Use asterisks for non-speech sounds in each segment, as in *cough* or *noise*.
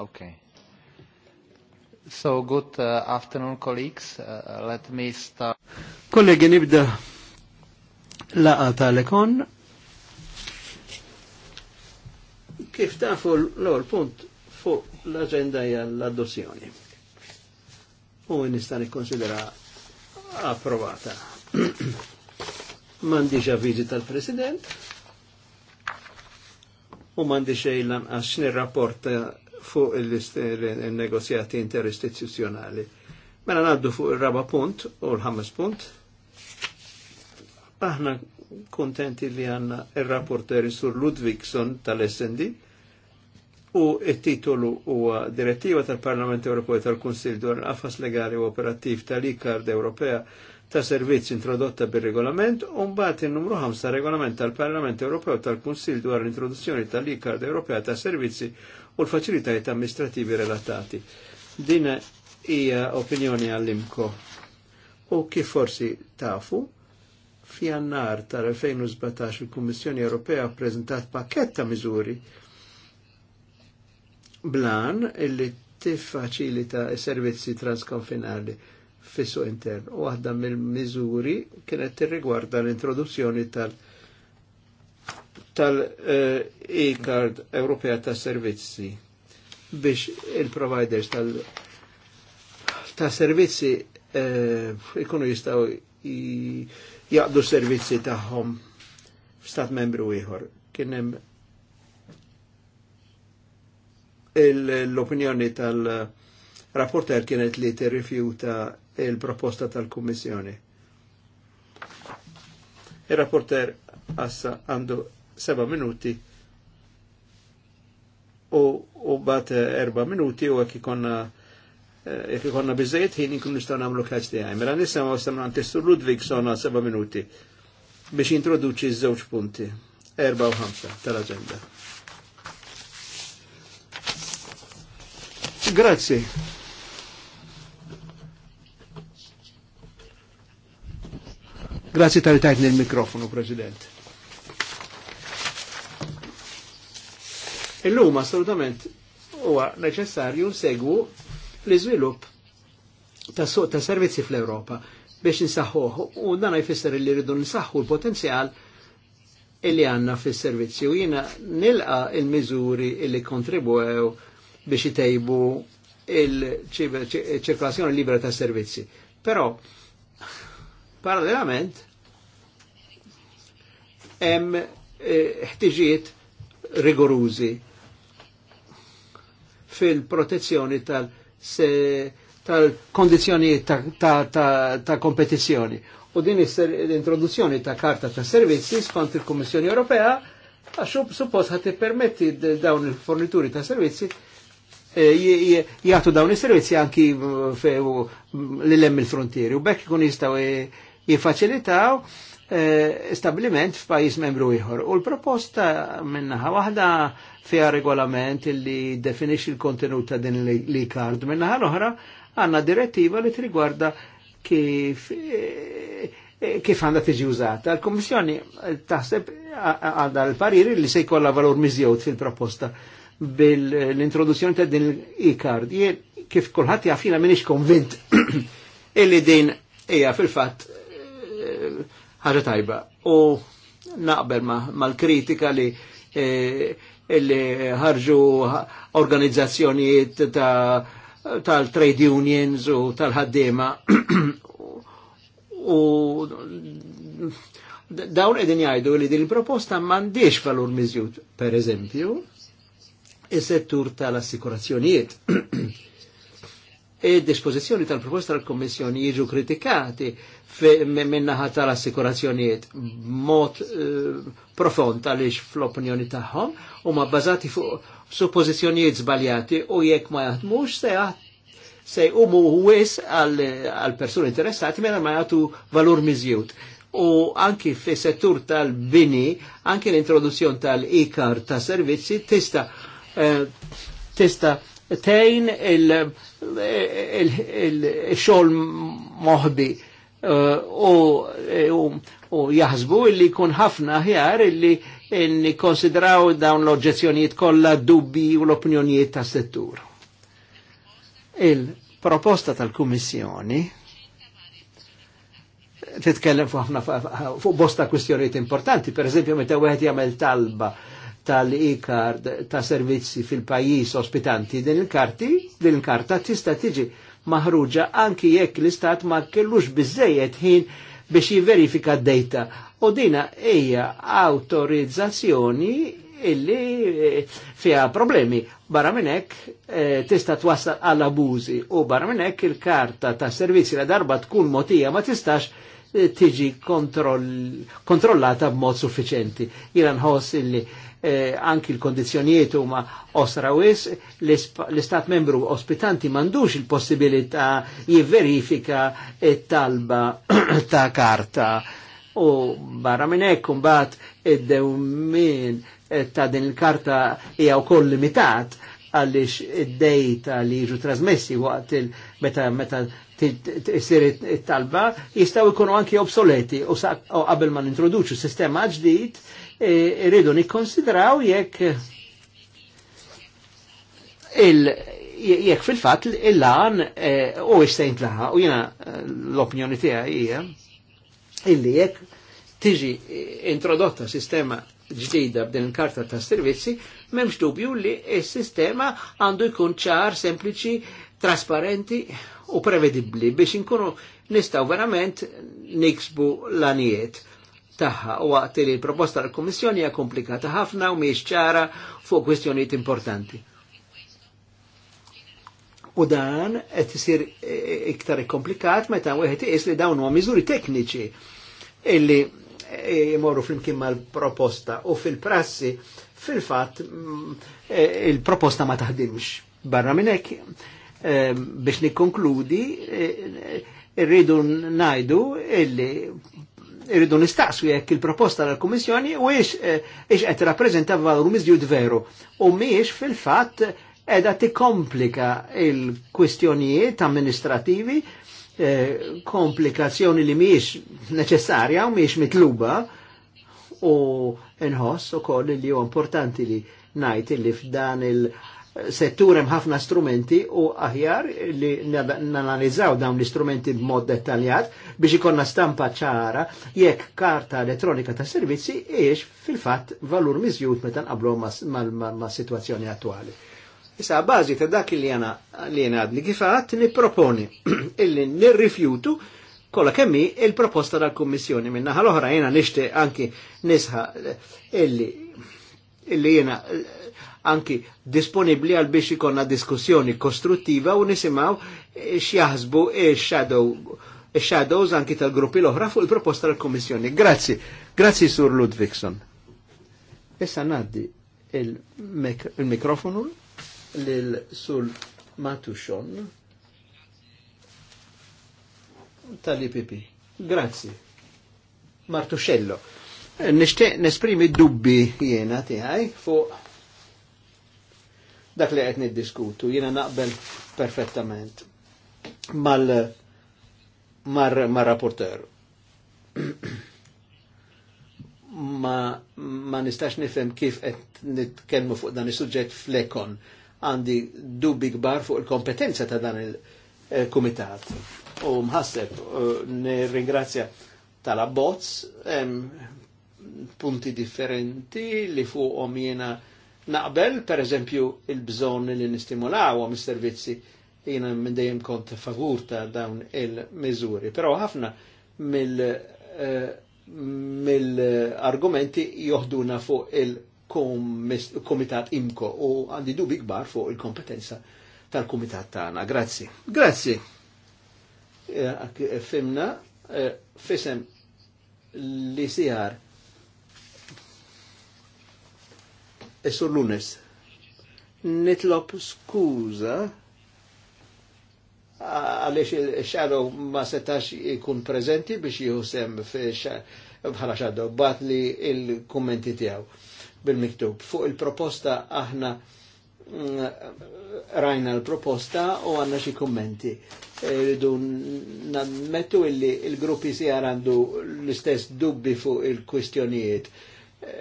Okay. So, good uh, afternoon, colleagues. Uh, uh, let me start. Kollegi, nibda laqa tal-ekon. Kif tafu l-ewwel punt fu l agenda hija l-adozzjoni. U nistani konsidera approvata. *clears throat* M'għandix vizita l president u mandi m'għandi xejn lanqas nirrapporta fuq il-negozjati interistituzjonali. Mela naddu fuq il-raba punt u l ħammes punt. Aħna kontenti li għanna il-rapporteri sur Ludwigson tal-SND u il-titolu u direttiva tal-Parlament Ewropew tal konsil dwar l-qafas legali u operativ tal-IKARD Ewropea ta' servizz introdotta bil-regolament u mbagħad in-numru 5 regolament tal-Parlament Ewropew tal-Kunsill dwar l-introduzzjoni tal-ikard Ewropea ta' servizzi u l-faċilitajiet amministrativi relatati. Din hija opinjoni għall-imko. U kif forsi tafu, f'jannar tal-2017 il-Kummissjoni Ewropea ppreżentat pakket ta' miżuri blan illi tiffaċilita i servizzi transkonfinali fissu intern. U waħda mill-miżuri kienet riguarda l-introduzzjoni tal- tal-e-card eh, uh, Ewropea ta' servizzi biex il-providers tal- ta' servizzi eh, ikunu jistaw jaqdu servizzi tagħhom f'stat membru ieħor. Kien hemm l-opinjoni tal- rapporter kienet li tirrifjuta il-proposta tal-Kummissjoni. Il-rapporter għassa għandu seba minuti u, u bat erba minuti u għek ikonna jek eh, ikonna bizzejiet ħin inkun nistaw namlu kaċ di għaj. Mela nisema għastam għan testu Ludwig sona seba minuti biex introduċi z-żewġ punti. Erba u ħamsa tal-agenda. Grazie. Grazie tal tajt nel mikrofonu President. Illum assolutament huwa neċessarju nsegwu l-iżvilupp ta', so ta servizzi fl-Ewropa biex nsaħħuh u dan jfisser li rridu nsaħħu l-potenzjal illi għanna fis servizzi u jina nilqa il-miżuri illi kontribwew biex jtejbu il-ċirkolazzjoni libera ta' servizzi. Però Parallelament, hemm eh, ħtiġiet rigorużi fil-protezzjoni tal-kondizjoni tal ta', ta, ta kompetizzjoni. U din l-introduzzjoni ta' karta ta' servizzi skont il-Kommissjoni Ewropea għax suppost ħat permetti dawn il-fornituri ta' servizzi eh, jgħatu dawn il-servizzi anki eh, l-lem il-frontieri u bekk kun jistaw jifacilitaw E, stabiliment f'pajis membru ieħor. U l-proposta minnaħa waħda fija regolament li definix il kontenut ta' din li kard. Minnaħa l-oħra għanna direttiva li trigwarda kif e, kif għanda tiġi użata. l komissjoni taħseb għadha l-pariri li se jkollha valur miżjewt fil-proposta bil-introduzzjoni ta' din l-e-card. Jien kif kulħadd jafina minix konvint *coughs* illi din hija fil-fatt ħaġa tajba. U naqbel mal-kritika li e, li ħarġu organizzazzjonijiet tal-trade unions u tal-ħaddima u dawn edin jajdu li din proposta mandiex valur mizjut. Per eżempju, il settur tal-assikurazzjonijiet. *coughs* e disposizjoni tal-proposta tal-Kommissjoni jiġu kritikati minnaħa tal assikurazzjoniet mod profond għalix fl-opinjoni taħħom u ma bazati fuq suppozizjoniet zbaljati u jekk ma jaħdmux se se jqumu wis għal persuni interessati mela ma jgħatu valur mizjut. U anki fi settur tal-bini, anki l-introduzzjon tal-ikar ta' servizzi tista' tista' tejn il xol moħbi Eh, u eh, jahzbu illi kun ħafna ħjar illi konsidraw dawn l-oġġezzjonijiet kollha dubbi u l-opinjonijiet ta' settur. Il-proposta tal-Kummissjoni titkellem fuq bosta kwistjonijiet importanti, per eżempju meta wieħed jagħmel talba tal ikard ta' servizzi fil-pajjiż ospitanti din il-karti, din il-karta tista' tiġi maħruġa anki jekk l-istat ma kellux biżejjed ħin biex jiverifika d-dejta. U dina hija autorizzazzjoni illi eh, fiha problemi. Barra minnek eh, tista twassal għal abużi u barra minnek il-karta ta' servizzi la darba tkun motija ma tistax eh, tiġi kontroll, kontrollata b'mod suffiċenti. Jira nħoss illi eh, anki l-kondizjonijiet huma osra wis, l-istat membru ospitanti mandux il-possibilità jiverifika it-talba *clears throat* ta' karta u barra minn hekk imbagħad id-dewmin eh, ta' din il-karta hija wkoll limitat għaliex id-dejta li jiġu trasmessi waqt il-meta meta t sir it-talba jistaw ikonu anki obsoleti u qabel ma n-introduċu sistema ġdid iridu e, nikkonsidraw jekk il jekk fil-fatt il-lan e, u ix-sejn tlaħa u jina e, l-opinjoni tiegħi hija illi jekk tiġi introdotta sistema ġdida b'din il-karta ta' servizzi, memx dubju li il sistema għandu jkun ċar, sempliċi, trasparenti u prevedibli biex inkunu nistaw verament niksbu l-anijiet taħħa u waqt li l-proposta tal-Kummissjoni hija komplikata ħafna u mhijiex ċara fuq kwistjonijiet importanti. U dan qed isir e, e, iktar komplikat meta wieħed iqis li dawn huwa miżuri tekniċi illi jmorru e, flimkien mal-proposta u fil-prassi fil-fatt mm, il-proposta ma taħdimx. Barra minn hekk biex nikkonkludi rridu ngħidu illi irridu nistaqsu jekk il-proposta tal-Kummissjoni u ix eh, qed rappreżenta valur miżjud veru u miex fil-fatt edha tikkomplika il-kwistjonijiet amministrativi eh, komplikazzjoni li miex neċessarja u miex mitluba u nħoss koll li huwa importanti li najt li f'dan il- setturem ħafna strumenti u aħjar li nanalizzaw dawn l-istrumenti b'mod dettaljat biex ikonna stampa ċara jekk karta elettronika ta' servizzi iex fil-fatt valur miżjut meta nqablu ma' situazzjoni attuali. Issa bażi ta' dak li jana li jena għadni kifat proponi *clears throat* illi nirrifjutu kolla kemmi il-proposta dal-Kommissjoni minna ħal-oħra jena nishti anki nisħa illi illi jena anki disponibli għal biex ikonna diskussjoni kostruttiva u nisimaw eh, xjaħsbu il-shadow il-shadows anki tal-gruppi l-oħra fuq il-proposta tal-Komissjoni. Grazzi, grazzi Sur Ludvigson. Issa naddi il-mikrofonu il mikrofonu l sur Matushon tal-IPP. Grazzi. Martuxello, eh, Nishtiq nesprimi dubbi jena tiħaj fuq dak li qed niddiskutu, jiena naqbel perfettament mal mar, mar rapporter. *clears throat* ma, ma nistax nifhem kif qed nitkellmu fuq dan is-suġġett flekon għandi dubbi kbar fuq il-kompetenza ta' dan il-kumitat. Eh, U mħasseb, eh, nirringrazzja tal-abbozz, punti differenti li fuqhom jiena naqbel, per eżempju, il-bżon li nistimulaw għom servizzi jina minn dejjem kont favur ta' dawn il-mizuri. Però ħafna mill-argumenti eh, mil joħduna fuq il-komitat imko u għandi dubi gbar fuq il-kompetenza tal-komitat tagħna. Grazzi. Grazzi. Eh, fimna, eh, fisem li sijar Isur e Lunes. Nitlop skuza għalix il-shadow ma setax ikun prezenti biex juhsem bħala shadow bat li il-kommenti tijaw bil-miktub. Fuq il-proposta aħna mm, rajna l-proposta u għanna xie kommenti. E, rridu nammettu illi il-gruppi si għarandu l-istess dubbi fuq il-kwistjonijiet. E,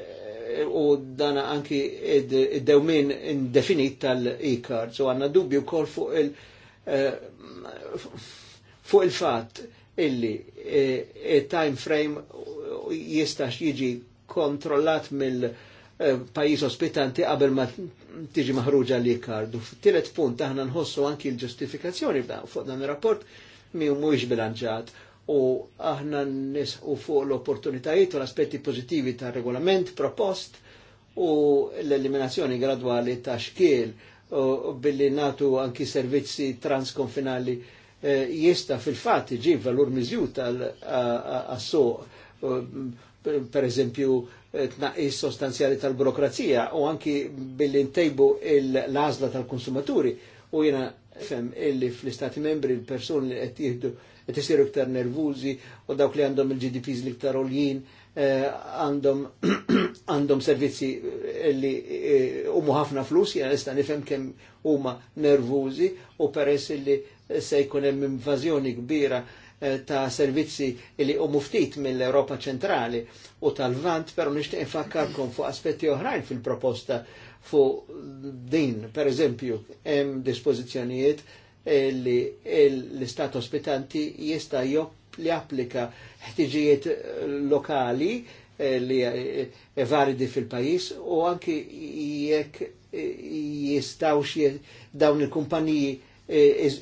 u dana anki id-dewmin indefinit tal-e-cards u għanna dubju kol fuq il- eh, fuq il-fat illi eh, time frame jistax jiġi kontrollat mill- eh, pajis ospitanti qabel ma tiġi maħruġa li kardu. Tilet punt aħna nħossu anki l-ġustifikazzjoni fuq dan ir-rapport mi mhuwiex bilanċat u aħna nisqu fuq l-opportunitajiet u l-aspetti pozittivi ta' regolament propost u l-eliminazzjoni gradwali ta' xkiel billi natu anki servizzi transkonfinali eh, jista fil-fat iġi valur miżjut għas assu eh, per eżempju eh, tnaqis sostanzjali tal-burokrazija u anki billi ntejbu l-azla tal-konsumaturi u jena fem illi fl-istati membri l-persuni li qed qed isiru iktar nervużi u dawk li għandhom il-GDPs li iktar oljin eh, għandhom *clears throat* għandhom servizzi eh, li huma eh, ħafna flus, jena nista' nifhem kemm huma nervużi u peress li se jkun hemm invażjoni kbira ta' servizzi li u muftit mill-Europa ċentrali u tal-Vant, pero nishtiq infakkarkom fuq aspetti oħrajn fil-proposta fuq din, per eżempju, hemm dispożizzjonijiet li l-istat ospitanti jista' li applika ħtiġijiet lokali eh, li eh, varidi fil-pajis u anki jekk eh, jistawx dawn il-kumpaniji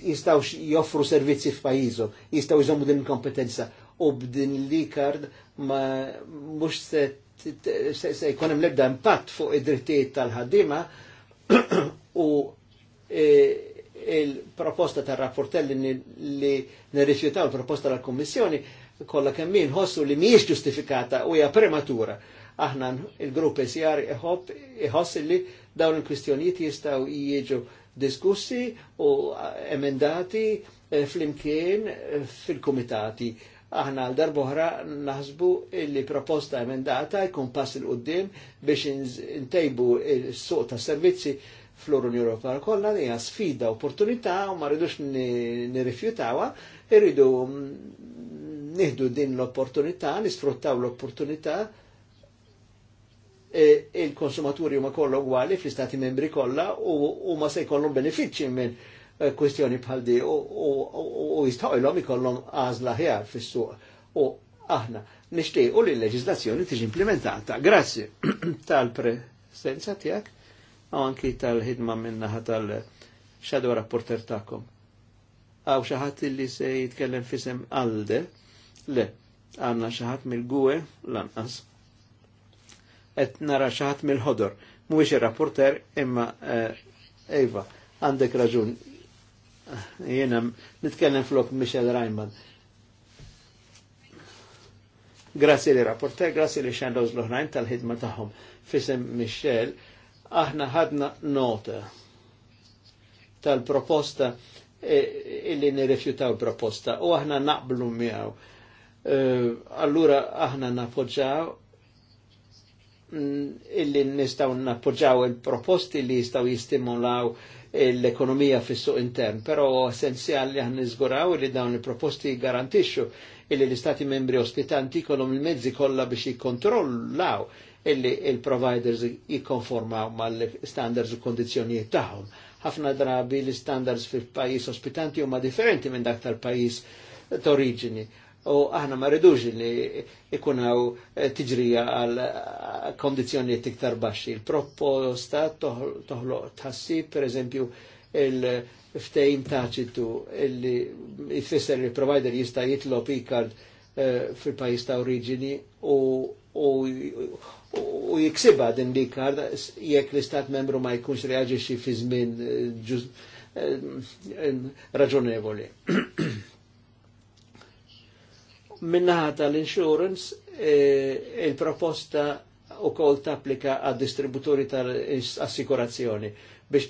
jistawx joffru servizzi f'pajjiżhom, jistaw jżommu din kompetenza u b'din l kard ma mhux se jkun hemm l-ebda impatt fuq id-drittijiet tal-ħaddiema *clears throat* u il-proposta tar rapportelli li nirrifjutaw il-proposta tal kommissjoni kollha kemm min ħossu li miex ġustifikata u hija prematura. Aħna il-grupp SR e iħoss li dawn il-kwistjonijiet jistgħu jiġu diskussi u emendati eh, fl-imkien eh, fil-komitati. Aħna għal darboħra naħsbu li proposta emendata jkun pass il-qoddim biex intejbu il-suq ta' servizzi fl-Unjoni Ewropea kollha li hija sfida, opportunità u ma rridux nirrifjutawha, irridu mm, nihdu din l-opportunità, nisfruttaw l-opportunità E il-konsumaturi huma kollu ugwali fl-istati membri kollha u ma se jkollhom benefici minn e, kwestjoni bħal di u jistħoqilhom ikollhom għazla ħjar fis u aħna nixtiequ li l leġizlazzjoni tiġi implementata. Grazie *clears throat* tal-presenza tiegħek u anki tal-ħidma minnaħa tal-shadow rapporter ta'kom. Għaw xaħat li se jitkellem fisem għalde, le, għanna xaħat mill-gwe lanqas. Et nara xaħat mil ħodor mhuwiex rapporter imma eh, Eva, għandek raġun. Jena nitkellem flok Michel Reimann. Grazie li rapporter, grazie li xandoż l-oħrajn tal-ħidma tagħhom. Fisem Michel, aħna ħadna nota tal-proposta e, illi nirrifjutaw proposta u aħna naqblu miegħu. E, allura aħna napoġġaw mm, illi nistaw nappoġġaw il-proposti li jistaw jistimulaw l-ekonomija fis-suq intern, però essenzjali għan nizguraw li dawn il-proposti garantixxu illi l-istati membri ospitanti kolom il-mezzi kollha biex jikkontrollaw illi il-providers jikonformaw mal-standards u kondizjonijiet tagħhom. Ħafna drabi l-standards fil-pajis ospitanti huma differenti minn dak tal-pajis t-oriġini. U aħna ma rridux li ikunaw eh, tiġrija għal eh, kondizjonijiet iktar baxxi. Il-proposta toħloq tħassib, per eżempju, il-ftejn taċitu illi jfisser li provider jista' jitlob ikard eh, fil-pajis ta' oriġini u u jiksiba din li karda jekk l-istat membru ma jkunx reagġiċi fi żmien eh, eh, eh, raġonevoli. *clears throat* Minnaħa tal-insurance, il-proposta u kol tapplika għad distributori tal-assikurazzjoni biex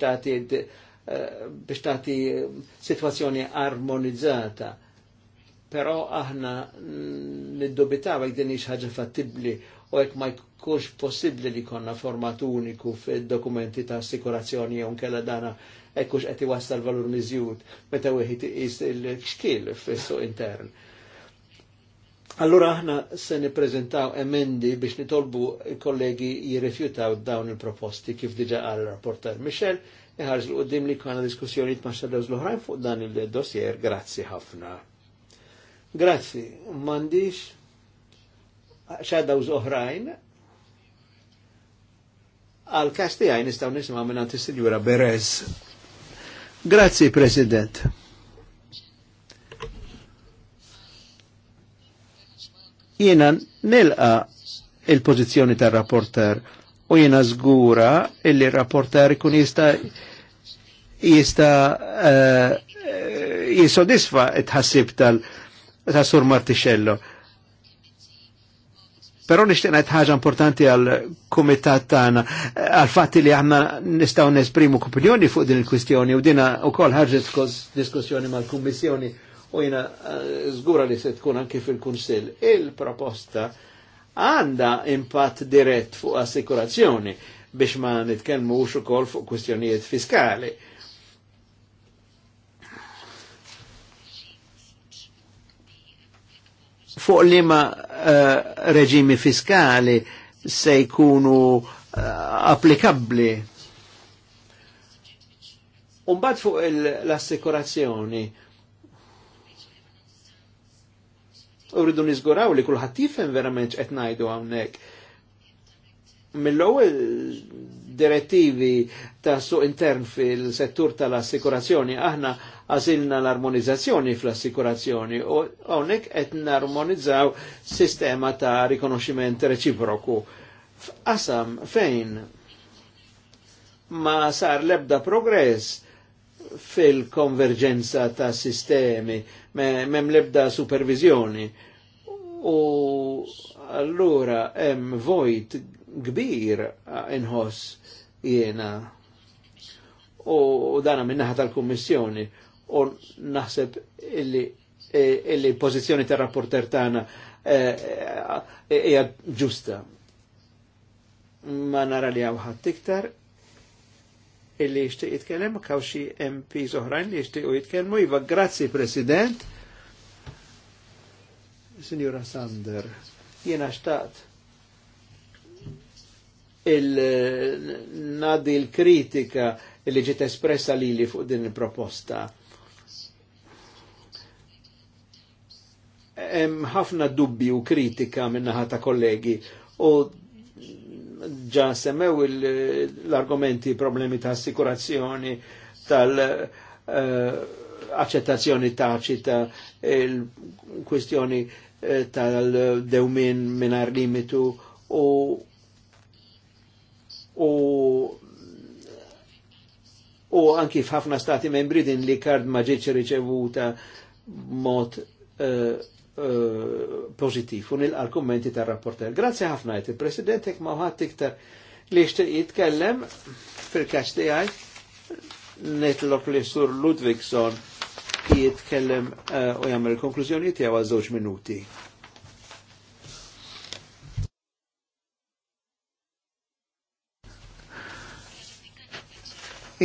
tagħti situazzjoni armonizzata Però aħna niddubitaw jekk din ħaġa fattibbli u jekk ma jkunx possibbli li konna format uniku fid-dokumenti ta' assikurazzjoni jew kella dana ekkux qed iwassal valur miżjud meta wieħed is il-xkil fissu intern. Allura aħna se nippreżentaw emendi biex nitolbu kollegi jirrifjutaw dawn il-proposti kif diġa għal rapporter Michel iħarġ l-qoddim li konna diskussjoni ma' xedew l-oħrajn fuq dan il-dossier. Grazzi ħafna. Grazzi, mandiġ xadaw zoħrajn għal kasti għaj nistaw nisma minnant t sinjura Berez. Grazzi, President. Jena nilqa il-pozizjoni tar rapporter u jena zgura illi rapporter kun jista jista uh, eh, jisodisfa it-ħassib tal- rapporter ta' Sur Martixello. Però nixtieq ngħid ħaġa importanti għal kumitat tana, għal fatti li għanna nistaw nesprimu opinjoni fuq din il-kwistjoni u dina wkoll ħarġet diskussjoni mal-Kummissjoni u jina zgura eh, li se tkun anke fil-Kunsill. Il-proposta għanda impatt dirett fuq assikurazzjoni biex ma nitkellmux ukoll fuq kwistjonijiet fiskali fuq li ma uh, eh, reġimi fiskali se jkunu uh, applikabli. Umbat fuq l-assikurazzjoni, urridu nizguraw li kullħat tifhem verament qed ngħidu hawnhekk. Mill-ewwel direttivi ta' suq intern fil-settur tal-assikurazzjoni aħna għazilna l-armonizzazzjoni fl-assikurazzjoni u għonek qed narmonizzaw sistema ta' rikonoximent reċiproku. F'qasam fejn ma sar lebda progress fil-konverġenza ta' sistemi, mem me lebda supervizjoni. U allura hemm vojt kbir inħoss jiena. u dana minnaħa tal-Kummissjoni u naħseb e, illi pozizjoni ta' rapporter tagħna e, e, hija ġusta. Ma nara li għawħat tiktar illi jishtiq jitkellem kaw xi MP oħrajn li jixtiequ jitkellmu. Iva, grazzi President. Signora Sander, jena xtaqt il-nadi l-kritika li ġiet espressa li li fuq din il-proposta hemm ħafna dubbi u kritika minnaħa ta' kollegi u ġa semmew l-argumenti problemi ta' assikurazzjoni tal-accettazzjoni eh, taċita il-kwestjoni eh, tal-dewmin minar limitu u u u anki f'ħafna stati membri din li kard maġiċi ġietx riċevuta mod uh, eh, Eh, pozittiv u nilqa argumenti kommenti rapporter Grazie ħafna għajt il-President, jek maħat iktar li jixtieq jitkellem fil-kaċ tiegħi netlok li sur Ludwigson jitkellem eh, u jagħmel il-konklużjoni tiegħu għal żewġ minuti.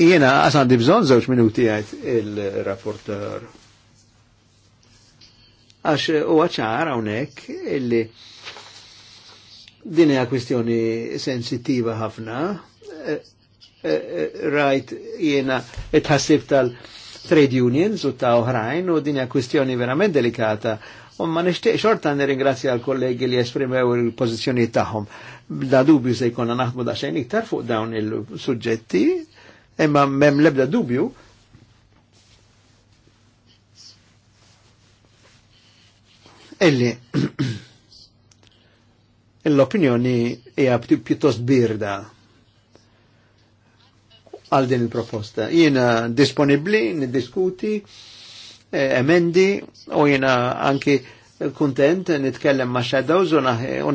Jena għas għandi bżon żewġ minuti għajt il-rapporter għax u għacħar għonek illi din hija kwistjoni sensittiva ħafna. Eh, eh, rajt jena itħassib tal-trade unions u ta' oħrajn u din hija kwistjoni verament delikata. U ma nixtieq xorta nirringrazzja għal kollegi li esprimew il pozizjoni tagħhom. Da dubju se jkollna naħdmu daqsxejn iktar fuq dawn il-suġġetti, imma mem lebda dubju Elli, *clears throat* l-opinjoni hija pjuttost birda għal din il-proposta. Jiena disponibli, niddiskuti, eh, emendi, u jiena anki kontent nitkellem ma' shadows u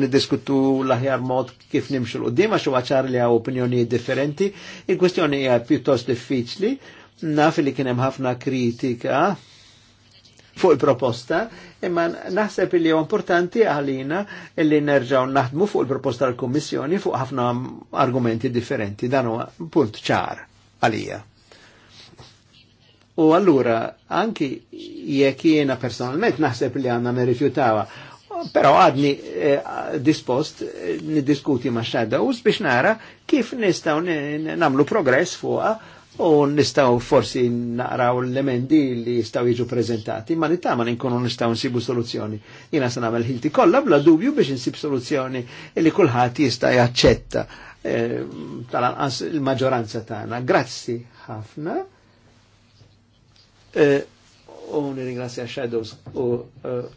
niddiskutu l-aħjar mod kif nimxu l-qoddim għax huwa ċar li opinjoni differenti. Il-kwestjoni hija pjuttost diffiċli, naf li kien hemm ħafna kritika fuq il-proposta, imma naħseb li huwa importanti għalina li nerġaw naħdmu fuq il-proposta tal-Kummissjoni fuq ħafna argumenti differenti, dan huwa punt ċar għalija. U allura, anki jekk jiena personalment naħseb li għandna nirrifjutawa, però għadni eh, dispost eh, niddiskuti ma' shadows biex nara kif nistgħu namlu progress fuqha u nistaw forsi naqraw l-emendi li jistaw jiġu prezentati, ma nitta ma ninkunu nistaw nsibu soluzzjoni. Jina sa namel ħilti kolla bla dubju biex nsib soluzzjoni li kullħat jista' jaċċetta eh, tal-anqas il maġoranza tagħna. Grazzi ħafna. Eh, u nirringrazzja Shadows u eh,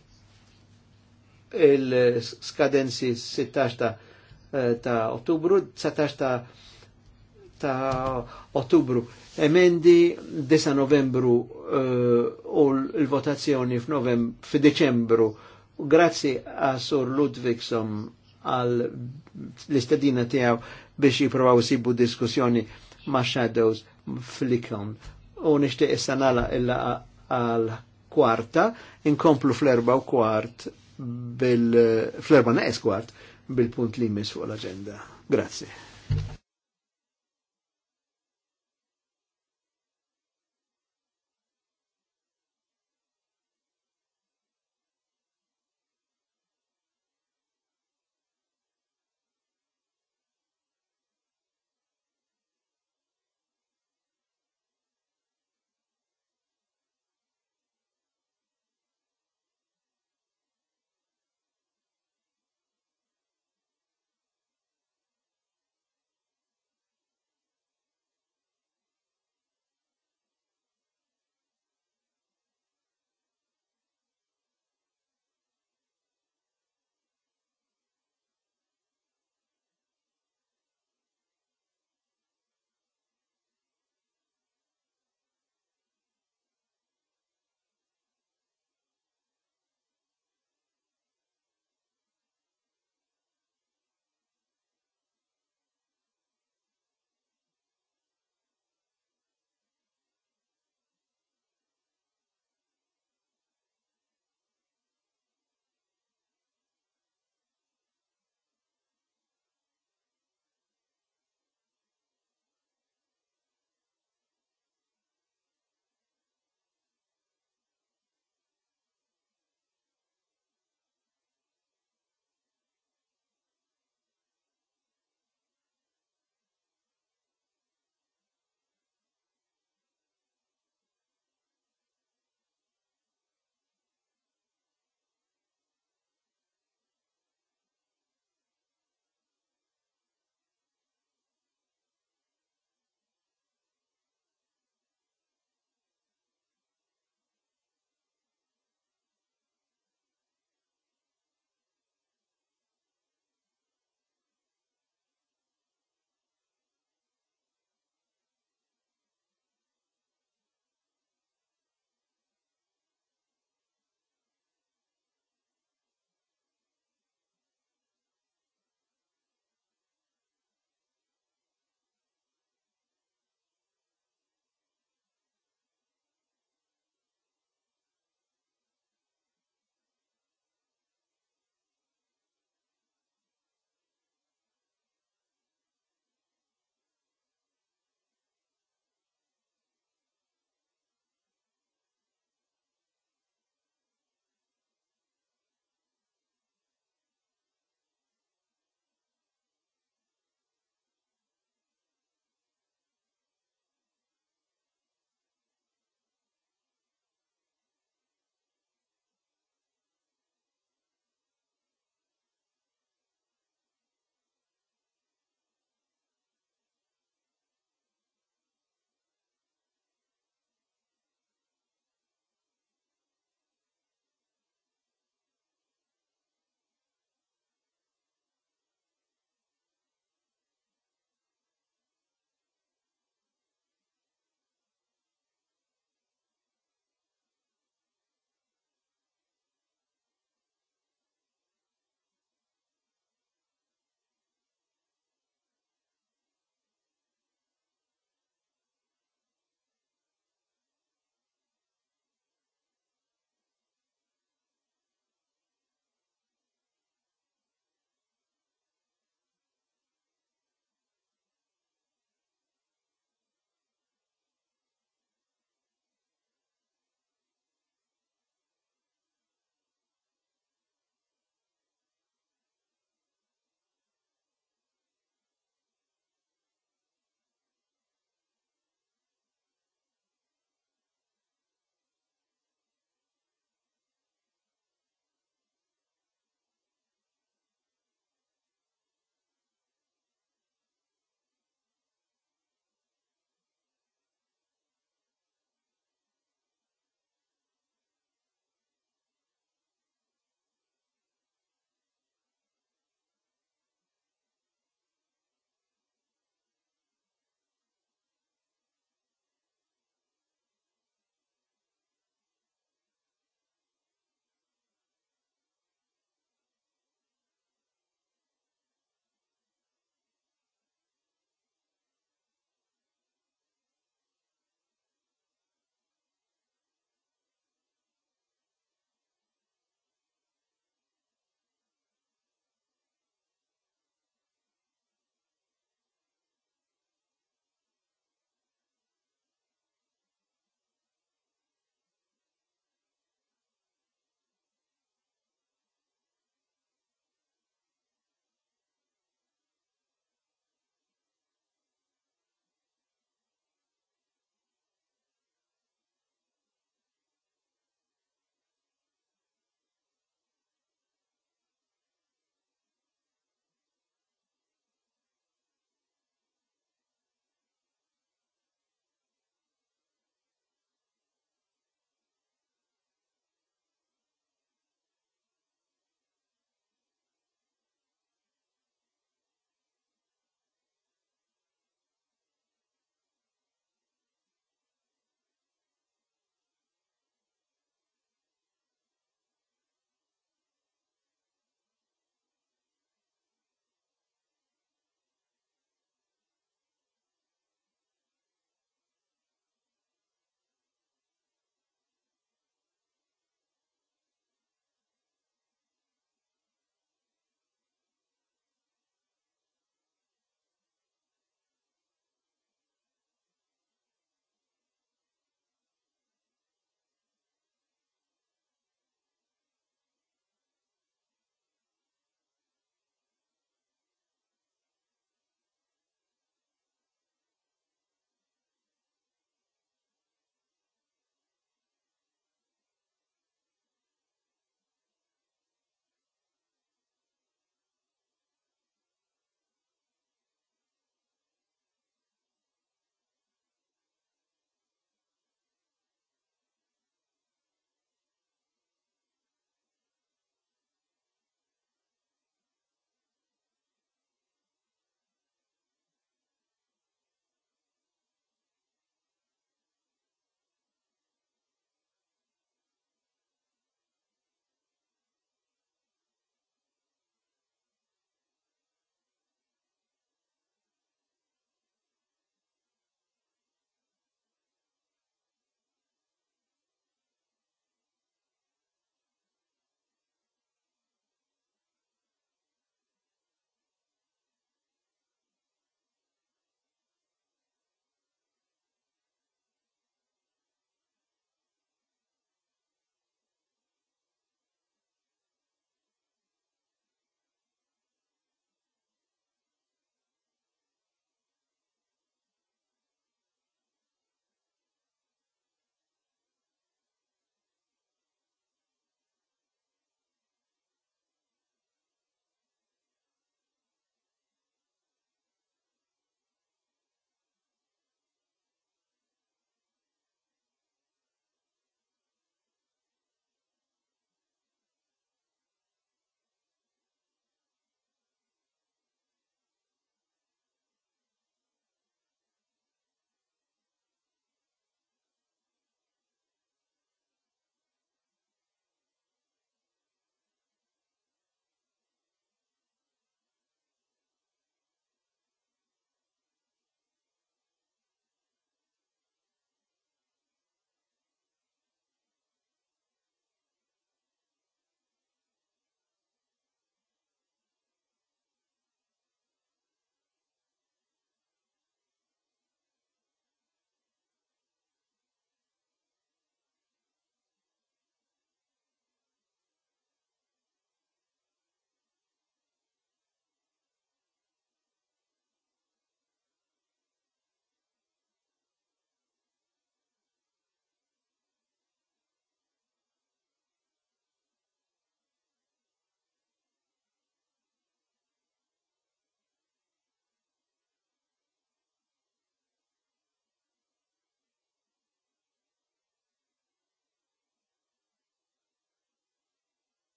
il skadenzi 16 eh, ta' ottubru, 19 ta' ta' ottubru. Emendi 9 novembru eh, u l-votazzjoni deċembru Grazzi a Sur Ludwigsom għal l-istadina tijaw biex jiprovaw sibu diskussjoni ma' Shadows flikon. U nishtiq s illa għal kwarta, inkomplu fl-erba u kwart bil fl-erba naqes kwart bil-punt li mis fuq l-agenda. Grazie.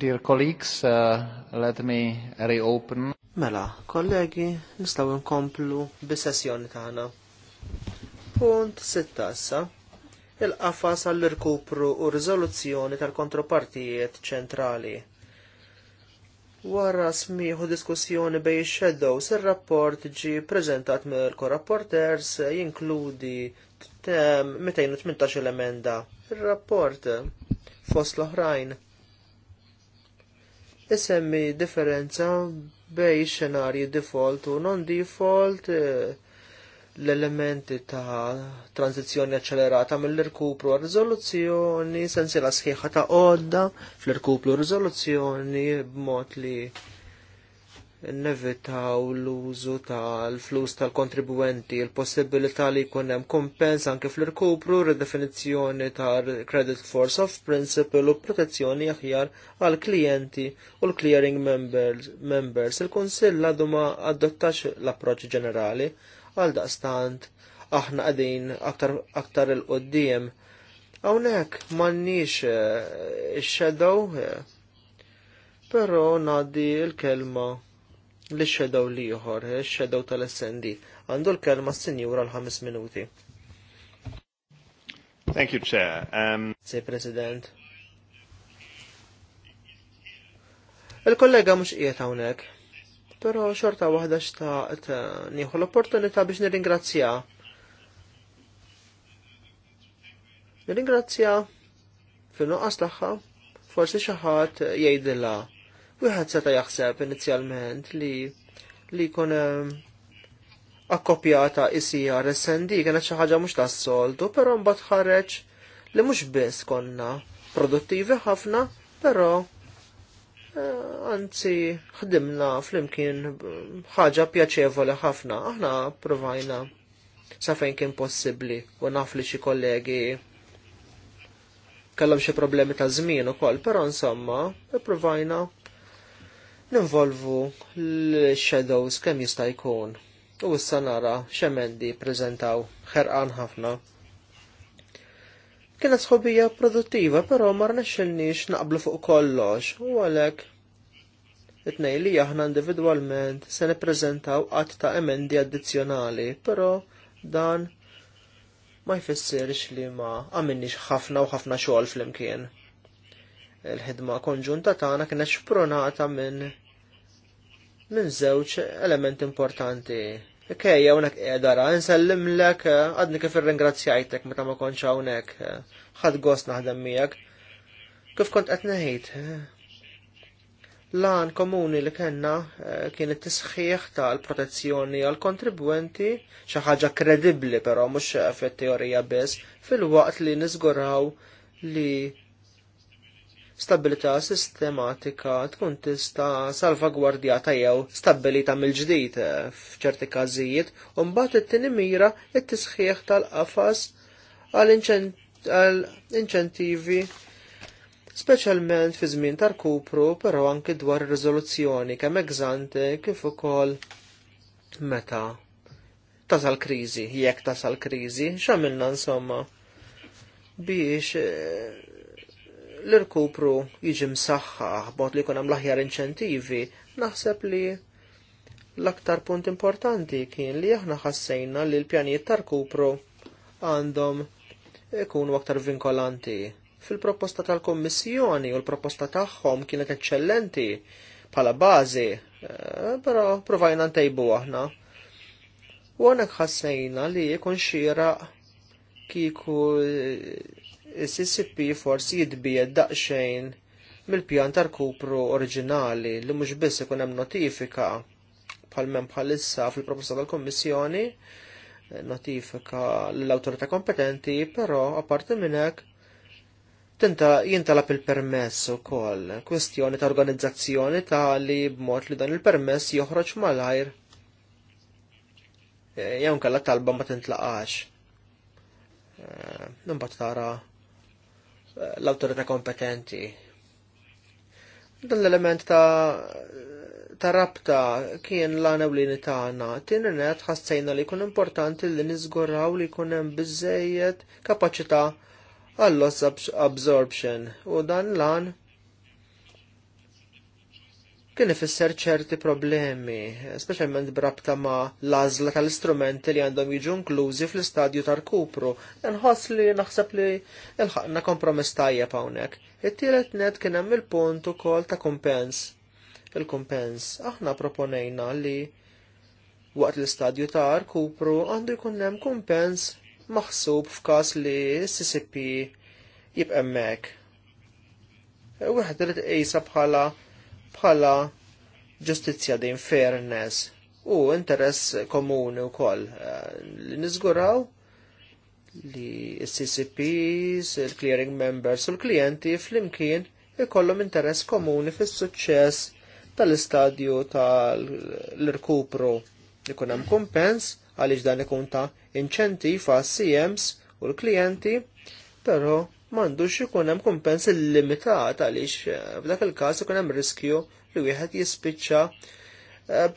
Dear colleagues, uh, let me reopen. Mela, kollegi, nistaw nkomplu bis-sessjoni tagħna. Punt 6 issa. Il-qafas għall-irkupru u riżoluzzjoni tal-kontropartijiet ċentrali. Wara smiħu diskussjoni bej shadows ir-rapport ġi preżentat mill rapporters jinkludi tem 218 emenda. Ir-rapport fost l-oħrajn isemmi differenza bej xenarji default u non-default eh, l-elementi ta' tranzizjoni accelerata mill-irkupru għal rizoluzzjoni, sensi la sħiħa ta' odda fl-irkupru rizoluzzjoni b'mod li nevitaw l-użu tal-flus tal-kontribuenti, il-possibilità li jkun hemm kompens anke fl-irkupru, redefinizzjoni tal-credit force of principle u protezzjoni aħjar għal klijenti u l-clearing members. members. Il-Kunsill għaddu ma adottax l-approċ ġenerali għal daqstant aħna għadin aktar, aktar il qoddim Hawnhekk m'għandniex eh, shadow eh, però ngħaddi l kelma li xedaw li juħor, xedaw eh, tal-SND. Għandu l-kelma s-senjura l-5 minuti. Thank you, Chair. Um... Sej, President. Il-kollega mux qiet hawnhekk, però xorta waħda xtaqt eh, nieħu l-opportunità biex nirringrazzja. Nirringrazzja fil nuqqas tagħha forsi xi ħadd jgħidilha Wieħed seta' jaħseb inizjalment li li jkun ehm, akkopjata isija resendi, kienet xi ħaġa mhux tas-soltu, però mbagħad ħareġ li mhux biss konna produttivi ħafna, però eh, anzi ħdimna flimkien ħaġa pjaċevoli ħafna, aħna provajna sa fejn kien possibbli u naf li xi kollegi kellhom xi problemi ta' żmien ukoll, però insomma, provajna ninvolvu l-shadows kemm jista' jkun. U issa nara x'emendi preżentaw ħerqan ħafna. Kienet sħobija produttiva, però ma rnexxilniex naqblu fuq kollox, u għalhekk it li aħna individwalment se nippreżentaw qatt ta' emendi addizzjonali, però dan ma jfissirx li ma għamilniex ħafna u ħafna xogħol flimkien. Il-ħidma konġunta tagħna kienet xpronata minn minn żewġ element importanti. Kej, hawnhekk qiegħdara, nsellimlek, eh, għadni kif irringrazzjajtek meta ma kontx hawnhekk, eh, ħadd gost naħdem miegħek. Kif kont qed ngħid? Eh, lan komuni li kellna kien it-tisħiħ tal-protezzjoni għal kontribwenti xi ħaġa kredibbli però mhux fit-teorija biss, fil-waqt li niżguraw li stabilità sistematika tkun tista' salvagwardjata jew stabilita mill-ġdid eh, f'ċerti każijiet u mbagħad it-tieni mira t-tisħiħ tal-qafas għal inċentivi speċjalment fi żmien tal-kupru, però anki dwar riżoluzzjoni kemm eżante eh, kif ukoll meta tasal kriżi, jekk tasal kriżi, x'għamilna insomma biex eh, l-irkupru jiġi msaħħaħ bot li jkun hemm l-aħjar inċentivi, naħseb li l-aktar punt importanti kien li aħna ħassejna li l pjaniet tar-kupru għandhom ikunu aktar vinkolanti. Fil-proposta tal-Kommissjoni u l-proposta tagħhom kienet eċċellenti bħala bażi, eh, però provajna ntejbu aħna. U għonek ħassejna li jkun xira kiku is-CCP forsi jitbied daqxejn mill-pjan tal-kupru oriġinali li mhux biss ikun hemm notifika bħal mem bħalissa fil-proposta tal-Kommissjoni notifika l-autorità kompetenti, però apparti minn hekk tinta jintalab il-permess ukoll, kwestjoni ta' organizzazzjoni tali b'mod li dan il-permess joħroġ malajr e, jew kalla talba ma tintlaqax. N'imbagħad e, tara l-autorità kompetenti. Dan l-element ta' ta' rabta kien l-għana u l-lini ta' Tinni net ħassajna li kun importanti li nizguraw li kun hemm bizzejiet kapacita għall-loss absorption u dan l-għan kien ifisser ċerti problemi, speċjalment brabta ma l-għażla tal-istrumenti li għandhom jiġu inklużi fl-istadju tal-kupru. Nħoss li naħseb li l-ħakna kompromess tajjeb hawnhekk. It-tielet net kien hemm il-punt ukoll ta' kumpens. Il-kumpens aħna proponejna li waqt l-istadju tal-kupru għandu jkun hemm kumpens maħsub f'każ li s-CCP jibqemmek. Wieħed irid bħala bħala ġustizzja din fairness u interess komuni u koll. Eh, li nizguraw li ccps il-clearing members u l-klienti fl-imkien ikollhom interess komuni fis suċċess tal-istadju tal-irkupru. Ikun hemm kumpens għaliex dan ikun ta' inċentiv għas CMs u l-klijenti, però m'għandux ikun hemm kumpens illimitat għaliex eh, f'dak il-każ ikun hemm riskju li wieħed jispiċċa eh,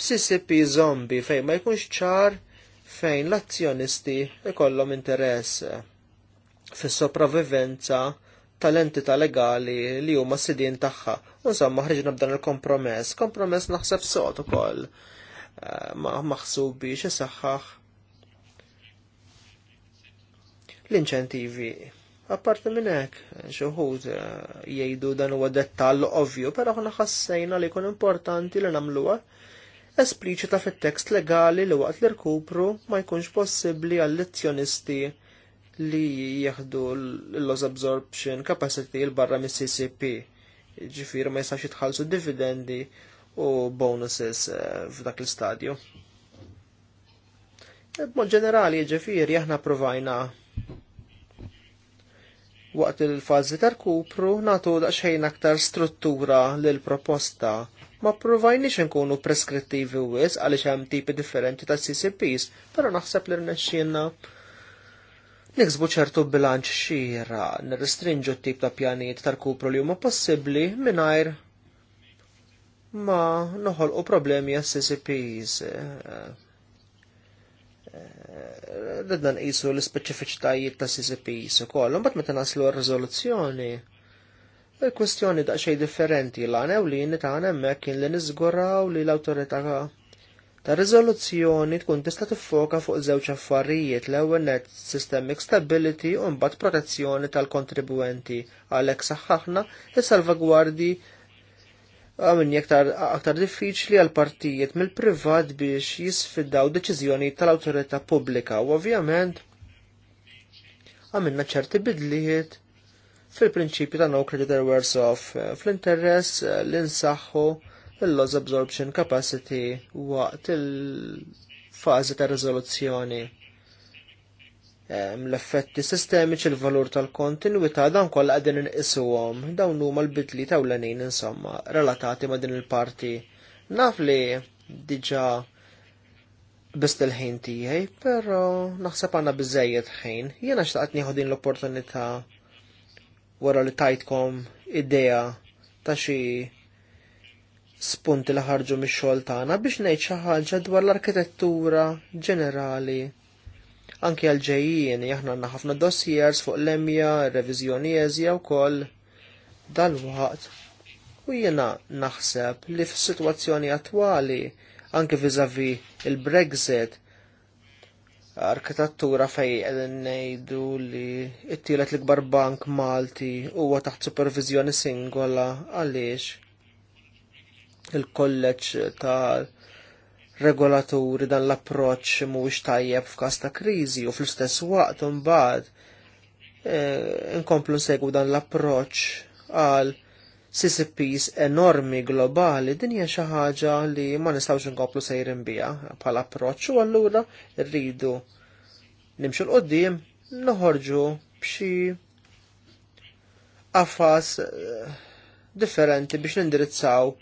b'CCP zombi fejn ma jkunx ċar fejn l-azzjonisti ikollhom interess eh, fis-sopravivenza tal-entità legali li huma sidin tagħha. Insomma, ħriġna b'dan il-kompromess. Kompromess naħseb sot ukoll ma maħsubi biex isaħħaħ l-inċentivi Apparti minn hekk xi wħud eh, jgħidu dan huwa dettall ovvju, però aħna ħassejna li jkun importanti li nagħmluha espliċita fit-tekst legali li waqt li rkupru ma jkunx possibbli għall-lezzjonisti li jieħdu l-loss absorption capacity l-barra mis ccp ġifir ma jistax jitħallsu dividendi u bonuses eh, f'dak l-istadju. E, Mod ġenerali ġifiri aħna provajna Waqt il-fażi tal-kupru natu daċħajn aktar struttura l proposta ma provajni nkunu preskrittivi wis għaliex hemm tipi differenti ta' CCPs, però naħseb li rnexxielna niksbu ċertu bilanċ xira, nirrestringu t-tip ta' pjaniet tal-kupru li huma possibbli mingħajr ma noħolqu problemi għas CCPs ridna nqisu l-speċifiċitajiet ta' CCPs ukoll. Mbagħad meta naslu r-riżoluzzjoni, il-kwestjoni xej differenti l u li nitgħan hemmhekk kien li u li l-awtorità ta' riżoluzzjoni tkun tista' tiffoka fuq żewġ affarijiet l-ewwel net systemic stability u mbagħad protezzjoni tal-kontribwenti għalhekk saħħaħna is salvagwardi għamilni ah, aktar diffiċli għal partijiet mill-privat biex jisfidaw deċizjoni tal awtorità pubblika u ovvjament għamilna ċerti bidliħiet fil-prinċipju ta' no creditor worse off eh, fl-interess eh, li nsaħħu l-loss absorption capacity waqt il-fazi ta' rezoluzzjoni l-effetti sistemiċi l-valur tal-kontinuità dan kollha qegħdin inqisuhom dawn huma l-bidli ta' lenin insomma relatati ma' din il-parti. Naf li diġà bist il-ħin tiegħi, però naħseb għandna biżejjed ħin. Jiena xtaqt nieħu din l-opportunità wara li tajtkom idea ta' xi spunti li ħarġu mix-xogħol tagħna biex ngħid xi ħaġa dwar l-arkitettura ġenerali Anki għal-ġejjien, jahna naħafna ħafna dossiers fuq l-emja, revizjoni eżja u koll dal-waqt. U jena naħseb li f-situazzjoni attwali, anki vizavi il-Brexit, arkitettura fej għedin nejdu li it-tielet l-ikbar bank Malti huwa taħt supervizjoni singola għaliex il-kolleġġ tal- regolaturi dan l-approċ mhuwiex tajjeb f'każ ta' kriżi u fl-istess waqt imbagħad eh, inkomplu nsegwu dan l-approċ għal CCPs enormi globali din hija xi ħaġa li ma nistgħux inkomplu sejrin biha bħala approċċ u allura rridu nimxu l-qoddim noħorġu b'xi affas eh, differenti biex nindirizzaw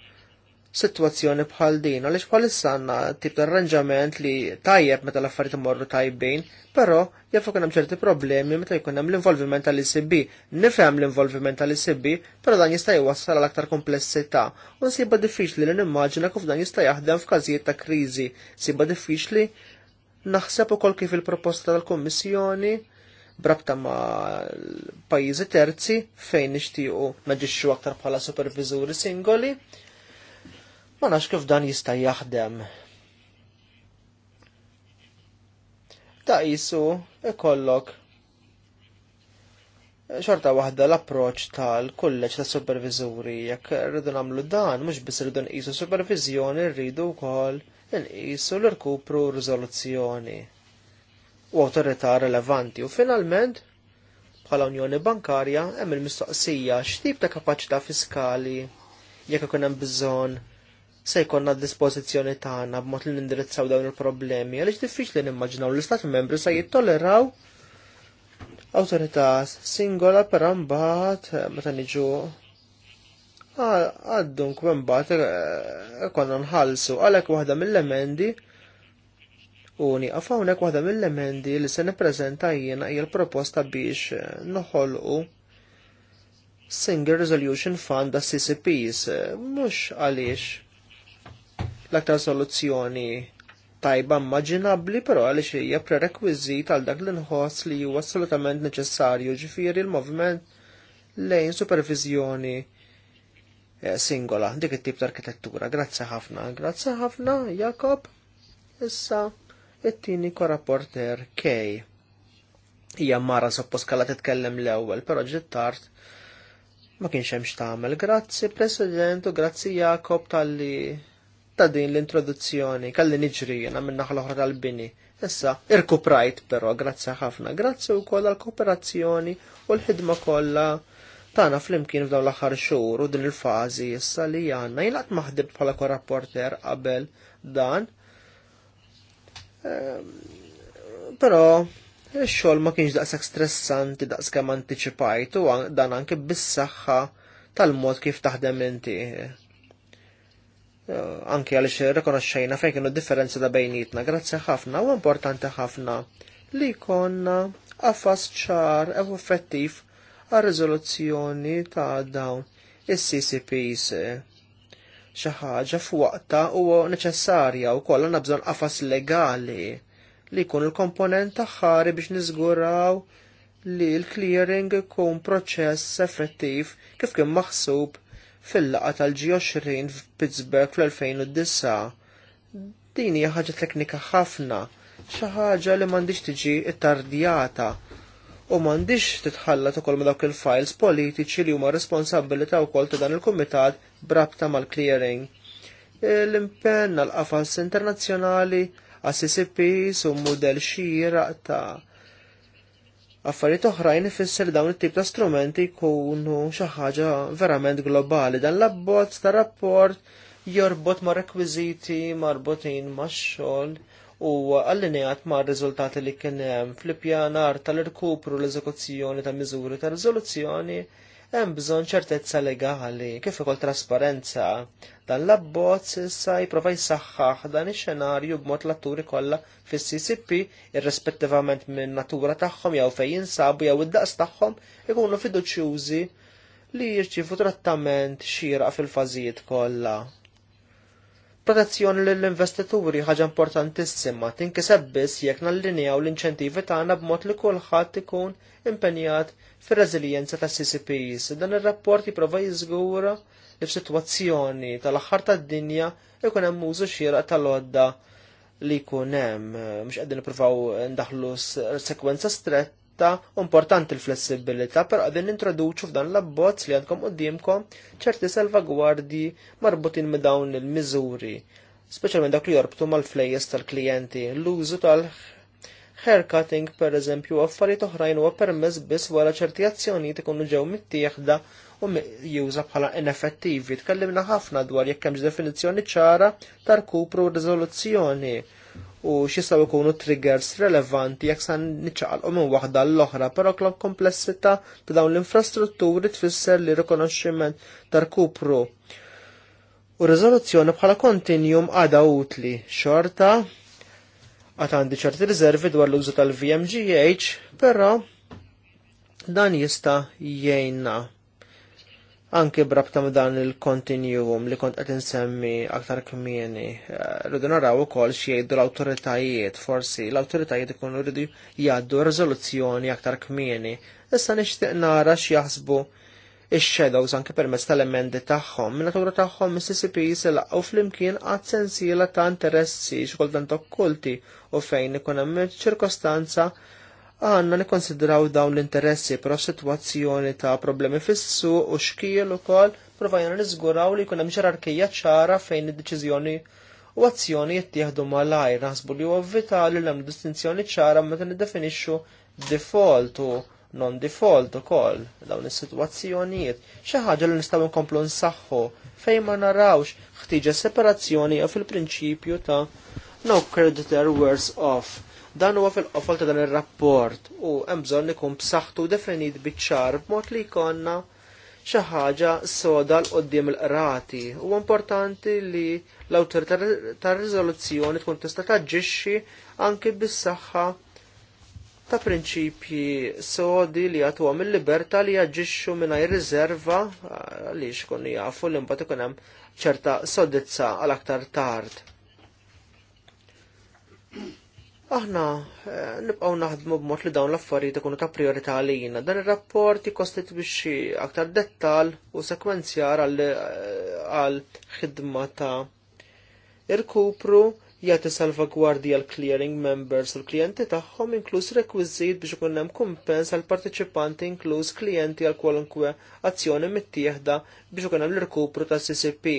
situazzjoni bħal din, għaliex bħalissa sanna tip ta' arranġament li tajjeb meta l-affarijiet imorru tajbin, però jafu kunem hemm ċerti problemi meta jkun hemm l-involviment tal-ICB. Nifhem l-involviment tal-ICB, però dan jista' jwassal għal aktar komplessità u nsiba diffiċli li nimmaġina kif dan jista' jaħdem f'każijiet ta' kriżi, siba diffiċli naħseb ukoll kif il-proposta tal-Kummissjoni brabta ma' pajjiżi terzi fejn nixtiequ naġixxu aktar bħala superviżuri singoli Ma nax kif dan jista' jaħdem. Ta' jisu ikollok xorta waħda l-approċ tal kulleċ ta' supervizuri, jekk rridu nagħmlu dan, mhux biss rridu nqisu supervizjoni, rridu wkoll nqisu l rkupru riżoluzzjoni u awtorità relevanti u finalment bħala Unjoni Bankarja hemm il-mistoqsija x'tip ta' kapaċità fiskali jekk ikun hemm bżonn se jkollna d-dispożizzjoni tagħna b'mod li nindirizzaw dawn il-problemi għaliex diffiċli nimmaġinaw l-Istati membri se jittoleraw awtorità singola per mbagħad eh, meta niġu għaddun kwen bat eh, konna nħallsu għalhekk waħda mill-emendi u niqaf hawnhekk waħda mill-emendi li se nippreżenta jiena hija l-proposta biex eh, noħolqu Single Resolution Fund da CCPs mhux għaliex l-aktar soluzzjoni tajba immaġinabbli però għaliex hija prerekwiżit għal dak l-inħoss li huwa assolutament neċessarju ġifieri l-moviment lejn supervizjoni eh, singola dik it-tip ta' arkitettura. Grazzi ħafna, grazzi ħafna Jakob. Issa it-tieni korrapporter K. Hija mara soppos kalla titkellem l-ewwel, però ġittart tard ma kienx hemm x'tagħmel. Grazzi President u grazzi Jakob tal-li ta' din l-introduzzjoni, kalli niġri jena minna l-oħra tal-bini. Issa, irkuprajt però, grazzi ħafna, grazzi u koll għal-kooperazzjoni u l-ħidma kollha tana fl-imkien f'daw l-aħħar xhur u din il-fażi issa li għandna jingħad maħdib bħala korrapporter qabel dan. Ehm, però ix-xogħol ma kienx daqshekk stressanti daqs kam antiċipajt u dan anke bis-saħħa tal-mod kif taħdem inti anke għaliex rekonoxxejna fejn kienu differenzi ta' bejnietna. Grazzi ħafna u importanti ħafna li konna qafas ċar u effettiv għal riżoluzzjoni ta' dawn is-CCPs xi ħaġa f'waqta huwa neċessarja wkoll għandna bżonn għafas legali li kun il-komponent taħħari biex niżguraw li l-clearing ikun proċess effettiv kif kien maħsub fil-laqa tal-G20 f'Pittsburgh fl-2009. Din hija ħaġa teknika ħafna, xi ħaġa li m'għandix tiġi ittardjata u m'għandix titħallat ukoll ma' dawk il-files politiċi li huma ta' wkoll ta' dan il-kumitat brabta mal-clearing. L-impenn l qafas internazzjonali ACCP, su mudell xira ta' affarijiet oħrajn ifisser dawn it-tip ta' strumenti jkunu xi ħaġa verament globali. Dan l-abbozz ta' rapport jorbot ma' rekwiżiti marbotin max-xogħol u allineat ma' riżultati li kien hemm fl-ippjanar tal-irkupru l-eżekuzzjoni ta' miżuri ta' riżoluzzjoni hemm bżonn ċertezza legali kif ukoll trasparenza. Dan l-abbozz issa jipprova jsaħħaħ dan ix-xenarju b'mod l-atturi kollha fis-CCP irrispettivament minn natura tagħhom jew fejn jinsabu jew id-daqs tagħhom ikunu fiduċjużi li jirċivu trattament xieraq fil-fażijiet kollha protezzjoni lill-investituri ħaġa importantissima tinkiseb biss jekk nallinjaw l-inċentivi tagħna b'mod li kulħadd ikun impenjat fir-reżiljenza tas-CCPs. Dan ir-rapport jipprova jiżgura li f'sitwazzjoni tal-aħħar tad-dinja ikun hemm użu xieraq tal-għodda li jkun hemm mhux qegħdin nippruvaw ndaħlu sekwenza stretta ta' importanti l-flessibilità, però għadin introduċu f'dan l-abbozz li għandkom dimkom ċerti salvagwardi marbutin minn dawn il-miżuri, specialment dak li jorbtu mal-flejjes tal-klijenti, l-użu tal- haircutting per eżempju affarijiet oħrajn huwa permess biss wara ċerti azzjonijiet ikunu ġew mittieħda u juża bħala ineffettivi. Tkellimna ħafna dwar jekk hemmx definizzjoni ċara tar-kupru u riżoluzzjoni u xistaw ikunu triggers relevanti jekk san niċċaqalqu minn waħda l-oħra, però klok komplessità ta' dawn l-infrastrutturi tfisser li rikonoxximent tar-kupru u rizoluzzjoni bħala kontinjum għada utli xorta għat għandi ċerti riservi dwar l-użu tal-VMGH, però dan jista jgħinna Anke brabta dan il kontinuum li kont qed insemmi aktar kmieni, eh, rridu naraw ukoll xiejdu l-awtoritajiet, forsi l-awtoritajiet ikunu rridu jaddu riżoluzzjoni aktar kmieni. Issa nixtieq nara x'jaħsbu ix-shadows anke permezz tal-emendi tagħhom, min-natura tagħhom il ccp fl flimkien għad sensiela ta' interessi x'kultant kulti u fejn ikun hemm ċirkostanza għanna nikonsidraw dawn l-interessi pro situazzjoni ta' problemi fissu u xkiel u kol provajna nizguraw li kuna mxerarkija ċara fejn id-deċizjoni u azzjoni jittieħdu malajr. Naħsbu li huwa vitali li għamlu distinzjoni ċara meta niddefinixxu default u non-default u kol dawn is-sitwazzjonijiet. Xi ħaġa li nistgħu nkomplu nsaħħu fejn ma narawx ħtiġa separazzjoni jew fil-prinċipju ta' no creditor worse off Dan huwa fil-qofol ta' dan ir-rapport u hemm bżonn ikun b'saħħtu definit biċ-ċar b'mod li jkollna xi ħaġa soda l qoddim l qrati Huwa importanti li l-awtorità tar-riżoluzzjoni tkun tista' taġġixxi anke bis-saħħa ta' prinċipji sodi li għatu għam il-liberta li jaġġixxu mingħajr riserva li xkun jafu li mbagħad ikun hemm ċerta soddizza għal aktar tard. Aħna eh, nibqgħu naħdmu b'mod li dawn l-affarijiet ikunu ta' priorità għalina. Dan ir-rapport jikkostitwixxi aktar dettal u sekwenzjar għal eh, ħidma ta' irkupru jagħti salvagwardja għal clearing members u l-klijenti tagħhom inkluż rekwiżit biex ikun hemm kumpens għal partiċipanti inkluż klijenti għal kwalunkwe azzjoni mittieħda biex ikun hemm l-irkupru tas-CCP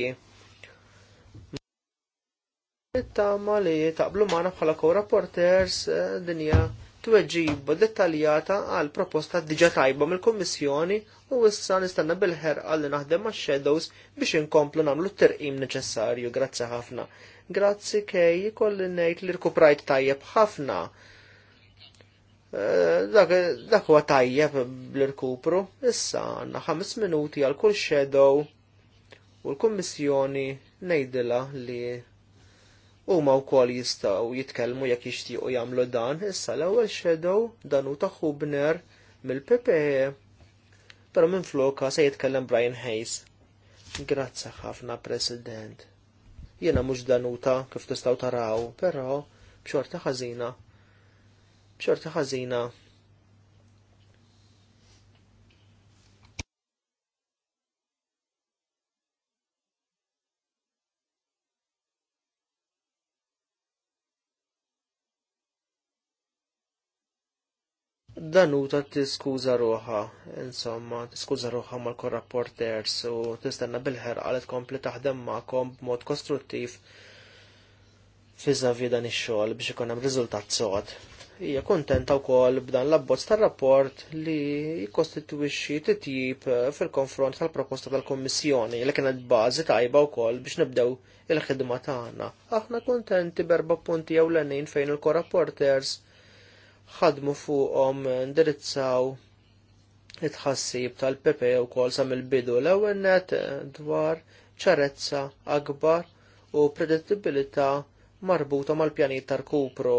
it-tama li taqblu maħna bħala co-rapporters eh, dinja tweġiba dettaljata għal proposta diġa tajba mill-Kommissjoni u issa nistanna bil ħer li naħdem ma' shadows biex inkomplu namlu t-terqim neċessarju. Grazzi ħafna. Grazzi kej kolli nejt li rkuprajt tajjeb ħafna. Eh, dak huwa tajjeb bl rkupru Issa għandna ħames minuti għal kull shadow u l-Kommissjoni nejdila li huma wkoll jistgħu jitkellmu jekk jixtiequ jagħmlu dan, issa l-ewwel shadow Danuta Hubner mill-PPE. Però minn floka se jitkellem Brian Hayes. Grazzi ħafna President. Jiena mhux Danuta kif tistgħu taraw, però b'xorta ħażina. B'xorta ħażina danuta tiskuża roħa, insomma, tiskuża ruħa mal-korrapporters u tistenna bil-ħer għalet kompli taħdem ma'kom b'mod kostruttiv fizzavi dan ix-xogħol biex ikun hemm riżultat sod. Hija kuntenta wkoll b'dan l-abbozz tar-rapport li jikkostitwixxi titjib fil-konfront tal-proposta tal-Kummissjoni li kienet bażi tajba wkoll biex nibdew il-ħidma tagħna. Aħna kuntenti berba punti ewlenin fejn il-korrapporters ħadmu fuqhom indirizzaw it-ħassib tal-Pepe u kol sam il-bidu l net eh, dwar ċarezza akbar u predittibilità marbuta mal-pjanit tal-kupru.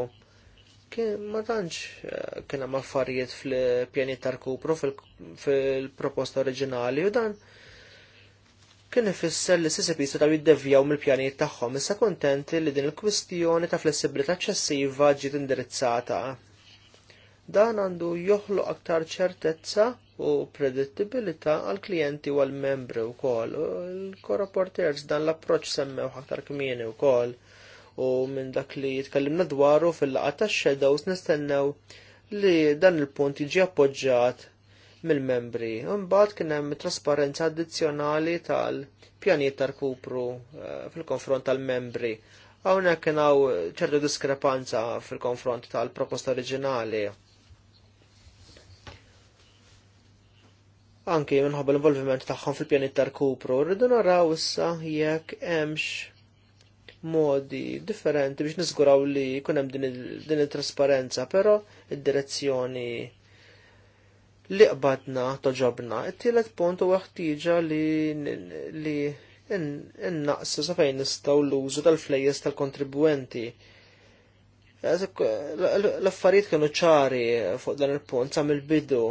Ma tanċ eh, kien hemm affarijiet fil-pjanit tal-kupru fil-proposta oriġinali u dan kien ifisser li s-sisib ta' jiddevjaw mill-pjanijiet tagħhom. Issa kuntenti li din il-kwistjoni ta' flessibilità ċessiva ġiet indirizzata Dan għandu joħloq aktar ċertezza u predittibilità għal klijenti u għal membri u kol. Il-korrapporters dan l-approċ semmew aktar kmieni u kol u minn dak li jitkellimna dwaru fil-laqa ta' s nistennew li dan il-punt jiġi appoġġjat mill-membri. mbagħad kien hemm trasparenza addizzjonali tal-pjanijiet ta' kupru eh, fil-konfront tal-membri. Hawnhekk kien ċertu diskrepanza fil-konfront tal-proposta oriġinali anki minħabba l-involviment tagħhom fil-pjanit tal-kupru, rridu naraw issa jekk hemmx modi differenti biex niżguraw li jkun hemm din it-trasparenza, però id-direzzjoni li qbadna toġobna. il tielet punt u ħtieġa li innaqsu sa fejn nistgħu l-użu tal-flejjes tal-kontribwenti. L-affarijiet kienu ċari fuq dan il-punt sa mill-bidu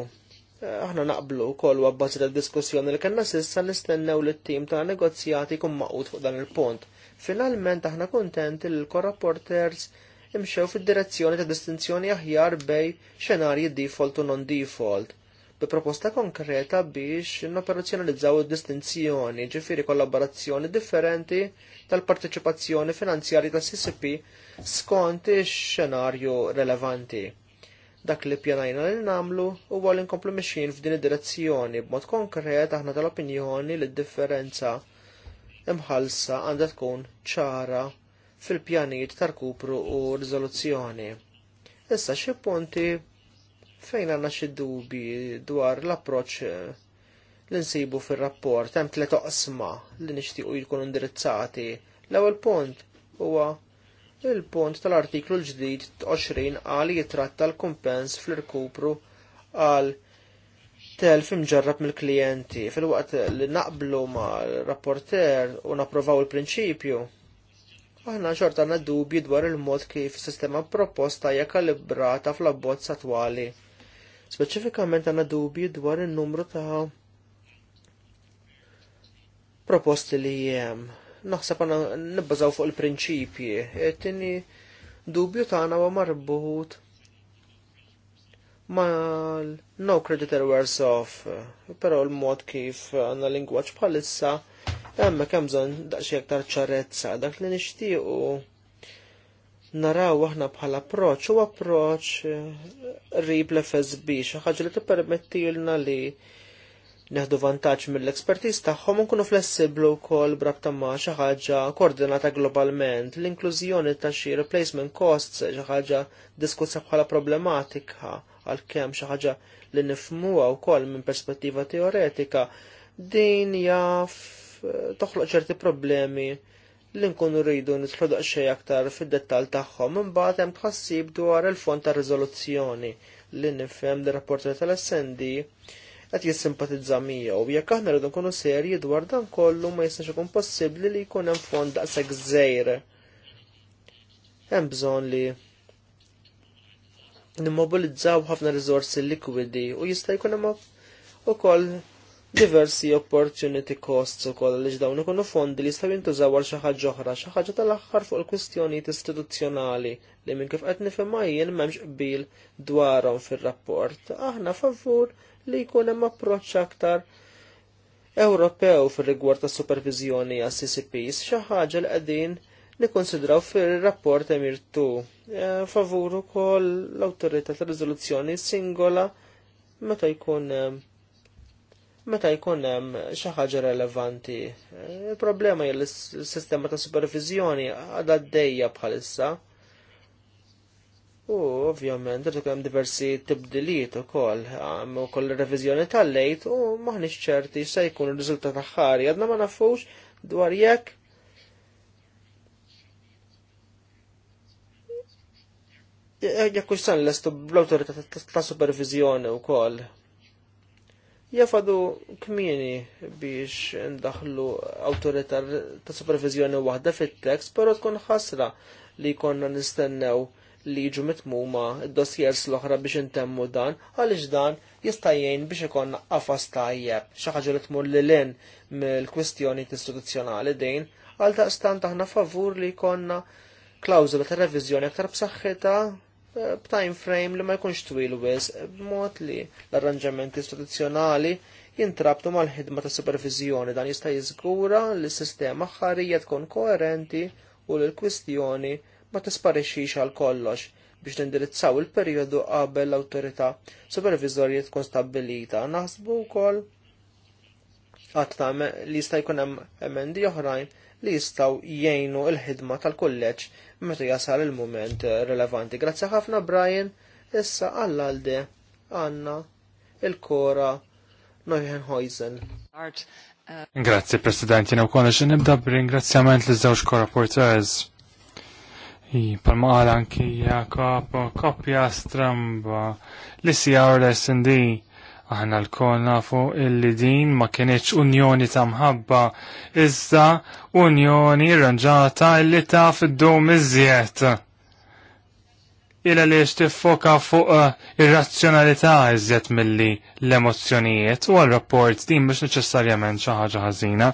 aħna naqblu kol għabbazi tal-diskussjoni li kanna sissa nistennew li t-tim ta' negozjati kum maqut fuq dan il-punt. Finalment aħna kontenti li l-korrapporters imxew fid-direzzjoni ta' distinzjoni aħjar bej xenarji default u non-default bi proposta konkreta biex n-operazzjonalizzaw distinzjoni ġifiri kollaborazzjoni differenti tal-parteċipazzjoni finanzjarji tas-CCP skont il xenarju relevanti Dak li pjanajna li namlu u għal inkomplu mexin f'din id-direzzjoni b'mod konkret aħna tal-opinjoni li d-differenza imħalsa għandha tkun ċara fil-pjanijiet tal-kupru u rizoluzzjoni. Issa xi punti fejn għandna xi dubi dwar l-approċċ li nsibu fir-rapport hemm tliet oqsma li nixtiequ jkunu indirizzati. L-ewwel punt huwa Il-punt tal-artiklu l-ġdid 20 għal jitratta l-kumpens fl-irkupru għal telf imġarrab mill-klijenti fil-waqt li naqblu ma' rapporter u napprovaw il-prinċipju. Aħna xorta għandna dubji dwar il-mod kif sistema proposta hija kalibrata fl-abbozz attwali. Speċifikament għandna dubji dwar il-numru ta' proposti li jem naħseb għana nibbazaw fuq il-prinċipji, jettini dubju tagħna wa marbuħut mal no creditor worse off, però l-mod kif għandna lingwaġġ bħalissa hemmhekk hemm bżonn daqsxejn aktar ċarezza dak li nixtiequ naraw aħna bħal approċċ u approċċ rib l-FSB t ħaġa li tippermettilna li neħdu vantaġġ mill-ekspertiż tagħhom nkunu flessiblu wkoll brabta ma' xi ħaġa koordinata globalment. L-inklużjoni ta' xi replacement costs xi ħaġa diskussa bħala problematika għalkemm xi ħaġa li nifhmuha wkoll minn perspettiva teoretika din jaf toħloq ċerti problemi li nkunu rridu nidħlu daqsxejn aktar fid-dettall tagħhom imbagħad hemm tħassib dwar il-fond ta' riżoluzzjoni li nifhem li rapporti tal-SND qed jissimpatizza miegħu. Jekk aħna rridu nkunu serji dwar dan kollu ma jistax ikun possibbli li jkun hemm fond daqshekk żgħir. Hemm bżonn li nimmobilizzaw ħafna riżorsi likwidi u jista' jkun hemm ukoll diversi opportunity costs ukoll li ġdawni kunu fondi li jistaw jintużaw għal xi ħaġa oħra, xi ħaġa tal-aħħar fuq il-kwistjonijiet istituzzjonali li minn kif qed nifhem jien m'hemmx qbil dwarhom fir-rapport. Aħna favur li jkun hemm approċċ aktar Ewropew fir-rigward tas supervizjoni għas CCPs xi ħaġa li qegħdin nikkonsidraw fir-rapport Emir Tu e, favur ukoll l-awtorità ta' riżoluzzjoni singola meta jkun e, meta jkun hemm xi ħaġa relevanti. E, il-problema hija s sistema ta' supervizjoni għadha għaddejja bħalissa U ovvjament dritu kem diversi tibdiliet ukoll, u ukoll reviżjoni tal-lejt u maħniex ċerti se jkun il-rizultat aħħari għadna ma nafux dwar jekk Jekku hux l lestu bl autorita ta' supervizjoni wkoll. Jafadu kmini biex ndaħlu awtorità ta' supervizjoni waħda fit-tekst, però tkun ħasra li konna nistennew li jiġu mitmuma id-dossiers l-oħra biex intemmu dan, għaliex dan jista' biex ikon għafas tajjeb, xi ħaġa li tmur l-in mill-kwistjoni istituzzjonali dejn, għal stan aħna favur li jkollna klawzula ta' reviżjoni aktar b'saħħitha eh, b'time frame li ma jkunx twil wis, b'mod li l arranġament istituzzjonali jintrabtu mal-ħidma ta' supervizjoni dan jista' jiżgura li s-sistema ħarija tkun koerenti u l-kwistjoni ma tisparixix għal kollox biex nindirizzaw il-perjodu qabel l awtorità supervizorja tkun stabbilita. Naħsbu wkoll għatta li jista' jkun hemm emendi oħrajn li jistgħu jgħinu l-ħidma tal-kulleġġ meta jasal il-mument rilevanti. Grazzi ħafna Brian, issa għall-għalde għanna il-kora Neuhenhuizen. Grazzi President, jena u nibda b'ringrazzjament li żewġ kora porters Palma għal anki Jakob, kopja stramba, li sijar l-SND, aħna l-kol nafu illi din ma kienieċ unjoni ta' mħabba, iżda unjoni ranġata illi ta' fid-dum iżjed. Ila li tiffoka fuq eh, ir-razzjonalità iżjed milli l emozjonijiet u għal-rapport din biex neċessarjament xi ħaġa ħażina,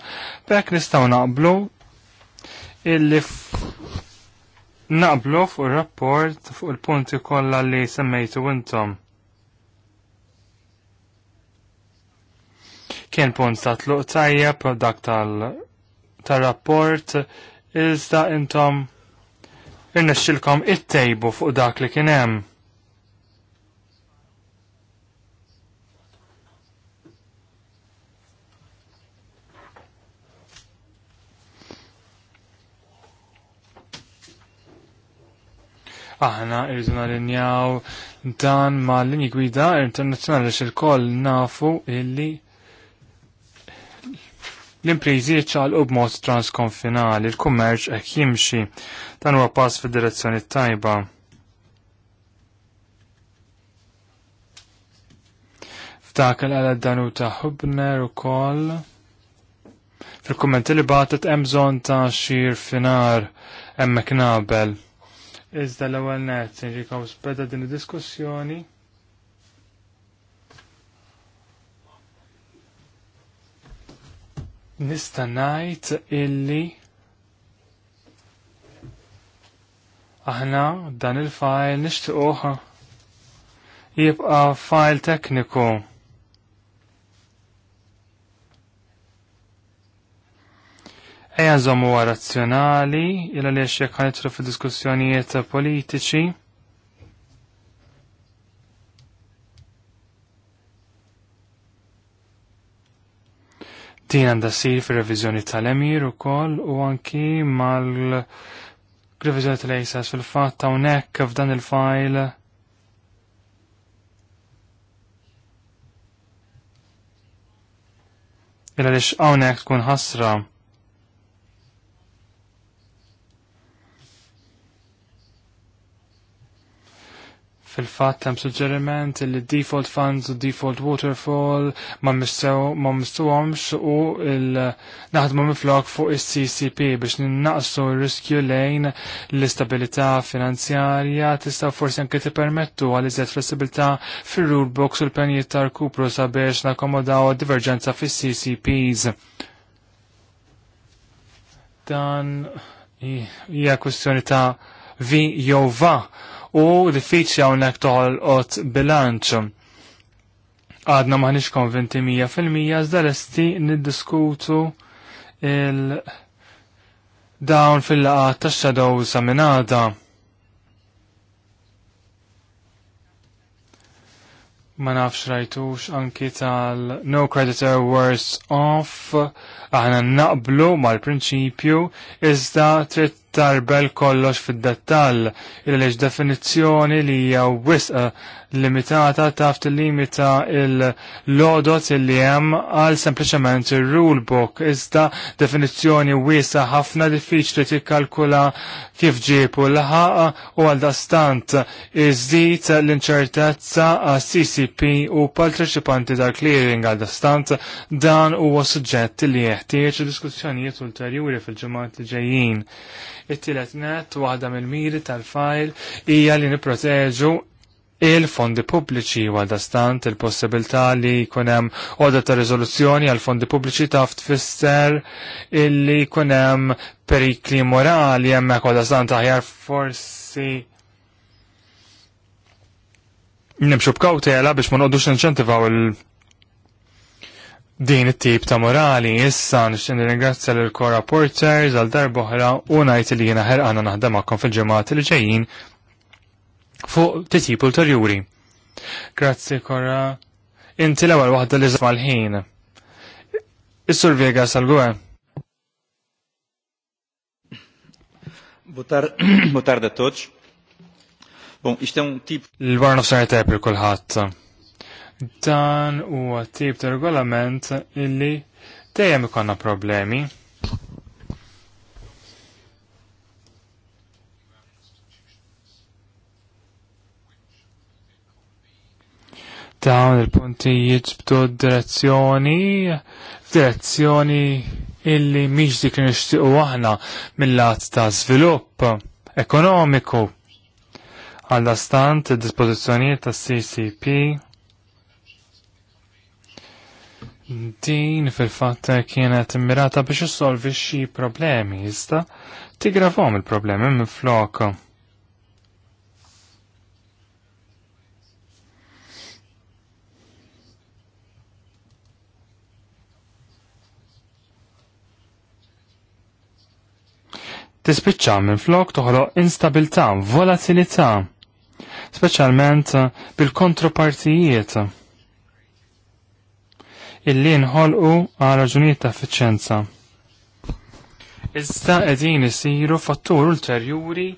bekk nistgħu naqblu illi naqblu fuq il-rapport fuq il-punti kollha li semmejtu intom. Kien punt ta' tluq tajjeb dak tal-rapport iżda intom irnexxilkom it-tejbu fuq dak li kien hemm. Aħna irridu nalinjaw dan ma' linji gwida internazzjonali xil-koll nafu illi l-imprizi b b'mod transkonfinali, il-kummerċ qed jimxi, dan huwa pass fid-direzzjoni tajba. F'dak il-qala danu ta' Hubner ukoll. Fil-kummenti li batet hemm bżonn ta' xir finar hemmhekk nabel. Iżda l-ewwel nett nirrikaw speda din id-diskussjoni. Nista' ngħid illi aħna dan il-fajl nixtiequ. jibqa' fajl tekniku Eja huwa razzjonali, illa li jekk ħanitru fi diskussjonijiet politiċi. Din għanda sir fi revizjoni tal-emir u u anki mal-revizjoni tal-ejsas fil-fat ta' f'dan il-fajl. Illa li x'għonek tkun ħasra Fil-fatt hemm suġġeriment li default funds u default waterfall ma mistuhomx u l naħdmu miflok fuq is-CCP biex ninnaqsu r-riskju lejn l-istabilità finanzjarja tista' forsi anke tippermettu għal iżjed flessibilità fir-rulebooks u l penjiet tar kupru sabiex nakkomodaw diverġenza fis-CCPs. Dan hija kwestjoni ta' vi jew va u diffiċli hawnhekk ot bilanċ. Għadna maħniex konventi mija fil-mija zdalesti niddiskutu il- dawn fil laqa ta' shadow saminada. ma nafx rajtux anki tal no creditor worse off aħna naqblu mal-prinċipju iżda tritt tarbel kollox fid-dettall il-leġ definizzjoni li hija wisq limitata taf limita il-lodot li hemm għal sempliċement il-rulebook. Iżda definizzjoni wiesa ħafna diffiċli tikkalkula kif ġiepu l-ħaq u għal dastant l-inċertezza għas CCP u partecipanti dal tal clearing għal dastant dan huwa suġġett li jeħtieġ diskussjonijiet ulterjuri fil ġemat li ġejjin. It-tielet net waħda mill-miri tal-fajl hija li nipproteġu il-fondi pubbliċi għal dastant il-possibilità li kunem għoda ta' rizoluzzjoni għal-fondi pubbliċi ta' tfisser illi kunem perikli morali jemmek stant aħjar forsi nimxu b'kawtela biex ma noqdux inċentivaw il- din it-tip ta' morali issa nixtieq nirringrazzja l kora Porters għal darboħra u ngħid li jiena ħerqana naħdem fil-ġimgħat li ġejjin fuq titjib ulterjuri. Grazzi korra. Inti l-ewwel waħda li żmal ħin. Is-Sur Vegas għal Butar *coughs* da toċ. Bon, un um tip. L-varna f-sanar tepri kullħat. Dan huwa tip ta' regolament illi dejjem ikonna problemi. dawn il punti jitbdu direzzjoni, direzzjoni illi miex dik nishtiqu nixtiequ mill-lat ta' svilupp ekonomiku. Għalla stant id-dispożizzjonijiet ta' CCP din fil fat kienet immirata biex jissolvi xi problemi, jista? Tigrafom il-problemi minn flok. tispiċċa minn flok toħloq instabilità, volatilità, speċjalment eh, bil-kontropartijiet illi nħolqu għal raġunijiet ta' effiċenza. Iżda qegħdin isiru fattur ulterjuri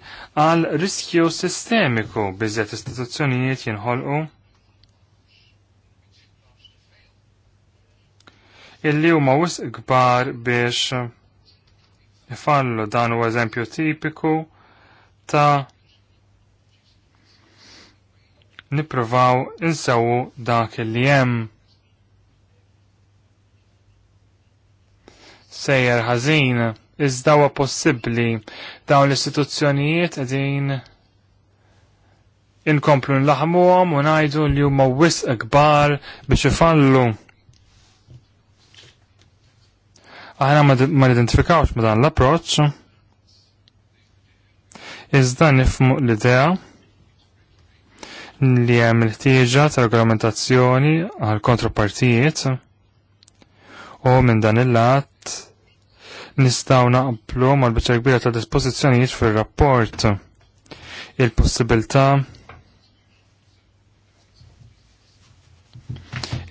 għal riskju sistemiku biżet istituzzjonijiet jinħolqu illi huma wisq kbar biex nifallu dan u eżempju tipiku ta' niprovaw insawu dak li jem sejjer ħażin iżda huwa possibbli dawn l-istituzzjonijiet edin inkomplu nlaħmuhom u ngħidu li huma wisq kbar biex ifallu Aħna ma nidentifikawx ma dan l-approċ. Iżda nifmu l-idea li hemm il-ħtieġa ta' regolamentazzjoni għal kontrapartijiet u minn dan il-lat nistaw naqblu mal-biċċa kbira ta' dispożizzjonijiet fir-rapport il-possibilità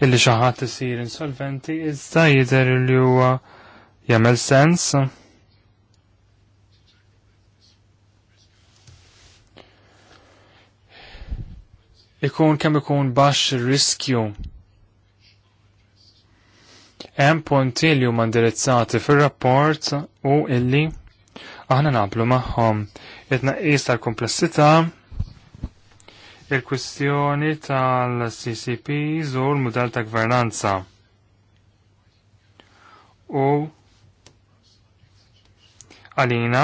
illi xaħat isir insolventi iżda jidher li huwa jagħmel sens. Ikun kemm ikun baxx riskju Hemm punti li huma indirizzati fir-rapport u illi aħna naqblu magħhom. It-tnaqqis tal-komplessità il-kwistjoni tal-CCPs u l-modell ta' gvernanza. U Għalina,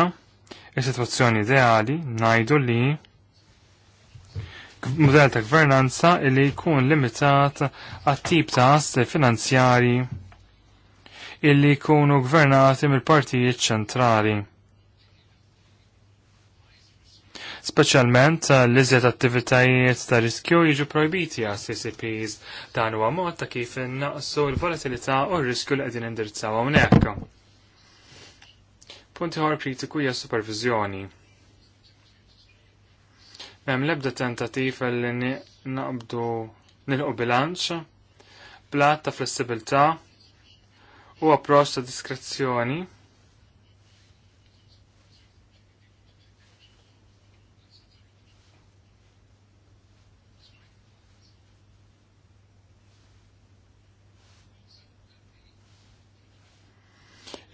il-situazzjoni ideali najdu li model ta' gvernanza li jkun limitat għat-tip ta' assi finanzjari illi jkunu gvernati mill-partijiet ċentrali. Speċjalment l-iżjed attivitajiet ta' riskju jiġu projbiti għas CCPs dan huwa mod ta' kif innaqsu l-volatilità u r-riskju li qegħdin indirizzaw hawnhekk. Punti ħor kritiku hija supervizjoni. Mem lebda tentativ li naqbdu nilqu bilanċ, blat ta' flessibilità u approċċ ta' diskrezzjoni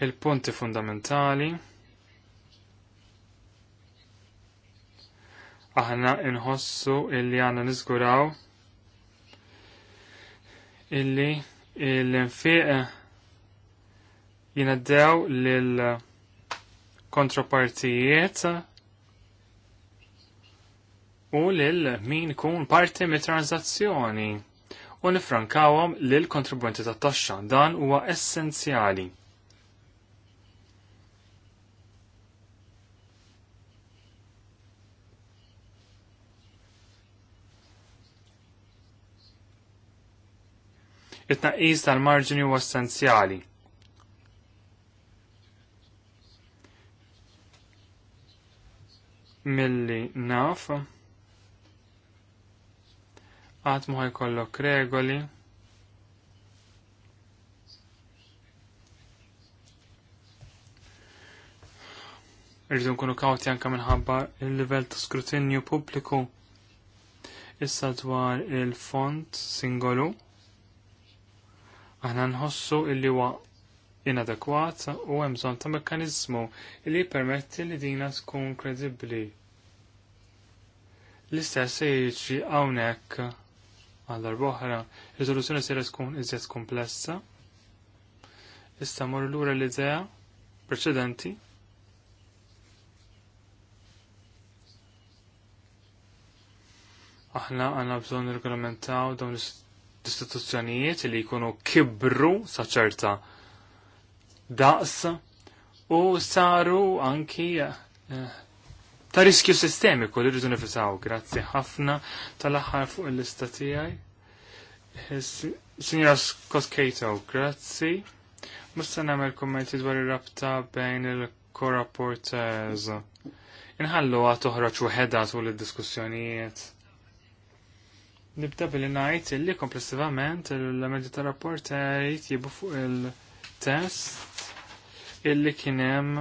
il-punti fundamentali. Aħna inħossu illi għanna nizguraw illi l-infiq jinaddew l kontropartijiet u lil min kun parti mit-transazzjoni u nifrankawhom lil kontribwenti tat-taxxa. Dan huwa essenzjali. it-naqis tal-marġini huwa essenzjali. Milli naf għat muħaj kollok regoli Rridu nkunu kawti anka minħabba il-livell ta' skrutinju pubbliku issa dwar il-font singolu. Aħna nħossu illi huwa inadekwat u hemm bżonn ta' mekkaniżmu li jippermetti li dina tkun kredibbli. L-istess se jiġri hawnhekk għal darboħra, riżoluzzjoni se tkun iżjed komplessa. Issa mor lura l-idea preċedenti aħna għanna bżon regolamentaw dawn istituzzjonijiet li jkunu kibru saċerta daqs u saru anki eh, ta' riskju sistemiku li rridu nifisaw. Grazzi ħafna tal-aħħar fuq il-lista tiegħi. Signora Scott grazzi. Musta namel kommenti dwar il-rabta bejn il-Cora Portez. Inħallu għat u ħedat u l-diskussjonijiet. Nibda billi ngħid illi komplessivament l medju ta' rapport jitjibu fuq il-test illi kien hemm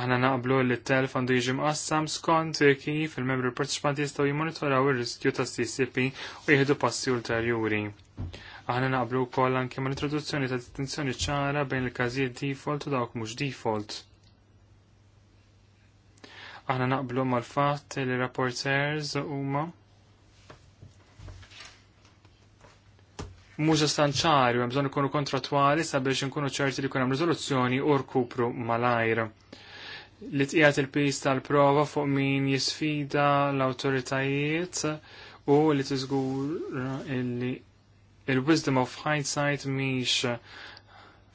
Aħna naqblu li t-telf għandu jiġi mqassam skont kif il-membri partiċipanti jistgħu jimmonitoraw ir-riskju ta' CCP u jieħdu passi ulterjuri. Aħna naqblu wkoll anke mal-introduzzjoni ta' distinzjoni ċara bejn il-każijiet default u dawk mhux default Aħna naqblu mal-fatt li rapporters huma mhux stanċarju hemm bżonn ikunu kontratwali sabiex inkunu ċerti li jkun hemm riżoluzzjoni u rkupru malajr li tqiegħed il-pis tal-prova fuq min jisfida l awtoritajiet u li tiżgur illi il-wisdom of hindsight miex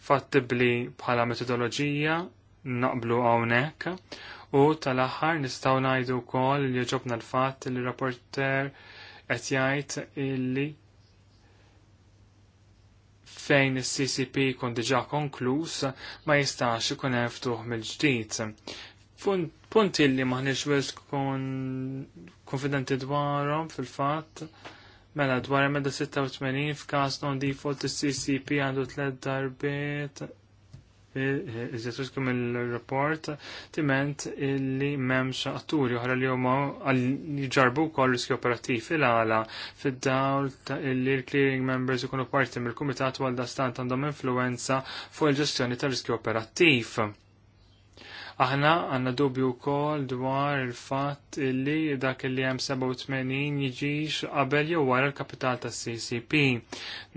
fattibli bħala metodoloġija naqblu hawnhekk U tal-aħħar nistgħu ngħidu wkoll li ġobna l-fatt li rapporter qed jgħid illi fejn is-CCP jkun diġà konkluż ma jistax ikun hemm ftuħ mill-ġdid. Punti li maħniex wis kon konfidenti dwarhom fil-fatt mela dwar emenda 86 f'każ non default is-CCP għandu tliet darbiet iżjetuġ kum il-rapport timent illi memx atturi uħra li huma jġarbu kol riski operattiv il-għala fid-dawl illi l-clearing members ikunu parti mill-kumitat għal dastant għandhom influenza fuq il-ġestjoni tal-riski operattiv. Aħna għanna dubju kol dwar il-fat illi dak li hemm 87 jiġix qabel jew wara l-kapital tas ccp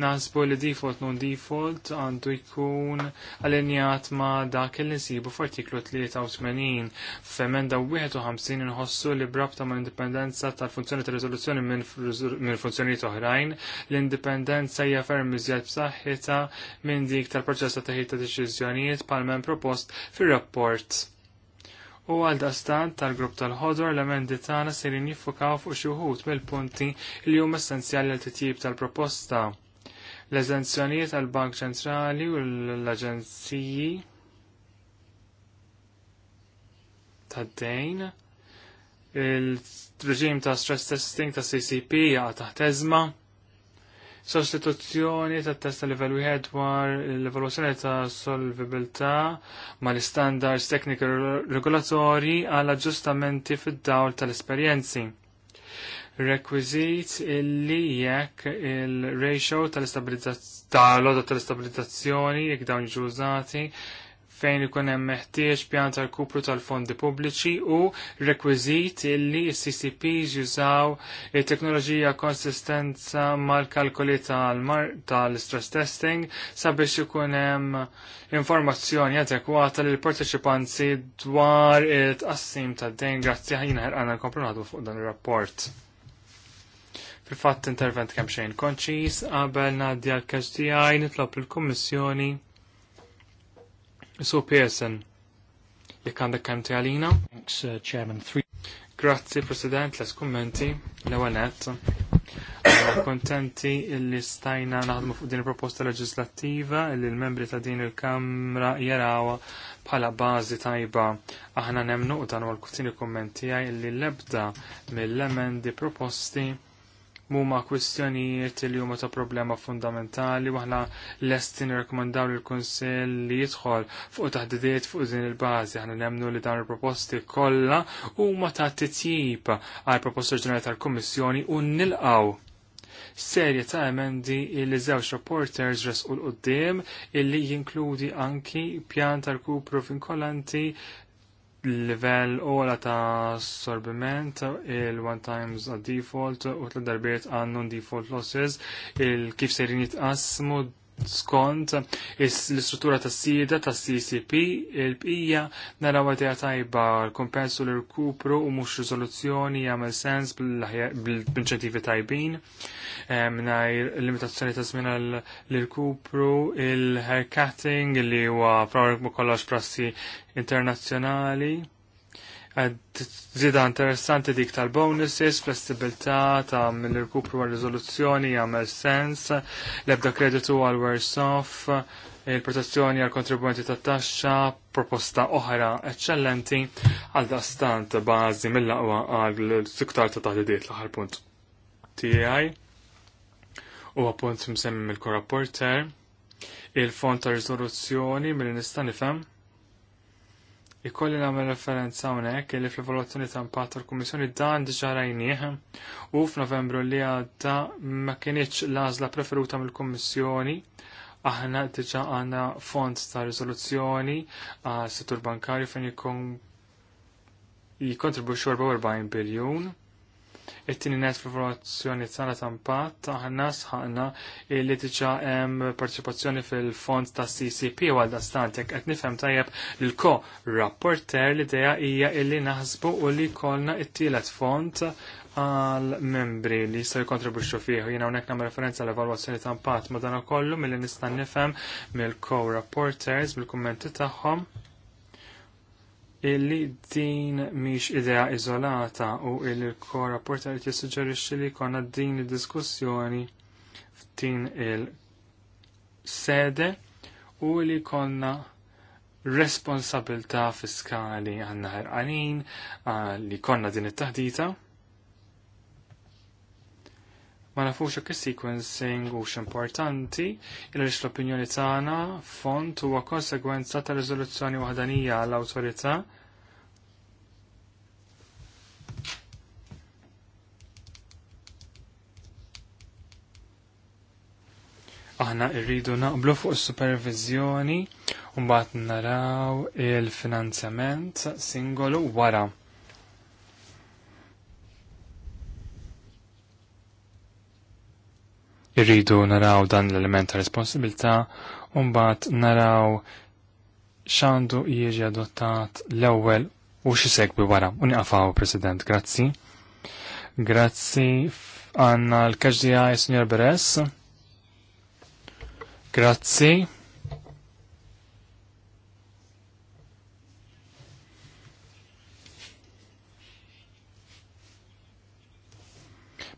Nasbu li default non default għandu jkun allinjat ma dak li nsibu f'artiklu 83 f'emenda 51 inħossu li brabta ma' indipendenza tal-funzjoni ta' riżoluzzjoni minn funzjonijiet oħrajn l-indipendenza hija ferm iżjed b'saħħitha minn dik tal-proċess ta' teħid ta' deċiżjonijiet men propost fir-rapport u għal dastan tal-grupp tal-ħodor l-emendi tagħna serin jiffukaw fuq xi wħud mill-punti li huma essenzjali għal titjib tal-proposta. L-eżenzjonijiet tal-Bank Ċentrali u l-Aġenziji tad-dejn, il-reġim ta' stress testing ta' CCP jaqa' taħt Sostituzzjoni ta' test ta' level 1 dwar l-evoluzzjoni ta' solvibilità ma' l-standards tekniki regolatori għal aġġustamenti fid-dawl tal-esperjenzi. Requisit illi jekk il-ratio tal-istabilizzazzjoni tal tal-istabilizzazzjoni jekk dawn ġużati fejn ikun hemm meħtieġ pjan tal-kupru tal-fondi pubbliċi u rekwiżit li s ccp jużaw teknoloġija konsistenza mal-kalkoli tal-stress testing sabiex ikun hemm informazzjoni adekwata lill parteċipanti dwar it-qassim tad-dejn grazzi ħajna ħerqana komprunatu fuq dan ir-rapport. Fil-fatt intervent kemm xejn konċis qabel ngħaddi l kaġ tiegħi nitlob il-Kummissjoni Mr. Pearson, jekk għandek kemm għalina. Thanks, uh, Chairman. Three. Grazzi, President, les kummenti, l nett. *coughs* Kontenti illi stajna naħdmu fuq din il proposta leġislattiva illi l-membri ta' din il-Kamra jaraw bħala bażi tajba. Aħna nemnu u dan l kutini kommenti għaj illi l-ebda mill-emendi proposti Muma kwistjonijiet li huma ta' problema fundamentali waħna lesti nirrekomendaw lil kunsell li jidħol fuq taħdidiet fuq din il-bażi aħna nemnu li dan il-proposti kollha huma ta' titjib għal proposta ġenerali tal-Kummissjoni u nilqaw serje ta' emendi li żewġ reporters resqu l-qoddim illi jinkludi anki pjan tal-kupru vinkolanti level ola ta' sorbiment il-one times a default u tla darbiet għan non-default losses il-kif serin jitqasmu skont l-istruttura tas sida tas CCP il-bqija naraw għadija tajba l-kompensu l-rkupru u mux rizoluzzjoni jagħmel sens bil-inċentivi tajbin eh, mingħajr limitazzjoni ta' żmien l-rkupru il-haircutting li huwa frawrek ma kollox prassi internazzjonali Zida interessanti dik tal-bonuses, flessibilità ta' mill-rkupru għal rezoluzzjoni jagħmel sens, l-ebda kreditu għal worse off, il-protezzjoni għal kontribuenti ta' taxxa, proposta oħra eccellenti għal dastant bażi mill laqwa għal siktar ta' taħdidiet l-aħħar punt tiegħi. U punt msemmi mill-korrapporter, il-fond ta' rizoluzzjoni mill-nista' nifhem Ikolli nagħmel referenza hawnhekk li fl-evoluzzjoni ta' impatt tal-Kummissjoni dan diġà rajnieh u f'Novembru li għadda ma kienieċ l-għażla preferuta mill-Kummissjoni aħna diġà għandna fond ta' riżoluzzjoni għal settur bankarju fejn jkun jikontribuxxu 44 biljun it-tini net fil-formazzjoni ta' tampat, aħna sħaqna li tiċa hemm partecipazzjoni fil-fond ta' CCP u għalda stantek. Qed nifhem tajjeb l-ko rapporter li deja hija illi naħsbu u li kolna it-tielet fond għal-membri li jistaw jikontribuxxu fiħu Jiena hawnhekk nagħmel referenza l-evalwazzjoni ta' impatt ma' dan kollu milli nista' nifhem mill-co-rapporters mill-kummenti tagħhom illi din miex idea izolata u il korrapport għalit jissuġġerixxi li konna din id-diskussjoni f'din il-sede u li konna responsabilta fiskali għanna ħarqanin li konna din it-taħdita ma nafux jekk is-sequencing hux importanti il l-opinjoni tagħna font huwa konsegwenza ta' riżoluzzjoni waħdanija għall awtorità aħna rridu naqblu fuq is-supervizjoni u mbagħad naraw il-finanzjament singolu wara. irridu naraw dan l-element ta' responsabilta unbat naraw xandu jieġi adottat l-ewwel u xisegwi wara. Uniqafaw, President, grazzi. Grazzi għanna l-KGI, Sr. Beres. Grazzi.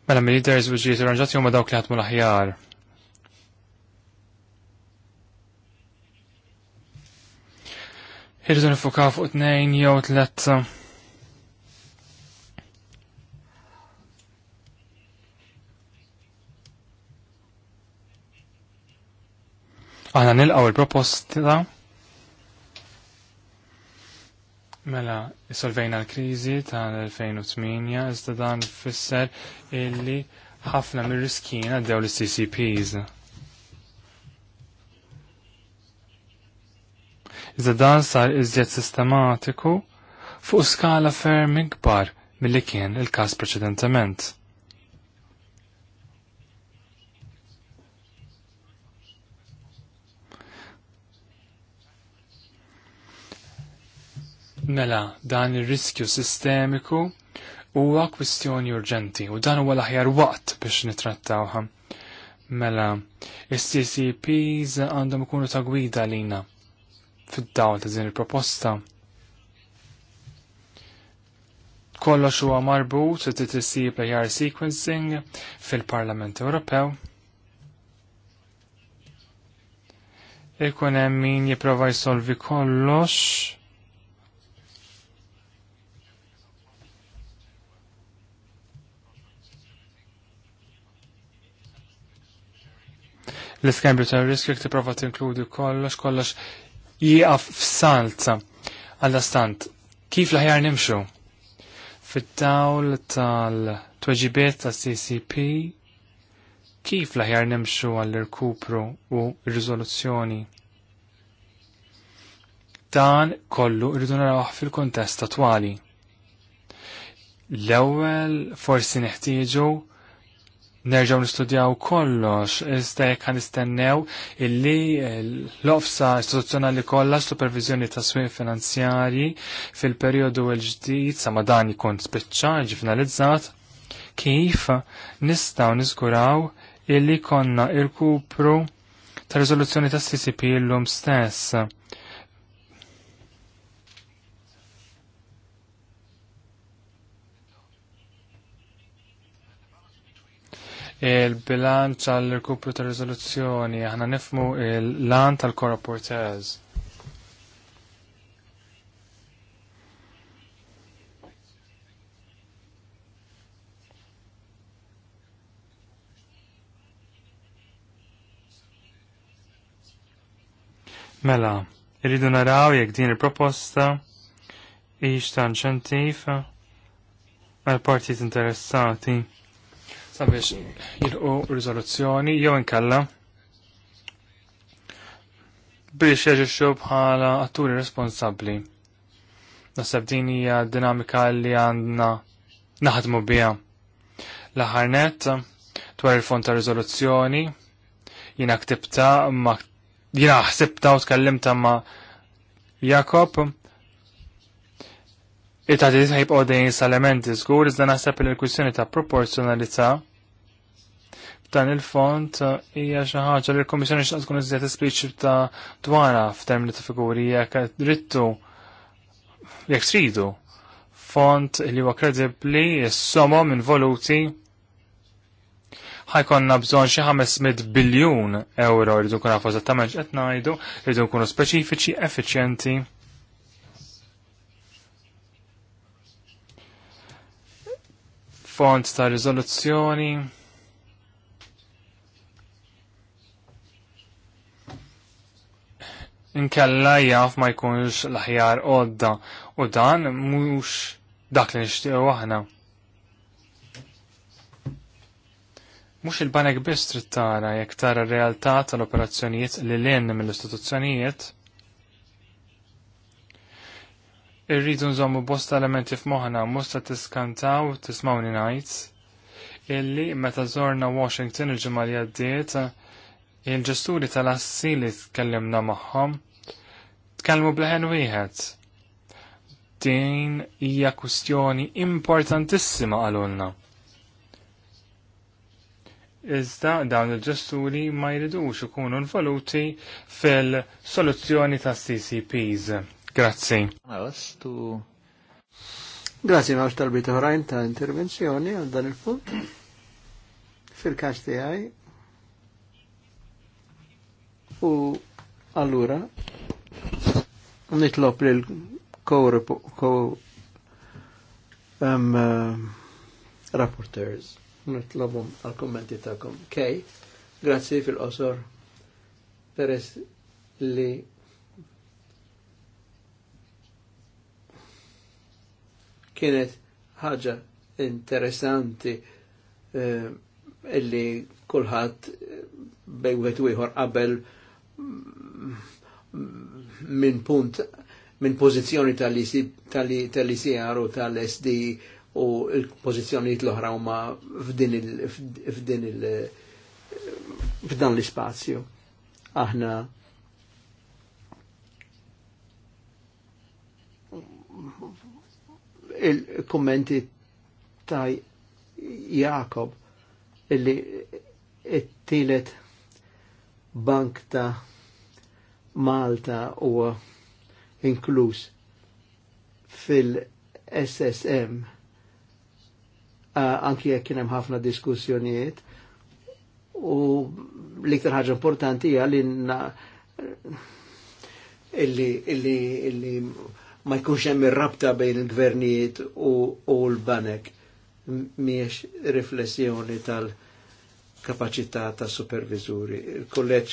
Mela mill-leaders u ġiet huma dawk li ħatmu l-aħjar. Irridu nifukaw fuq tnejn jew tlet Aħna nilqaw il-proposta Mela, solvejna l-krizi tal-2008, iżda dan fisser illi ħafna mir-riskin għaddew l-CCPs. Iżda dan sar iżjed sistematiku fuq skala ferm ikbar mill-li kien il-kas preċedentement. Mela, dan ir-riskju sistemiku huwa kwistjoni urġenti u dan huwa l-aħjar waqt biex nitrattawha. Mela, is-CCPs għandhom ikunu ta' gwida lina fid-dawl ta' din il-proposta. Kollox huwa marbut it tisib AR sequencing fil-Parlament Ewropew. Ikun hemm min jipprova jsolvi kollox L-iskembri ta' riskju jek tipprova tinkludi kollox kollox jieqaf f'salt għall-astant. Kif l nimxu? Fit-dawl tal-tweġibiet ta' CCP, kif l nimxu għall-irkupru u rizoluzzjoni? Dan kollu rridu narawh fil-kontest attwali. L-ewwel forsi neħtieġu nerġaw nistudjaw kollox, iżda jekk nistennew illi eh, l-ofsa istituzzjonali kollha supervizjoni ta' swim finanzjarji fil-perjodu l-ġdid sa ma dan jkun spiċċa finalizzat, kif nistgħu niżguraw illi konna irkupru ta' riżoluzzjoni ta' CCP l-lum stess il-bilanċ għall rkupru ta' rizoluzzjoni, aħna nifmu il-lan tal-Kora Portez. Mela, irridu naraw jekk din il-proposta hix ta' inċentiv għal partit interessati sabiex jilqu riżoluzzjoni jew inkella biex jaġixxu bħala atturi responsabbli. Nasab din hija dinamika li għandna naħdmu biha. L-aħħar nett dwar il-fond ta' riżoluzzjoni jiena ktibta ma jiena ħsibta u tkellimta ma' Jakob it-għadid ħajb għodin s-elementi zgur, iżda naħseb il kwissjoni ta' proporzjonalità dan il-font hija xi ħaġa li l kummissjoni xtaqt tkun iżjed espliċita dwarha f'termini ta' figuri jekk drittu jekk tridu font li huwa kredibbli is minn involuti ħajkonna bżonn xi 500 biljun euro rridu nkun nafu eżattament x'qed ngħidu, rridu nkunu speċifiċi, effiċjenti font ta' rizoluzzjoni. Inkella jaf ma jkunx l-ħjar odda u dan mhux dak li nixtiequ aħna. Mhux il-banek biss trid tara jekk tara r-realtà tal-operazzjonijiet li l mill-istituzzjonijiet irridu nżommu bosta elementi f'moħna musta tiskantaw tismawni najt illi meta żorna Washington il-ġimgħa li għaddiet il-ġesturi tal-assi li tkellimna magħhom tkellmu bleħen wieħed. Din hija kwistjoni importantissima għalulna. Iżda dawn il-ġesturi ma jridux ikunu l-voluti fil-soluzzjoni ta' ccps Grazzi. Grazzi ma' bita ħrajn ta' intervenzjoni għal dan il-punt. Fil-kax ti għaj. U allura nitlob lil co um, uh, rapporteurs Nitlopum għal kommenti ta' kom. Kej, grazzi fil-qosor peress li kienet ħaġa interessanti eh, illi kulħadd eh, bejwet wieħed qabel mm, minn punt minn pożizzjoni tal-ICR u tal-SD u l-pożizzjonijiet l-oħra huma f'din il- f'din il- eh, f'dan l-ispazju. Aħna il-kommenti ta' Jakob illi it-tielet bank ta' Malta huwa inkluż fil-SSM anki jekk kien hemm ħafna diskussjonijiet u l-iktar ħaġa importanti hija li illi illi illi ma jkunx hemm ir-rabta bejn il-gvernijiet u l-banek miex riflessjoni tal-kapacità ta' supervizuri. Il-kolleġġ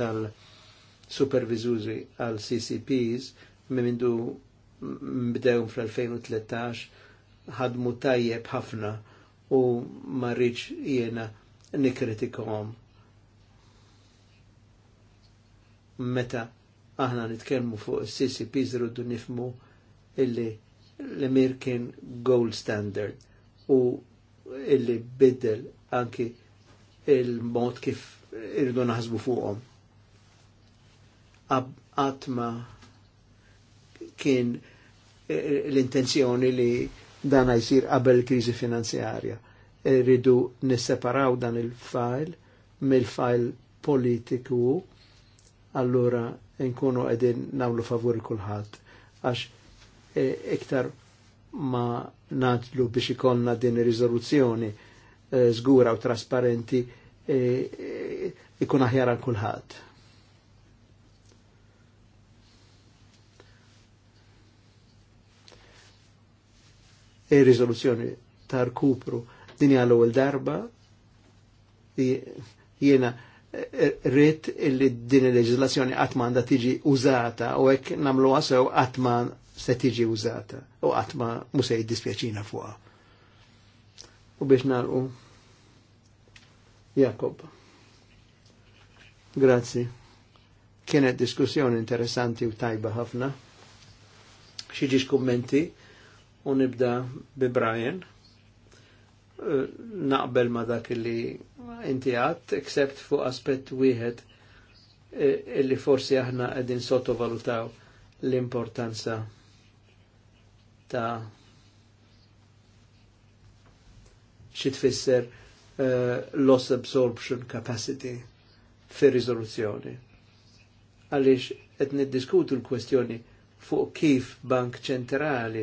tal-supervizuri għal CCPs mindu bdew fl-2013 ħadmu tajjeb ħafna u marriċ jena nikritikom meta aħna nitkellmu fuq CCP zruddu nifmu illi l-emir kien gold standard u illi biddel anki il-mod kif irridu naħsbu fuqhom. Għatma kien l-intenzjoni li dan jisir qabel kriżi finanzjarja. Irridu nisseparaw dan il-fajl mill-fajl politiku allura nkunu għedin namlu favori kullħat. għax e, iktar ma nadlu biex ikonna din rizoluzzjoni riżoluzzjoni e, żgura u trasparenti e, ikun aħjar għal kulħadd. ir-riżoluzzjoni ta' din hija l-ewwel darba jiena rrit illi din il-leġislazzjoni għatmanda tiġi użata u għek namlu għasew għatman se tiġi użata u għatma musej dispjaċina fuqa. U biex nalqu. Jakob. Grazzi. Kienet diskussjoni interessanti u tajba ħafna. Xieġiġ kummenti u nibda bi Brian naqbel ma dak li inti għat, except fuq aspett wieħed e, illi forsi aħna għedin sottovalutaw l-importanza ta' xi tfisser uh, loss absorption capacity fir riżoluzzjoni. Għaliex qed niddiskutu l-kwestjoni fuq kif bank ċentrali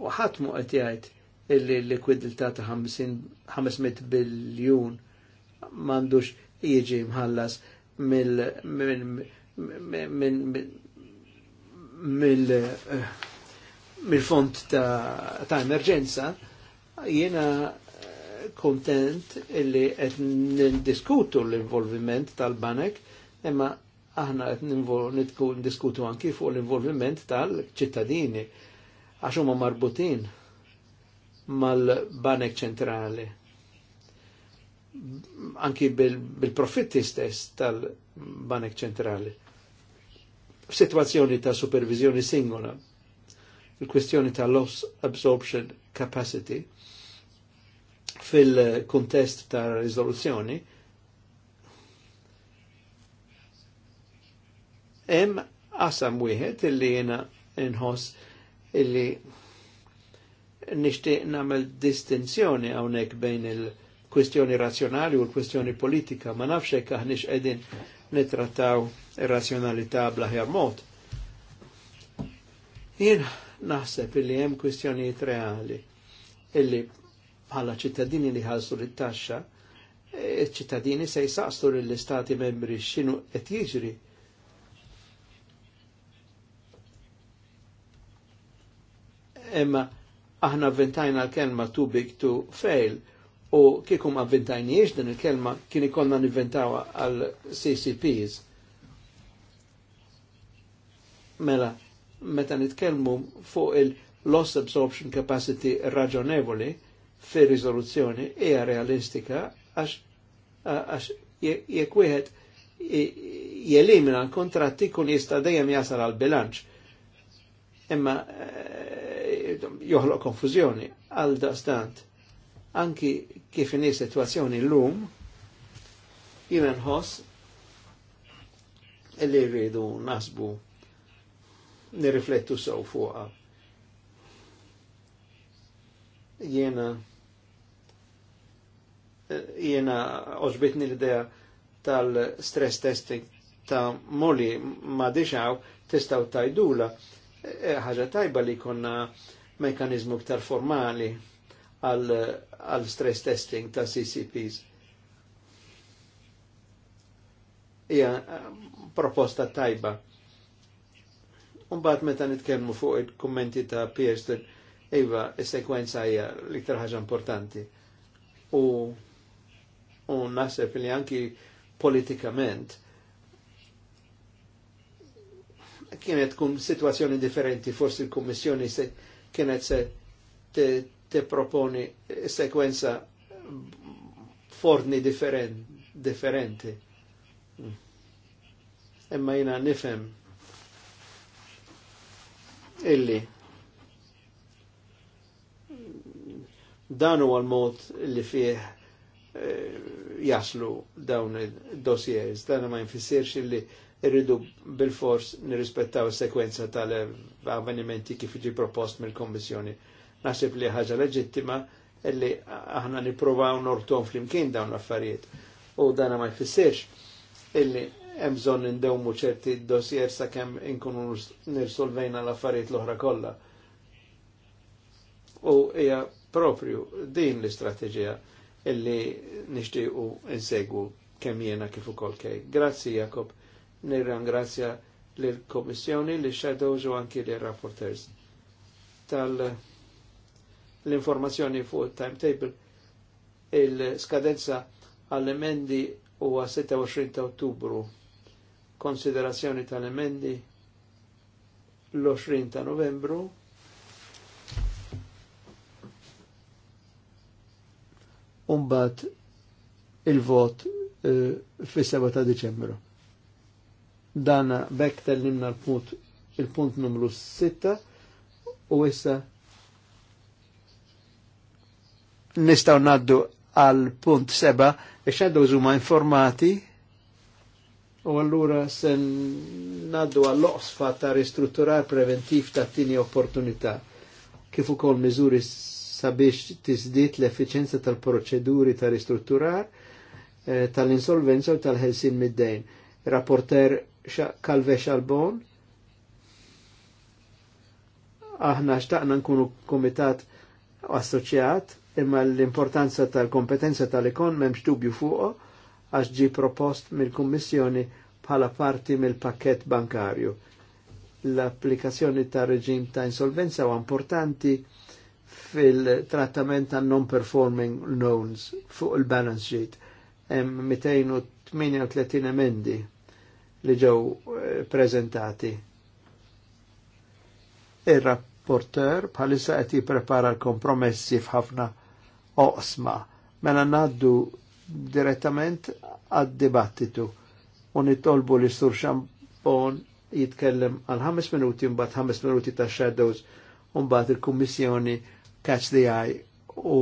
u ħadd mu qed jgħid illi l-likwidità ta' 500 biljun mandux jieġi mħallas mill mill mill fond ta', ta emerġenza jiena eh, kontent illi qed ndiskutu l-involviment tal-banek imma aħna qed ndiskutu anki fuq l-involviment tal-ċittadini għax huma marbutin mal-banek ċentrali. Anki bil-profitti stess tal-banek ċentrali. Situazzjoni ta' supervizjoni singola, il-kwestjoni ta' loss absorption capacity fil-kontest ta' rizoluzzjoni, em qasam wieħed illi jena inħoss illi nishtiq namel distinzjoni għawnek bejn il-kwistjoni razzjonali u l-kwistjoni politika, ma nafxek għahnix edin nitrattaw razzjonalità blaħjar mod. Jien naħseb illi hemm kwistjonijiet reali illi bħala ċittadini li ħalsu l-taxxa, ċittadini se jisaqstu l-istati membri xinu qed jiġri imma aħna avventajna l-kelma too big to fail u avventajni avventajniex din il-kelma kien ikollna nivventawa għal CCPs. Mela, meta nitkelmu fuq il-loss absorption capacity raġonevoli fi rizoluzzjoni hija realistika għax jekk wieħed jelimina l-kontratti kun jista' dejjem jasal għal bilanċ. Imma eh, joħlo konfuzjoni għal daqstant anki kif inhi situazzjoni l-lum jimen nħoss li rridu nasbu nirriflettu sew fuqa. Jiena jiena oġbitni l-idea tal-stress testing ta' moli ma' dixaw tistaw tajdula e, ħaġa tajba li konna mekanizmu ktar formali għal stress testing ta' CCPs. Ija eh, proposta tajba. Unbat meta nitkellmu fuq il-kommenti ta' Pearson, iva, il-sekwenza hija l-iktar ħaġa importanti. U, u nasib li anki politikament kienet kun situazzjoni differenti, forsi il-Kommissjoni se kienet se te, proponi sekwenza forni differen, differenti. Emma jina nifem illi danu għal mod li fieħ eh, jaslu dawn id-dossiers, dan ma jinfissirx illi irridu bil-fors nirrispettaw sekwenza tal-avvenimenti kif ġi propost mill-Kommissjoni. Nasib li ħaġa leġittima illi aħna niprovaw nortom fl-imkien dawn l-affarijiet. U dana ma jfissirx illi hemm bżonn indewmu ċerti dossier sakemm inkunu nirsolvejna l-affarijiet l-oħra kollha. U hija propju din l-istrateġija illi nixtiequ insegwu kemm jiena kif ukoll kej. Grazzi Jakob nirrangrazzja l-Komissjoni, l-Shadows u anki l-Rapporters tal-informazzjoni fuq timetable il-skadenza għall-emendi huwa 26 ta' ottubru. Konsiderazzjoni tal-emendi l-20 ta' novembru. Umbat il-vot uh, eh, fis-7 ta' Deċembru. Dan bekk tellimna l-punt il-punt numru 6 u issa nistaw naddu għal punt 7 ixħeddu zuma informati u allura sen naddu għall oqsfa ta' ristrutturar preventiv ta' tini opportunità kif ukoll miżuri sabiex tiżdiet l-effiċenza tal-proċeduri ta' ristrutturar eh, tal-insolvenza u tal-ħelsin mid-dejn. Rapporter Calve Xalbon. Aħna xtaqna nkunu komitat assoċjat imma l-importanza tal-kompetenza tal-ikon memx dubju fuqo għax ġi propost mill-Kummissjoni bħala parti mill-pakket bankarju. L-applikazzjoni ta' reġim ta' insolvenza u importanti fil-trattament ta' non-performing loans fuq il-balance sheet. Em 238 emendi li ġew eh, prezentati. Ir-rapporter bħalissa qed jipprepara l-kompromessi f'ħafna oqsma. Mela ngħaddu direttament għad-dibattitu u nitolbu li sur xampon jitkellem għal ħames minuti mbagħad ħames minuti ta' shadows u mbagħad il-kummissjoni catch the eye u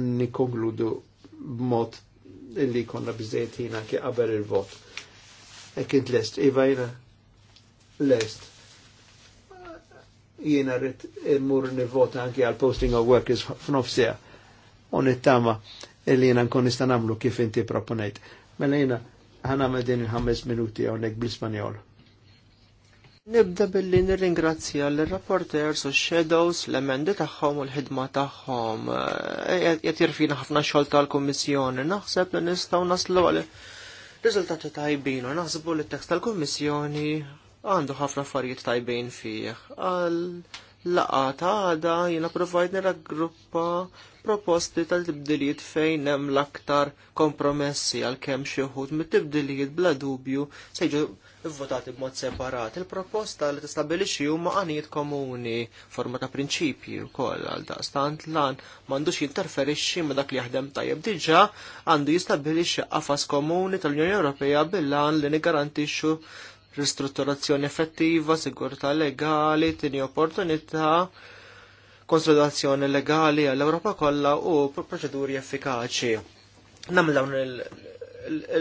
nikonkludu b'mod illi konna bizzejt ki qabel il-vot e kint lest, iva jena lest. Jina rrit immur nivvota anki għal posting of workers f'nofsija. Un it-tama illi jina nkun nista kif inti proponajt. Mela jina ħana din il-ħammes minuti għonek bl-Ispanjol. Nibda billi nirringrazzja l-rapporters u shadows l-emendi tagħhom u l-ħidma tagħhom. E, e, e, Jatirfina ħafna xogħol tal kommissjoni Naħseb li nistgħu naslu għal riżultati tajbin u naħsbu li t-tekst tal kommissjoni għandu ħafna affarijiet tajbin fih. Għal laqa ta' għada jina provajdni raggruppa proposti tal-tibdiliet fejn hemm l-aktar kompromessi għal kemm xi wħud mit-tibdiliet bla dubju se jiġu Ivvotati b'mod separat. Il-proposta li tistabilixi huma għanijiet komuni forma ta' prinċipji wkoll għal daqstant lan m'għandux jinterferixxi ma' dak li jaħdem tajjeb diġà għandu jistabilixxi qafas komuni tal-Unjoni Ewropea bil-lan li nigarantixxu ristrutturazzjoni effettiva, sigurtà legali, tini opportunità, konsolidazzjoni legali għall-Ewropa kollha u proċeduri effikaċi. Namlawn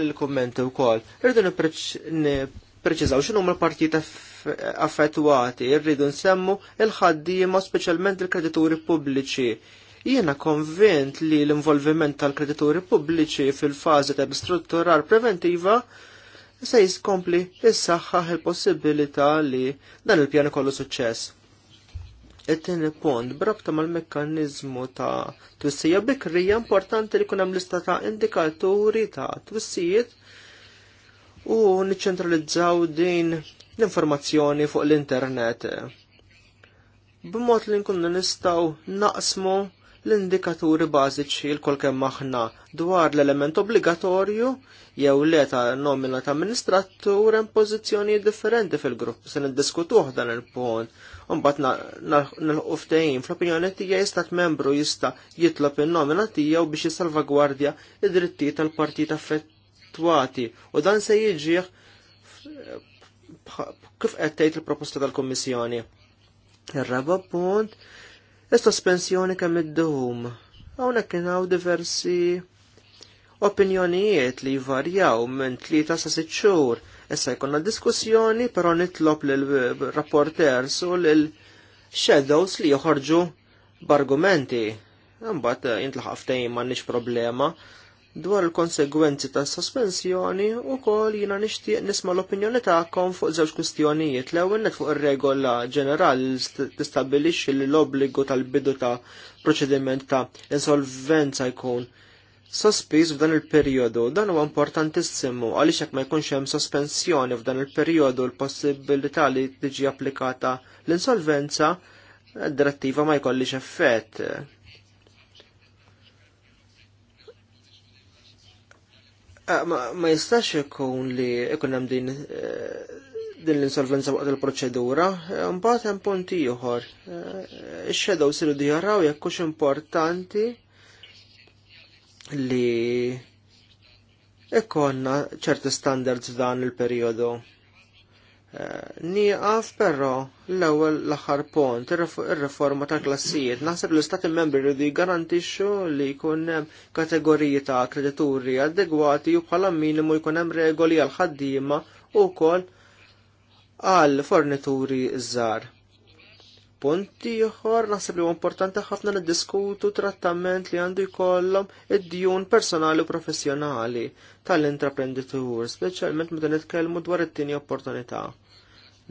il-kommenti wkoll. kol. Irridu Preċizaw x'inhuma l-partijiet affettwati, irridu nsemmu il-ħaddiema speċjalment il-kredituri pubbliċi. Jiena konvint li l-involviment tal-kredituri pubbliċi fil-fażi ta' strutturar preventiva se jiskompli jissaħħaħ il-possibilità li dan il-pjan kollu suċċess. It-tieni punt brabta mal-mekkaniżmu ta' twissija bikrija importanti li kunem lista ta' indikaturi ta' twissijiet u niċċentralizzaw din l-informazzjoni fuq l-internet. B'mod li nkunu nistgħu naqsmu l-indikaturi bażiċi l-kol maħna aħna dwar l-element obbligatorju jew le ta' nomina ta' amministratur hemm pożizzjoni differenti fil-grupp se niddiskutuh dan il-punt. Mbagħad nilħu ftehim fl-opinjoni tiegħi stat membru jista' jitlob in-nomina tiegħu biex jissalvagwardja id-drittijiet tal-partit affett Twati, u dan se jiġih kif qed tgħid il-proposta tal-Kummissjoni. Ir-raba punt is-sospensjoni kemm id-dum. Hawnhekk kien hawn diversi opinjonijiet li jvarjaw minn tlieta sa sitt xhur. Issa jkollna diskussjoni però nitlob lil rapporters u lil shadows li joħorġu b'argumenti. Imbagħad jintlaħaq ftehim m'għandniex problema dwar il-konsegwenzi ta' sospensjoni u kol jina nishtiq nisma l-opinjoni ta'kom fuq żewġ kwistjonijiet. L-ewwel fuq ir-regola ġenerali tistabilixxi li l-obbligu tal-bidu ta' proċediment ta' insolvenza jkun sospiż f'dan il-perjodu. Dan huwa importantissimu għaliex jekk ma jkunx hemm sospensjoni f'dan il-perjodu l-possibilità li tiġi applikata l-insolvenza, d-direttiva ma jkollix effett Ah, ma jistax ikun li ikun hemm din eh, din l-insolvenza waqt il-proċedura, eh, mbagħad hemm punt ieħor. Eh, ix xedow siru dijaraw jekk hux importanti li ikonna ċerti standards f'dan il-perjodu. Nieqaf però l-ewwel l-aħħar pont, ir-riforma ta' klassijiet Naħseb l-istati membri rridu jgarantixxu li jkun hemm kategoriji ta' kredituri adegwati u bħala minimu jkun hemm regoli għal ħaddiema u wkoll għal fornituri żgħar Punti ieħor naħseb li huwa importanti ħafna niddiskutu trattament li għandu jkollhom id-djun personali u professjonali tal-intraprenditur, speċjalment meta nitkellmu dwar it-tieni opportunità.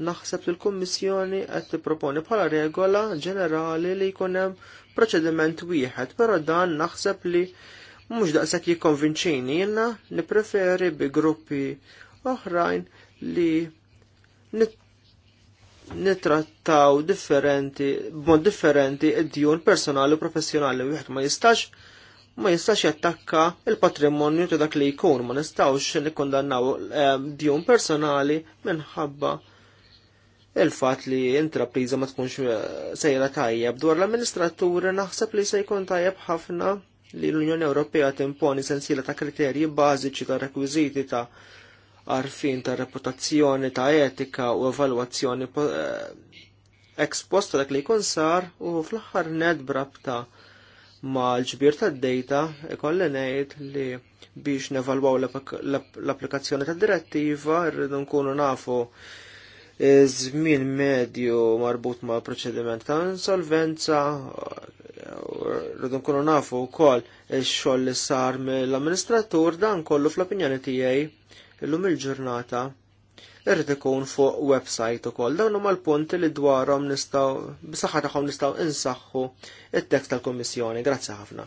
Naħseb li l-Kummissjoni qed tipproponi bħala regola ġenerali li jkun hemm proċediment wieħed, però dan naħseb li mhux daqshekk jikkonvinċini, jiena nippreferi bi gruppi oħrajn li nitrattaw differenti, b'mod differenti id-djun personali u professjonali wieħed ma jistax ma jistax jattakka il-patrimonju ta' dak li jkun, ma nistawx nikkondannaw eh, djun personali minħabba il-fat li intrapriża ma tkunx eh, sejra tajjeb dwar l-amministraturi naħseb li se jkun tajjeb ħafna li l-Unjoni Ewropea timponi sensiela ta' kriterji bażiċi ta' rekwiżiti ta' għarfin ta' reputazzjoni ta' etika u evalwazzjoni eksposta eh, dak li jkun sar u fl-aħħar ned brabta ma' l-ġbir ta' data ikolli ngħid li biex nevalwaw l-applikazzjoni ta' direttiva rridu nkunu nafu żmien medju marbut ma' proċediment ta' insolvenza, rridu nkunu nafu wkoll ix-xogħol li sar mill-amministratur dan kollu fl-opinjoni tiegħi illum il-ġurnata irrid ikun fuq website ukoll. Dawn huma l-punti li dwarhom nistgħu bisaħħa tagħhom nistgħu insaħħu it-tekst tal komissjoni Grazzi ħafna.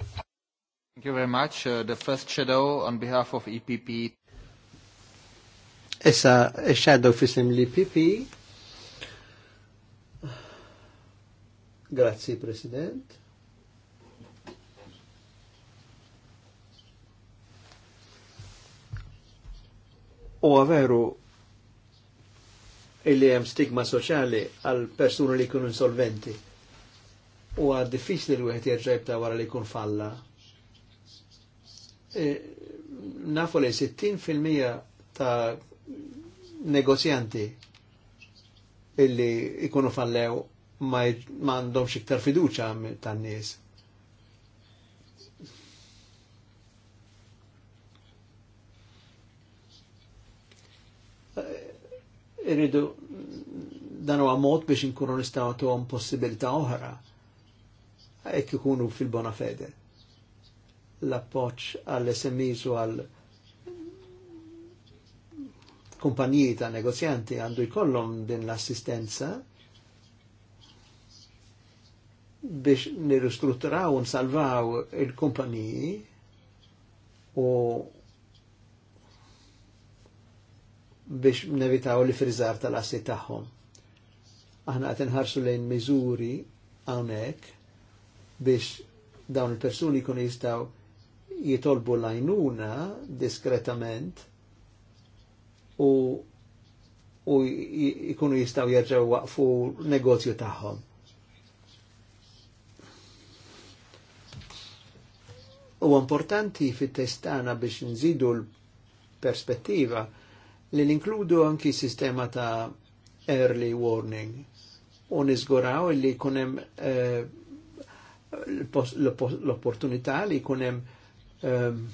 Thank you very much. Uh, the first shadow on behalf of EPP. Issa shadow fissim li EPP. Grazzi President. U għaveru illi hemm stigma soċjali għal persuni li jkunu insolventi. U għad diffiċli li wieħed jerġa' jibta wara li jkun falla. E, nafu li 60% ta' negozjanti illi jkunu fallew ma għandhomx iktar fiduċa tan-nies. irridu dan huwa mod biex inkunu nistgħu għatuhom possibilità oħra jekk ikunu fil-bona fede. L-appoċ għall smis u għall kumpaniji ta' negozjanti għandu jkollhom din l-assistenza biex nirristrutturaw u nsalvaw il-kumpaniji u biex nevitaw li frizzar tal-assi tagħhom. Aħna qed inħarsu lejn miżuri hawnhekk biex dawn il-persuni jkunu jistgħu jitolbu lajnuna diskretament u u jikunu jistaw jerġaw waqfu negozju tagħhom. U importanti fit-testana biex nżidu l-perspettiva li l-inkludu anki sistema ta' early warning u nizguraw li kunem eh, l-opportunità li kunem ehm,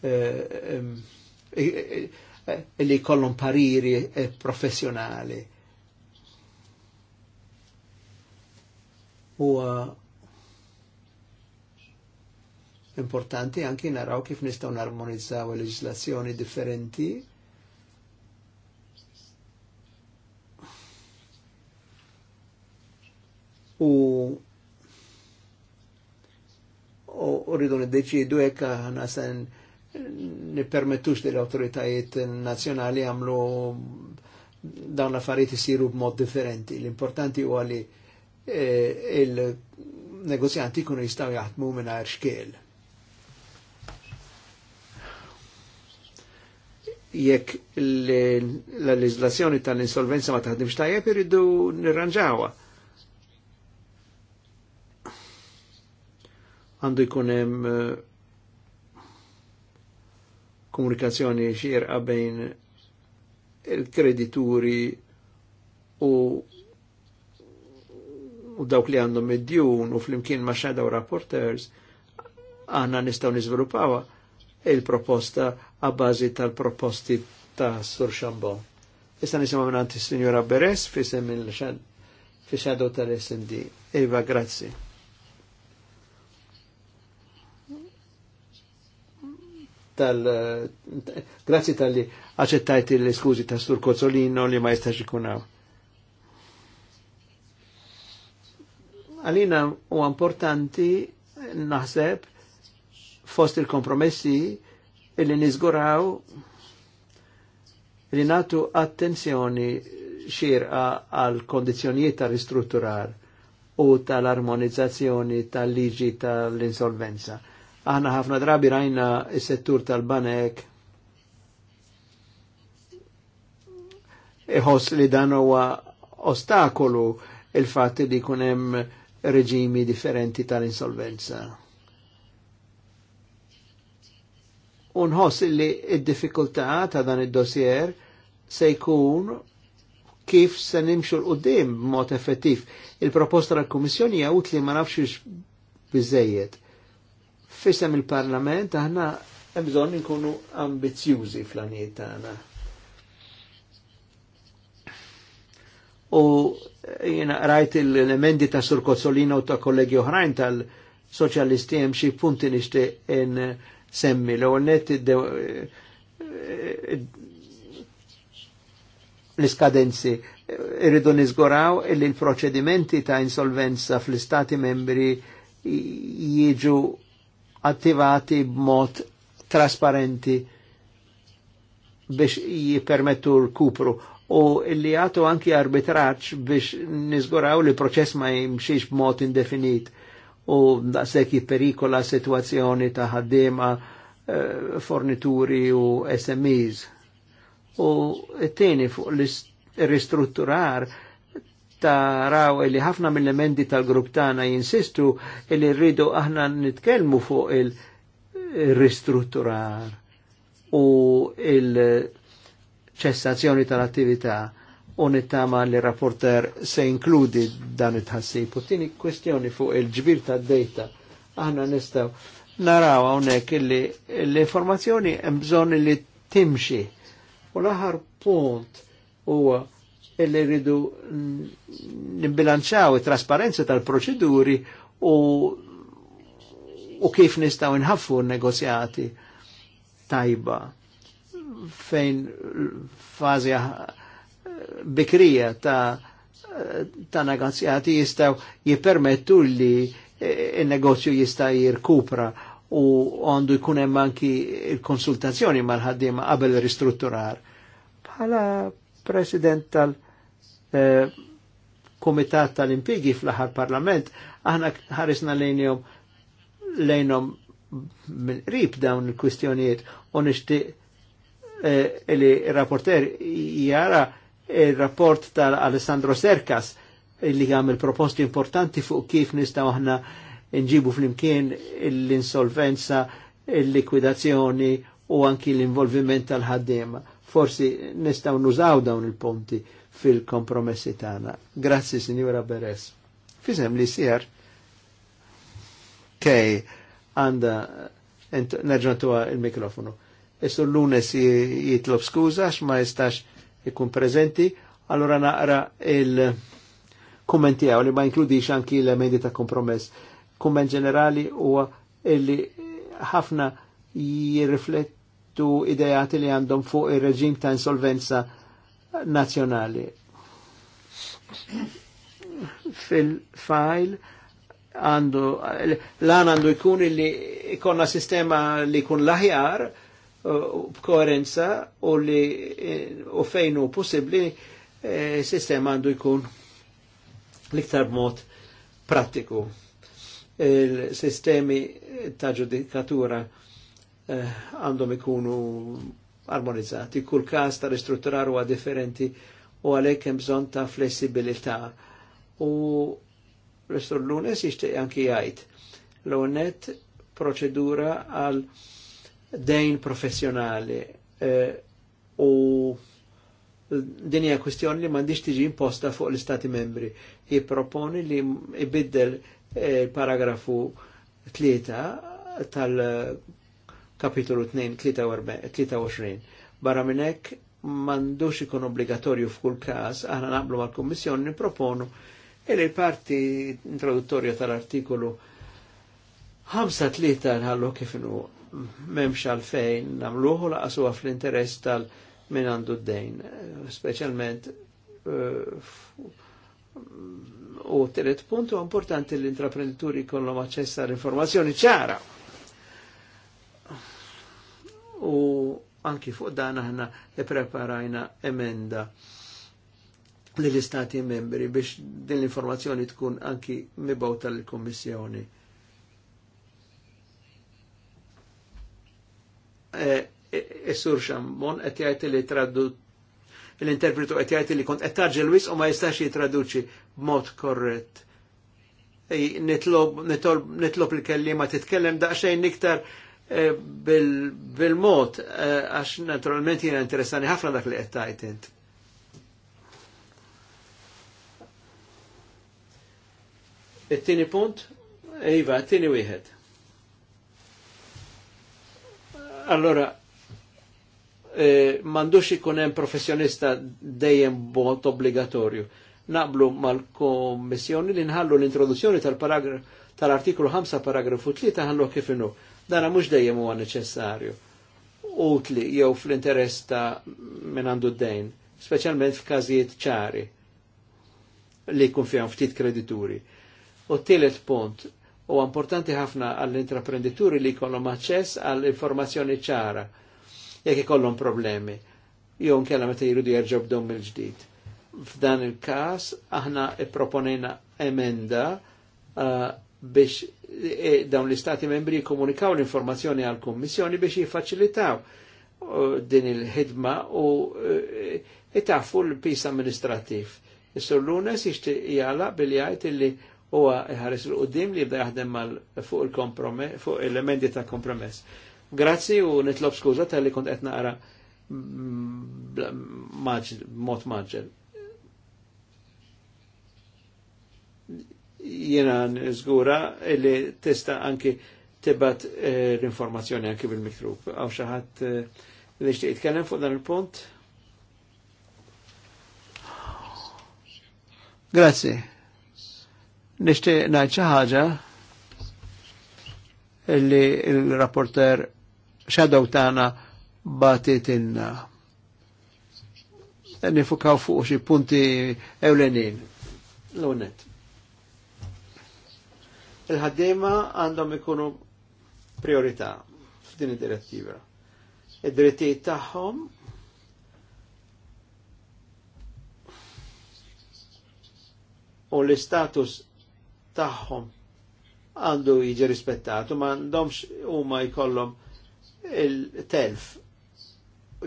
eh, ehm, eh, eh, eh, li kollon pariri eh, professionali. U importanti anki naraw kif nistaw narmonizzaw leġislazzjoni differenti u u rridu niddeċidu hekk aħna se nippermettux li l autoritajiet nazjonali għamlu dawn l-affarijiet isiru b'mod differenti. L-importanti huwa li e, il-negozjanti kunu jistgħu jaħdmu mingħajr xkiel. Jekk l-leġislazzjoni tal-insolvenza ma taħdimx tajjeb irridu nirranġawha għandu jkun hemm eh, komunikazzjoni xierqa bejn il-kredituri u u dawk li għandhom id-djun u flimkien ma' shadow rapporteurs għanna nistaw nizvilupawa il-proposta għabbażi tal-proposti ta' Sur Xambon. Issa nisimgħu minn Signora Beres fi il fi shadow tal-SND. Iva, grazzi. tal grazzi tal-li accettajti l-iskużi ta' Sur Kozzolino li ma jistax ikunaw. Għalina u importanti naħseb fost il-kompromessi illi nizguraw li natu attenzjoni xirqa għal kondizjonijiet ta' ristrutturar u tal-armonizzazzjoni tal-liġi tal-insolvenza Aħna ħafna drabi rajna is-settur tal-banek iħoss li dan huwa ostakolu il-fatt li jkun hemm reġimi differenti tal-insolvenza. Unħoss li id-diffikultà ta' dan id-dossier se jkun kif se nimxu l qudiem b'mod effettiv. Il-proposta tal-Kummissjoni hija utli ma nafx biżejjed fissem il-Parlament aħna hemm bżonn inkunu ambizzjużi fl-għanijiet tagħna. U jena rajt l emendi ta' Sur Kozzolino u ta' kollegi oħrajn tal-soċjalisti hemm xi punti nixtieq in semmi l net l-iskadenzi irridu nizgoraw il l-proċedimenti ta' insolvenza fl-istati membri jieġu attivati b'mod trasparenti biex jipermettu l-kupru u li għatu anki arbitraċ biex nizguraw li proċess ma jimxiex b'mod indefinit u daqsek perikola situazzjoni ta' ħaddima eh, fornituri u SMEs. U t-tini fuq l-ristrutturar taraw li ħafna mill-emendi tal-grupp tagħna jinsistu li rridu aħna nitkellmu fuq il-ristrutturar u il-ċessazzjoni tal-attività u nittama li rapporter se inkludi dan it-ħassib. U tini kwestjoni fuq il-ġbir ta' data aħna nistaw naraw għonek li l-informazzjoni hemm bżonn li timxi. U l aħar punt huwa illi rridu nibbilanċaw il trasparenza tal-proċeduri u, u kif nistaw nħaffu negozjati tajba fejn fazja ah, bikrija ta' ta' negozjati jistaw jipermettu li e, il-negozju jista' jirkupra u għandu jkun hemm anki il-konsultazzjoni mal-ħaddiema qabel ristrutturar. Bħala president tal- Eh, Komitat tal-Impigi fl-aħħar Parlament, aħna ħarisna lejnjom lejnhom minn rib dawn il-kwistjonijiet u nishti eh, li rapporter jara il-rapport tal-Alessandro Serkas li għamil proposti importanti fuq kif nistaw aħna nġibu fl-imkien l-insolvenza, l-likwidazzjoni u anki l-involviment tal-ħaddim. Forsi nistaw nużaw dawn il ponti fil-kompromessi tagħna. Grazzi, Sinjura Beres. Fisem li sir kej għanda nerġantuwa il-mikrofonu. Issu l-lunes jitlob skuza għax ma jistax ikun prezenti, allora naqra il-kommenti għaw li ma inkludix anki l-emendi ta' kompromess. Komment ġenerali u illi ħafna jirriflettu idejati li għandhom fuq il-reġim ta' insolvenza nazjonali. fil fajl għandu, l-għan għandu jkun li ikonna sistema li jkun laħjar b'koerenza u li u fejnu possibli e, sistema għandu jkun liktar mod pratiku. Il-sistemi ta' ġudikatura e, għandhom ikunu armonizzati, kull każ ta' ristrutturar huwa differenti u għalhekk hemm bżonn ta' flessibilità. U Restor Lunes jixtieq anki jgħid l-onet proċedura għal dejn professjonali eh, u din hija kwestjoni li m'għandix tiġi imposta fuq l-Istati membri. Jipproponi li ibiddel eh, il-paragrafu tlieta tal kapitolu 2-23. Barra minnek mandux ikun obbligatorju f'kull każ, aħna naqblu mal-Kummissjoni niproponu il parti introduttorja tal-artikolu 5-3 nħallu kifinu inhu memx fejn namluħu laqasuha fl-interess tal- min għandu d-dejn, specialment eh, u telet puntu importanti l-intraprenditori jkollhom aċċess għall-informazzjoni ċara u anki fuq dan aħna preparajna emenda lill-istati membri biex din l-informazzjoni tkun anki mibawta l-Kommissjoni. Essur e, e, sur Xammon qed jgħid li traddu l-interpretu qed jgħid li kont qed l wis u ma jistax jitraduċi b'mod korrett. nitlob nitlob nitlob kellima titkellem daqxajn niktar Eh, bil-mod, eh, għax naturalment jena interessani ħafna dak li għettajt int. Il-tini punt, Iva, il-tini wieħed. Allora, eh, mandux ikun hemm professjonista dejjem bot obbligatorju. Naqblu mal-kommissjoni li nħallu l-introduzzjoni tal tal-artiklu 5 paragrafu 3 ħallu kif inhu Dana mhux dejjem huwa neċessarju. Utli jew fl-interess ta' minn għandu d-dejn, speċjalment f'każijiet ċari li jkun fihom ftit kredituri. U t-tielet punt, u importanti ħafna għall-intraprendituri li jkollhom aċċess għall-informazzjoni ċara jekk ikollhom problemi jew nkella meta jridu jerġgħu b'dom il-ġdid. F'dan il-każ aħna ipproponejna emenda uh, biex e, dawn l-istati membri komunikaw l-informazzjoni għal kummissjoni biex jiffaċilitaw eh, din il-ħidma u jitafu eh, e, l-pis amministrativ. Is-sur Lunes jixtieq jgħala billi għajt illi huwa ħares l qoddim li jibda jaħdem mal fuq il emendi ta' kompromess. Grazzi u nitlob skuza tal-li kont qed naqra mm, mod maġġel. jena zgura li testa anki tibat eh, l-informazzjoni anki bil mikrub Għaw xaħat eh, li xtiqt jitkellem fuq dan il-punt? Grazie. Nishti najt xaħġa li il-rapporter xadaw tana batitinna. Nifukaw fuq xie punti ewlenin. L-unet il-ħaddiema għandhom ikunu priorità f'din id-direttiva. Id-drittijiet tagħhom u l-istatus tagħhom għandu jiġi rispettatu, ma għandhomx huma jkollhom il-telf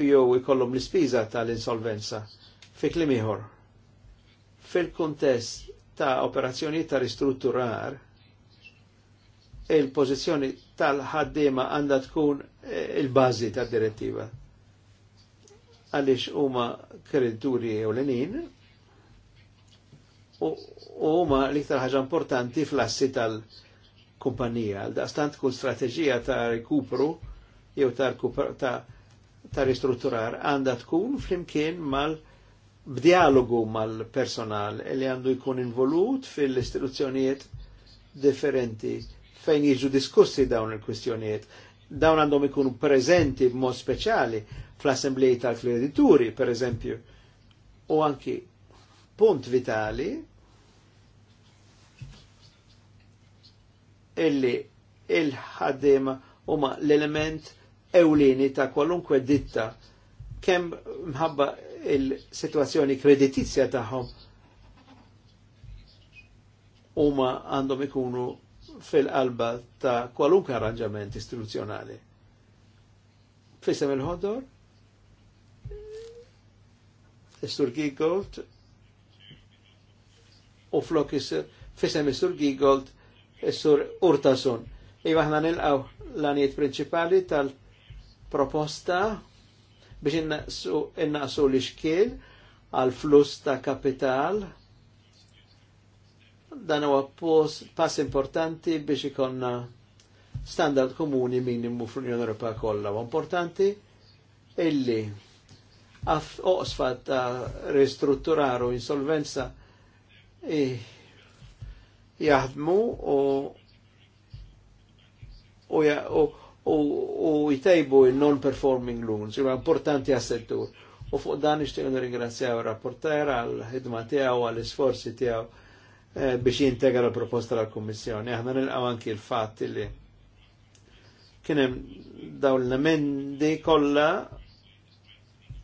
jew ikollhom l-ispiża tal-insolvenza fi klim ieħor. Fil-kuntest ta' operazzjonijiet ta' ristrutturar, il pozizjoni tal ħaddima għandha tkun eh, il bazi tad-direttiva. Għaliex huma kredituri u ewlenin u huma l-iktar ħaġa importanti fl-assi tal-kumpanija. għal daqstan tkun strateġija ta' rikupru jew ta', ta, ta ristrutturar għandha tkun flimkien mal- b'dialogu mal-personal li għandu jkun involut fil-istituzzjonijiet differenti fejn jiġu diskussi dawn il-kwistjonijiet. Dawn għandhom ikunu prezenti b'mod speċjali fl-assembleji tal-kredituri, per eżempju, u anki punt vitali illi il-ħadim huma l-element ewlieni ta' kwalunkwe ditta kemm mħabba il-situazzjoni kreditizja tagħhom huma għandhom ikunu fil-qalba ta' kwalunkwe arranġament istituzzjonali. Fisem il-ħodor, Istur Gigold, u flok fisem Istur Gigold, Sur Urtasun. Iva ħna nilqaw l-anijiet principali tal-proposta biex innaqsu l-iskil għal flus ta' kapital Dan huwa pass importanti biex ikonna standard komuni minimu fl-Unjoni Ewropea kollha. U importanti illi għaf oqsfa ta' ristrutturaru insolvenza jaħdmu u u, u, u, u jtejbu il-non-performing loans, jgħu importanti għas-settur. U fuq dan ixtiqnu ringrazzjaw il-rapporter għal-ħidma tijaw, għal-isforzi tijaw Eh, biex jintegra l-proposta tal kommissjoni Aħna nilqaw anki l-fatt li kien hemm dawn l-emendi kollha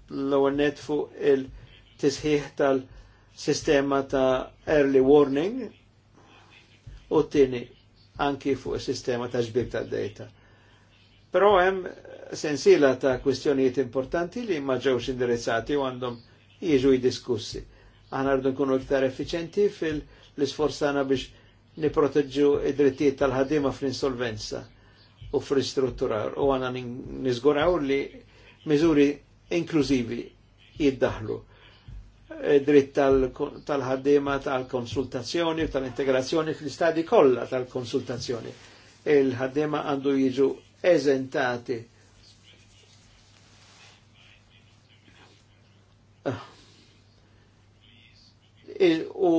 l-ewwel fuq il-tisħiħ tal-sistema ta' early warning u t-tieni anki fuq is-sistema ta' ġbib tad-data. Però hemm sensila ta' kwistjonijiet importanti li ma ġewx indirizzati u għandhom jiġu jiddiskussi. Aħna rridu nkunu iktar effiċenti fil- l-isforzana biex niproteġġu id-drittijiet tal-ħadima fl-insolvenza u fl-istrutturar u għana nizguraw li miżuri inklużivi jiddaħlu dritt tal-ħaddima tal ħaddima tal konsultazzjoni u tal-integrazzjoni fl-istadi kollha tal-konsultazzjoni. Il-ħaddima għandu jiġu eżentati. Ah. U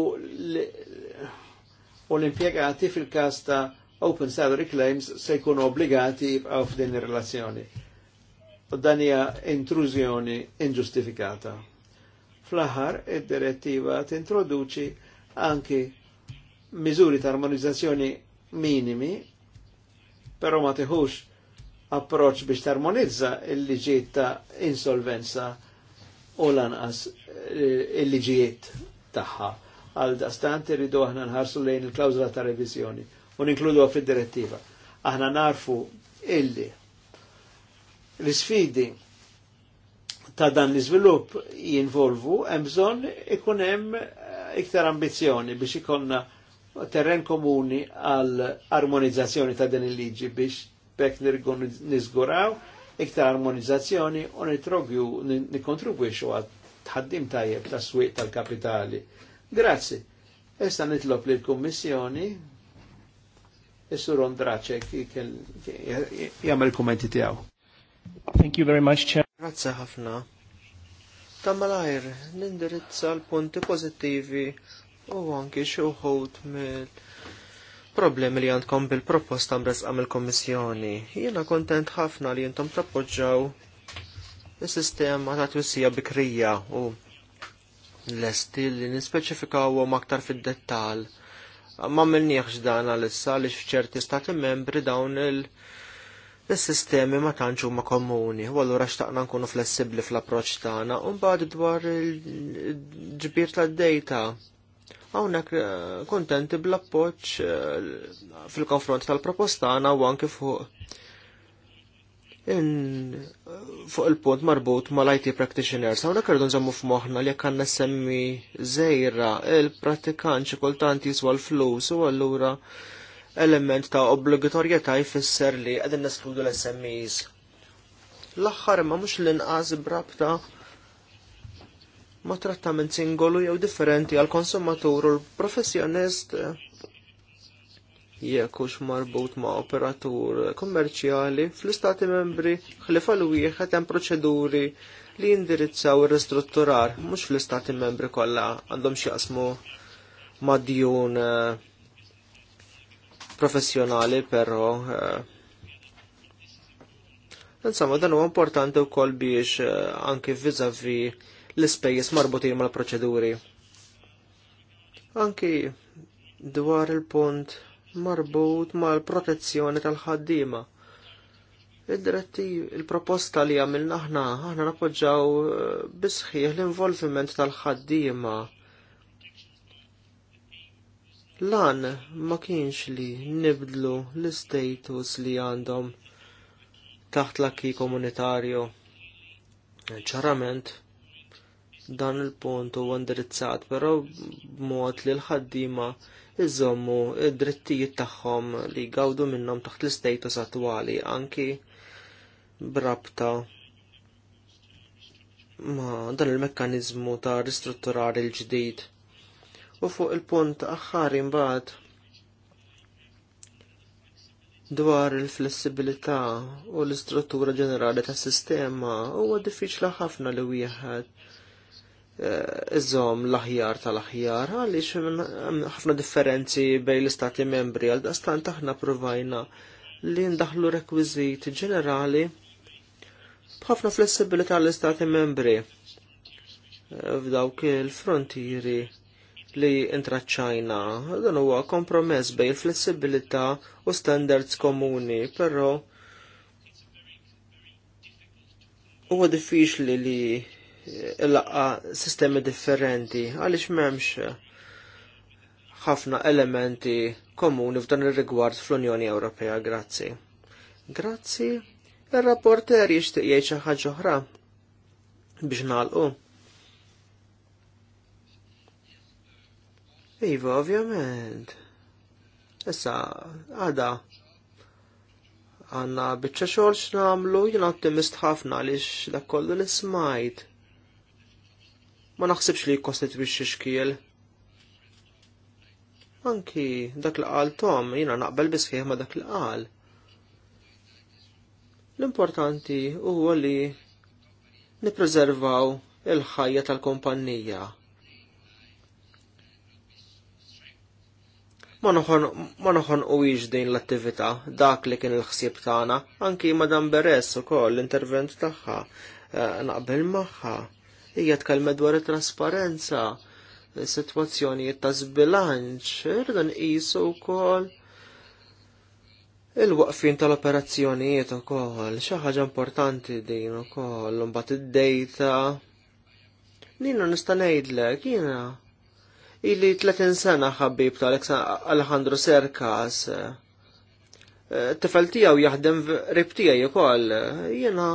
u l-impiegati fil-kas ta' Open Salary Claims se jkunu obbligati jibqaw f'din ir-relazzjoni. U dan hija intrużjoni inġustifikata. Fl-aħħar id-direttiva tintroduċi anki miżuri ta' armonizzazzjoni minimi, però ma tiħux approċ biex tarmonizza il-liġijiet ta' insolvenza u lanqas eh, il-liġijiet tagħha għal dastant irridu aħna nħarsu lejn il-klawzula ta' revizjoni u ninkludu fil-direttiva. Aħna narfu illi l-sfidi ta' dan l izvilup jinvolvu hemm bżonn ikun hemm eh, iktar ambizzjoni biex ikonna terren komuni għal armonizzazzjoni ta' din il-liġi biex bekk nizguraw iktar armonizzazzjoni u nitrogju nikontribwixu għal tħaddim tajjeb ta' swieq tal-kapitali. Grazzi. Issa nitlob li l-Kommissjoni Is-sur Ondraċek jagħmel kommenti tiegħu. Thank you very much, Chair. Grazzi ħafna. Tammalajr, nindirizza l-punti pożittivi u anki xi wħud mill problemi li għandkom bil-proposta mresqa mill-Kommissjoni. Jiena kontent ħafna li intom tappoġġaw is-sistema ta' twissija bikrija u lesti li nispeċifikawhom aktar fid-dettall. Ma minnieħx dan għalissa li f'ċerti stati membri dawn il-sistemi ma tanċu huma komuni, u allura xtaqna nkunu flessibbli fl-approċċ tagħna u mbagħad dwar il-ġbir tad-dejta. Hawnhekk eh, kuntenti bl-appoġġ eh, fil-konfront tal-propostana u anki fuq In fuq il-punt marbut ma l-IT practitioners, għawnek rridu nżammu f'moħna li għanna semmi zejra il-pratikan kultant jiswa l-flus u għallura element ta' obbligatorjetà jfisser li għedin neskludu l-SMEs. L-axħar ma mux l-inqas brabta ma trattament singolu jew differenti għal konsumatur u l-professjonist jekk hux marbut ma' operatur kummerċjali fl-istati membri ħlifa l wieħed hemm proċeduri li jindirizzaw ir-ristrutturar mhux fl-istati membri kollha għandhom x'jaqsmu ma' djun eh, professjonali però eh, Insomma, dan huwa importanti wkoll biex eh, anke viżavi l-ispejjeż marbutin mal-proċeduri. Anki dwar il-punt marbut mal-protezzjoni tal-ħaddiema. Id-direttiv, il-proposta li għamilna aħna, aħna napoġġaw eh, bisħiħ l-involviment tal-ħaddiema. Lan ma kienx li nibdlu l istatus li għandhom taħt l-akki komunitarju. Ċarament, Dan il-punt huwa indirizzat però b'mod li l ħaddima iżommu id-drittijiet tagħhom li jgawdu minnhom taħt l-istatus attwali anki brabta ma dan il-mekkaniżmu ta' ristrutturar l-ġdid. U fuq il-punt aħħar imbagħad dwar il-flessibilità u l-istruttura ġenerali tas sistema huwa diffiċli ħafna li wieħed Eh, iżom l-aħjar tal-aħjar, għaliex ħafna differenzi bejn l-istati membri, għal dastan aħna provajna li ndaħlu rekwiżiti ġenerali b'ħafna flessibilità l-istati membri eh, f'dawk il-frontieri li intraċċajna. Dan huwa kompromess bejn il-flessibilità u standards komuni, però huwa diffiċli li, li il-laqqa sistemi differenti, għalix memx ħafna elementi komuni f'dan il-rigward fl-Unjoni Ewropea, grazzi. Grazzi, il-rapporter jishtiq jgħid xi ħaġa oħra biex nagħlqu. Iva, ovvjament. Issa, għada, għanna bieċa xorx namlu, jien ottimist ħafna għaliex dak l-ismajt. smajt ma naħsibx li biex xiexkiel. Anki dak li qal Tom jiena naqbel bis ma dak li qal. L-importanti huwa li niprezervaw il-ħajja tal kompannija Ma noħon u din l-attività dak li kien il-ħsieb tagħna, anki Madam Beres ukoll l-intervent tagħha eh, naqbel magħha hija tkellmet dwar it-trasparenza, sitwazzjonijiet ta' zbilanċ, irridu nqisu wkoll Il-waqfin tal-operazzjonijiet ukoll xi ħaġa importanti din ukoll imbagħad id-dejta. Nina nista' ngħidlek jiena ili 30 sena ħabib tal-Alejandro Serkas. Eh, tifel tiegħu jaħdem rib ukoll jiena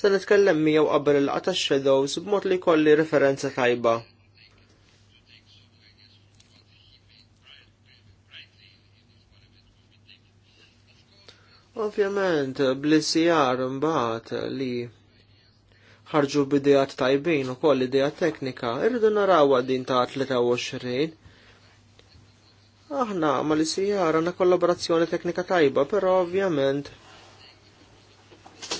se nitkellem miegħu qabel il tax shadows b'mod li jkolli referenza tajba. Ovvjament, bl-ICR imbagħad li ħarġu b'idejat tajbin u koll ideja teknika, irridu narawa din ta' 23. Aħna ma li sijar na kollaborazzjoni teknika tajba, pero ovvjament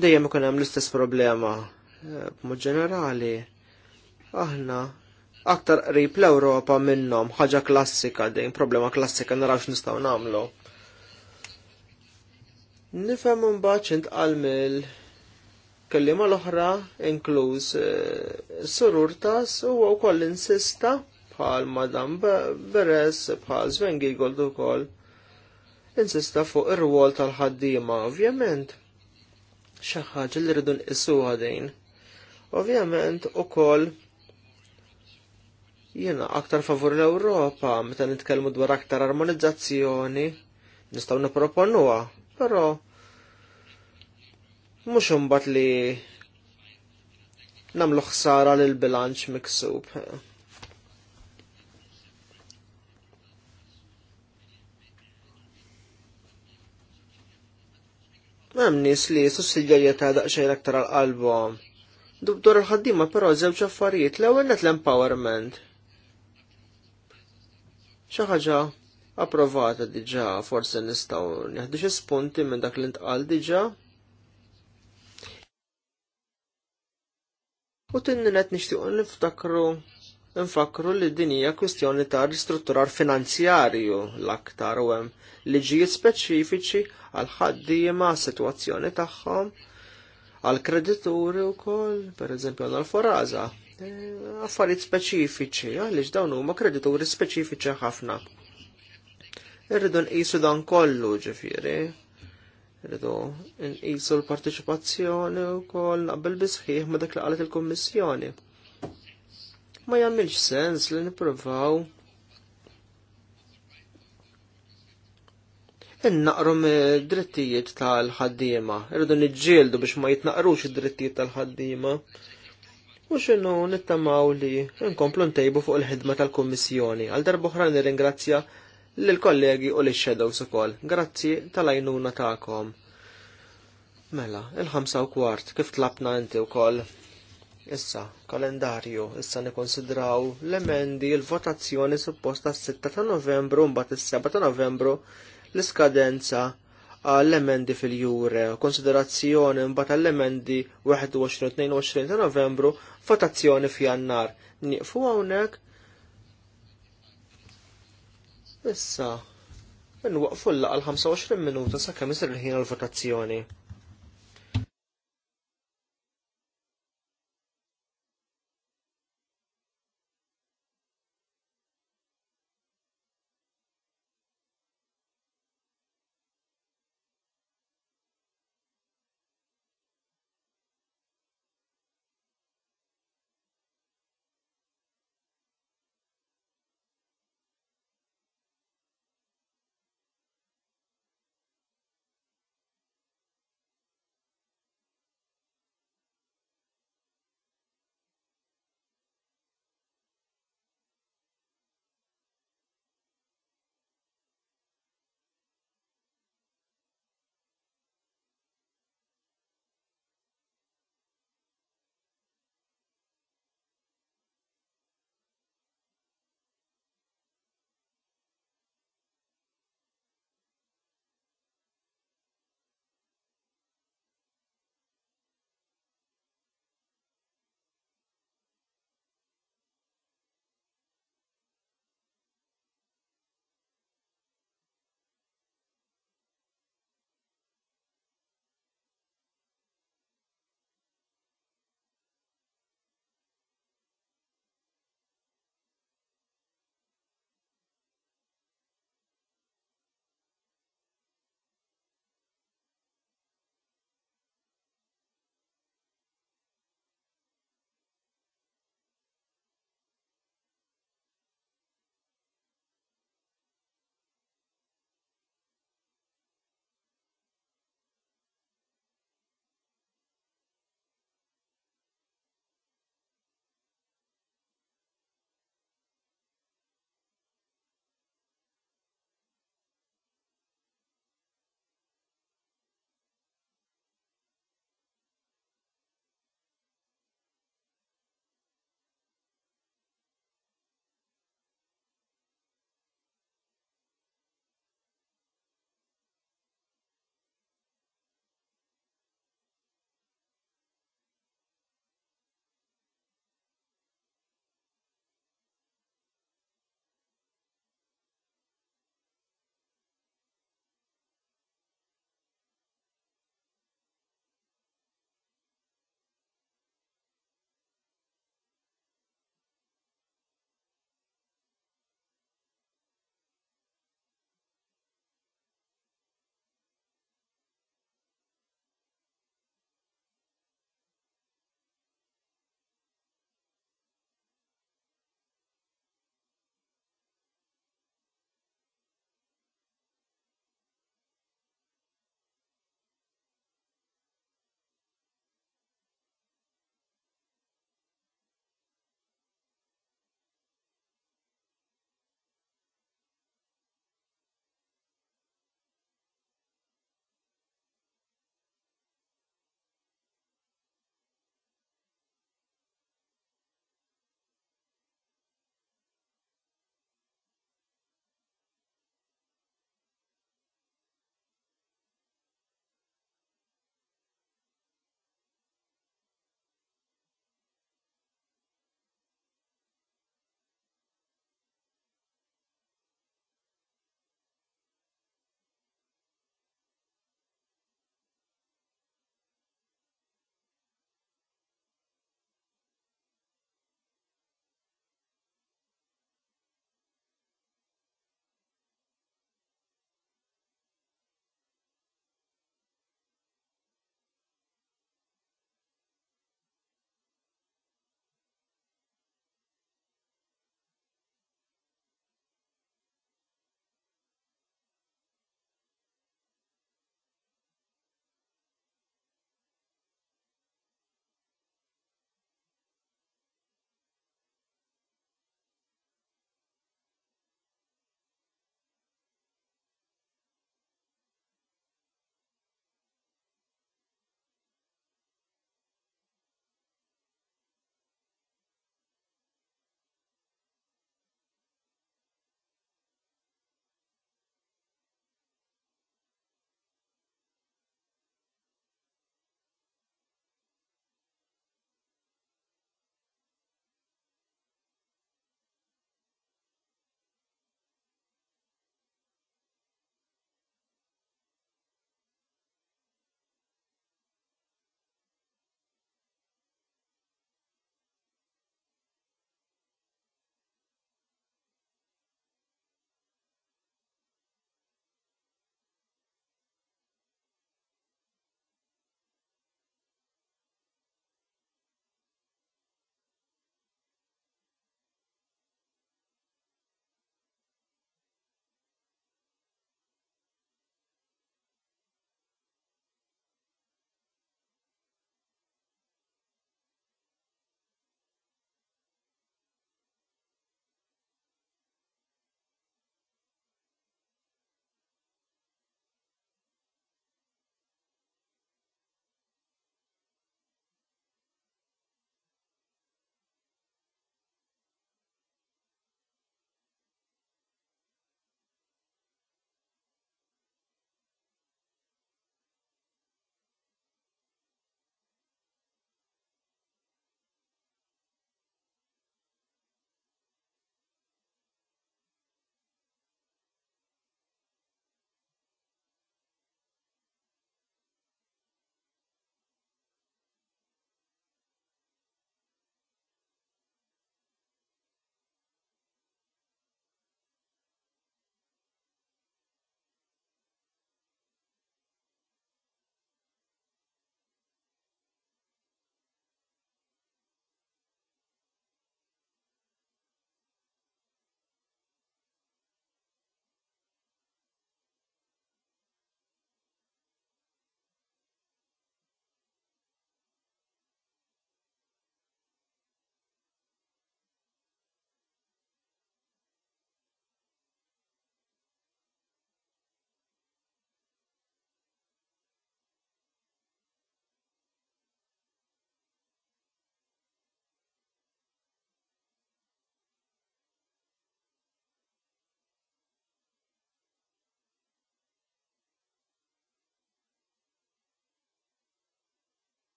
dejjem ikun hemm l-istess problema eh, b'mod ġenerali. Aħna aktar qrib l-Ewropa minnhom ħaġa klassika dejjem problema klassika naraw x'nistgħu nagħmlu. Nifhem imbagħad x'intqal mill kelliema l-oħra inkluż eh, surur tas u wkoll insista bħal Madam Beres, bħal Sven Giegold ukoll. Insista fuq ir wol tal-ħaddiema, ovvjament xi ħaġa li rridu nqisuha dejn. Ovvjament ukoll jiena aktar favur l-Ewropa meta nitkellmu dwar aktar armonizzazzjoni nistgħu nipproponuha, però mhux imbagħad li nagħmlu ħsara lill bilanċ miksub. Hemm nis li sussidjarjetà daqsxejn aktar għal qalbhom. Dubdur il-ħaddima però żewġ affarijiet l-ewwel l-empowerment. Xi ħaġa approvata diġa' forsi nistgħu nieħdu xi spunti minn dak li intqal diġà. U tinninet nixtiequ niftakru nfakru li din hija kwistjoni ta' ristrutturar finanzjarju l-aktar u hemm liġijiet speċifiċi għal ħaddiema sitwazzjoni tagħhom għal kredituri wkoll, pereżempju għal foraza, e, affarijiet speċifiċi għaliex dawn huma kredituri speċifiċi ħafna. Irridu nqisu dan kollu ġifieri, rridu nqisu l parteċipazzjoni wkoll naqbel bisħieħ ma dak li qalet il-Kummissjoni Ma jagħmilx sens li nippruvaw innaqru drittijiet tal-ħaddiema, irridu niġġieldu biex ma jitnaqrux id-drittijiet tal-ħaddiema. U xinu nittamaw li nkomplu ntejbu fuq il-ħidma tal-Kommissjoni. Għal darba oħra nirringrazzja lill-kollegi u l-shadows ukoll. Grazzi tal-għajnuna tagħkom. Mela, il-ħamsa u kwart, kif tlapna inti u koll. Issa, kalendarju, issa nikonsidraw l-emendi l-votazzjoni supposta s-6 ta' novembru mbagħad is-7 ta' novembru l-iskadenza għall-emendi fil-jure, konsiderazzjoni mbagħad l emendi 21-22 ta' novembru, votazzjoni f'jannar. Nifu hawnhekk. Issa, n-waqfu l 25 minuta sakemm isir il-ħin għall votazzjoni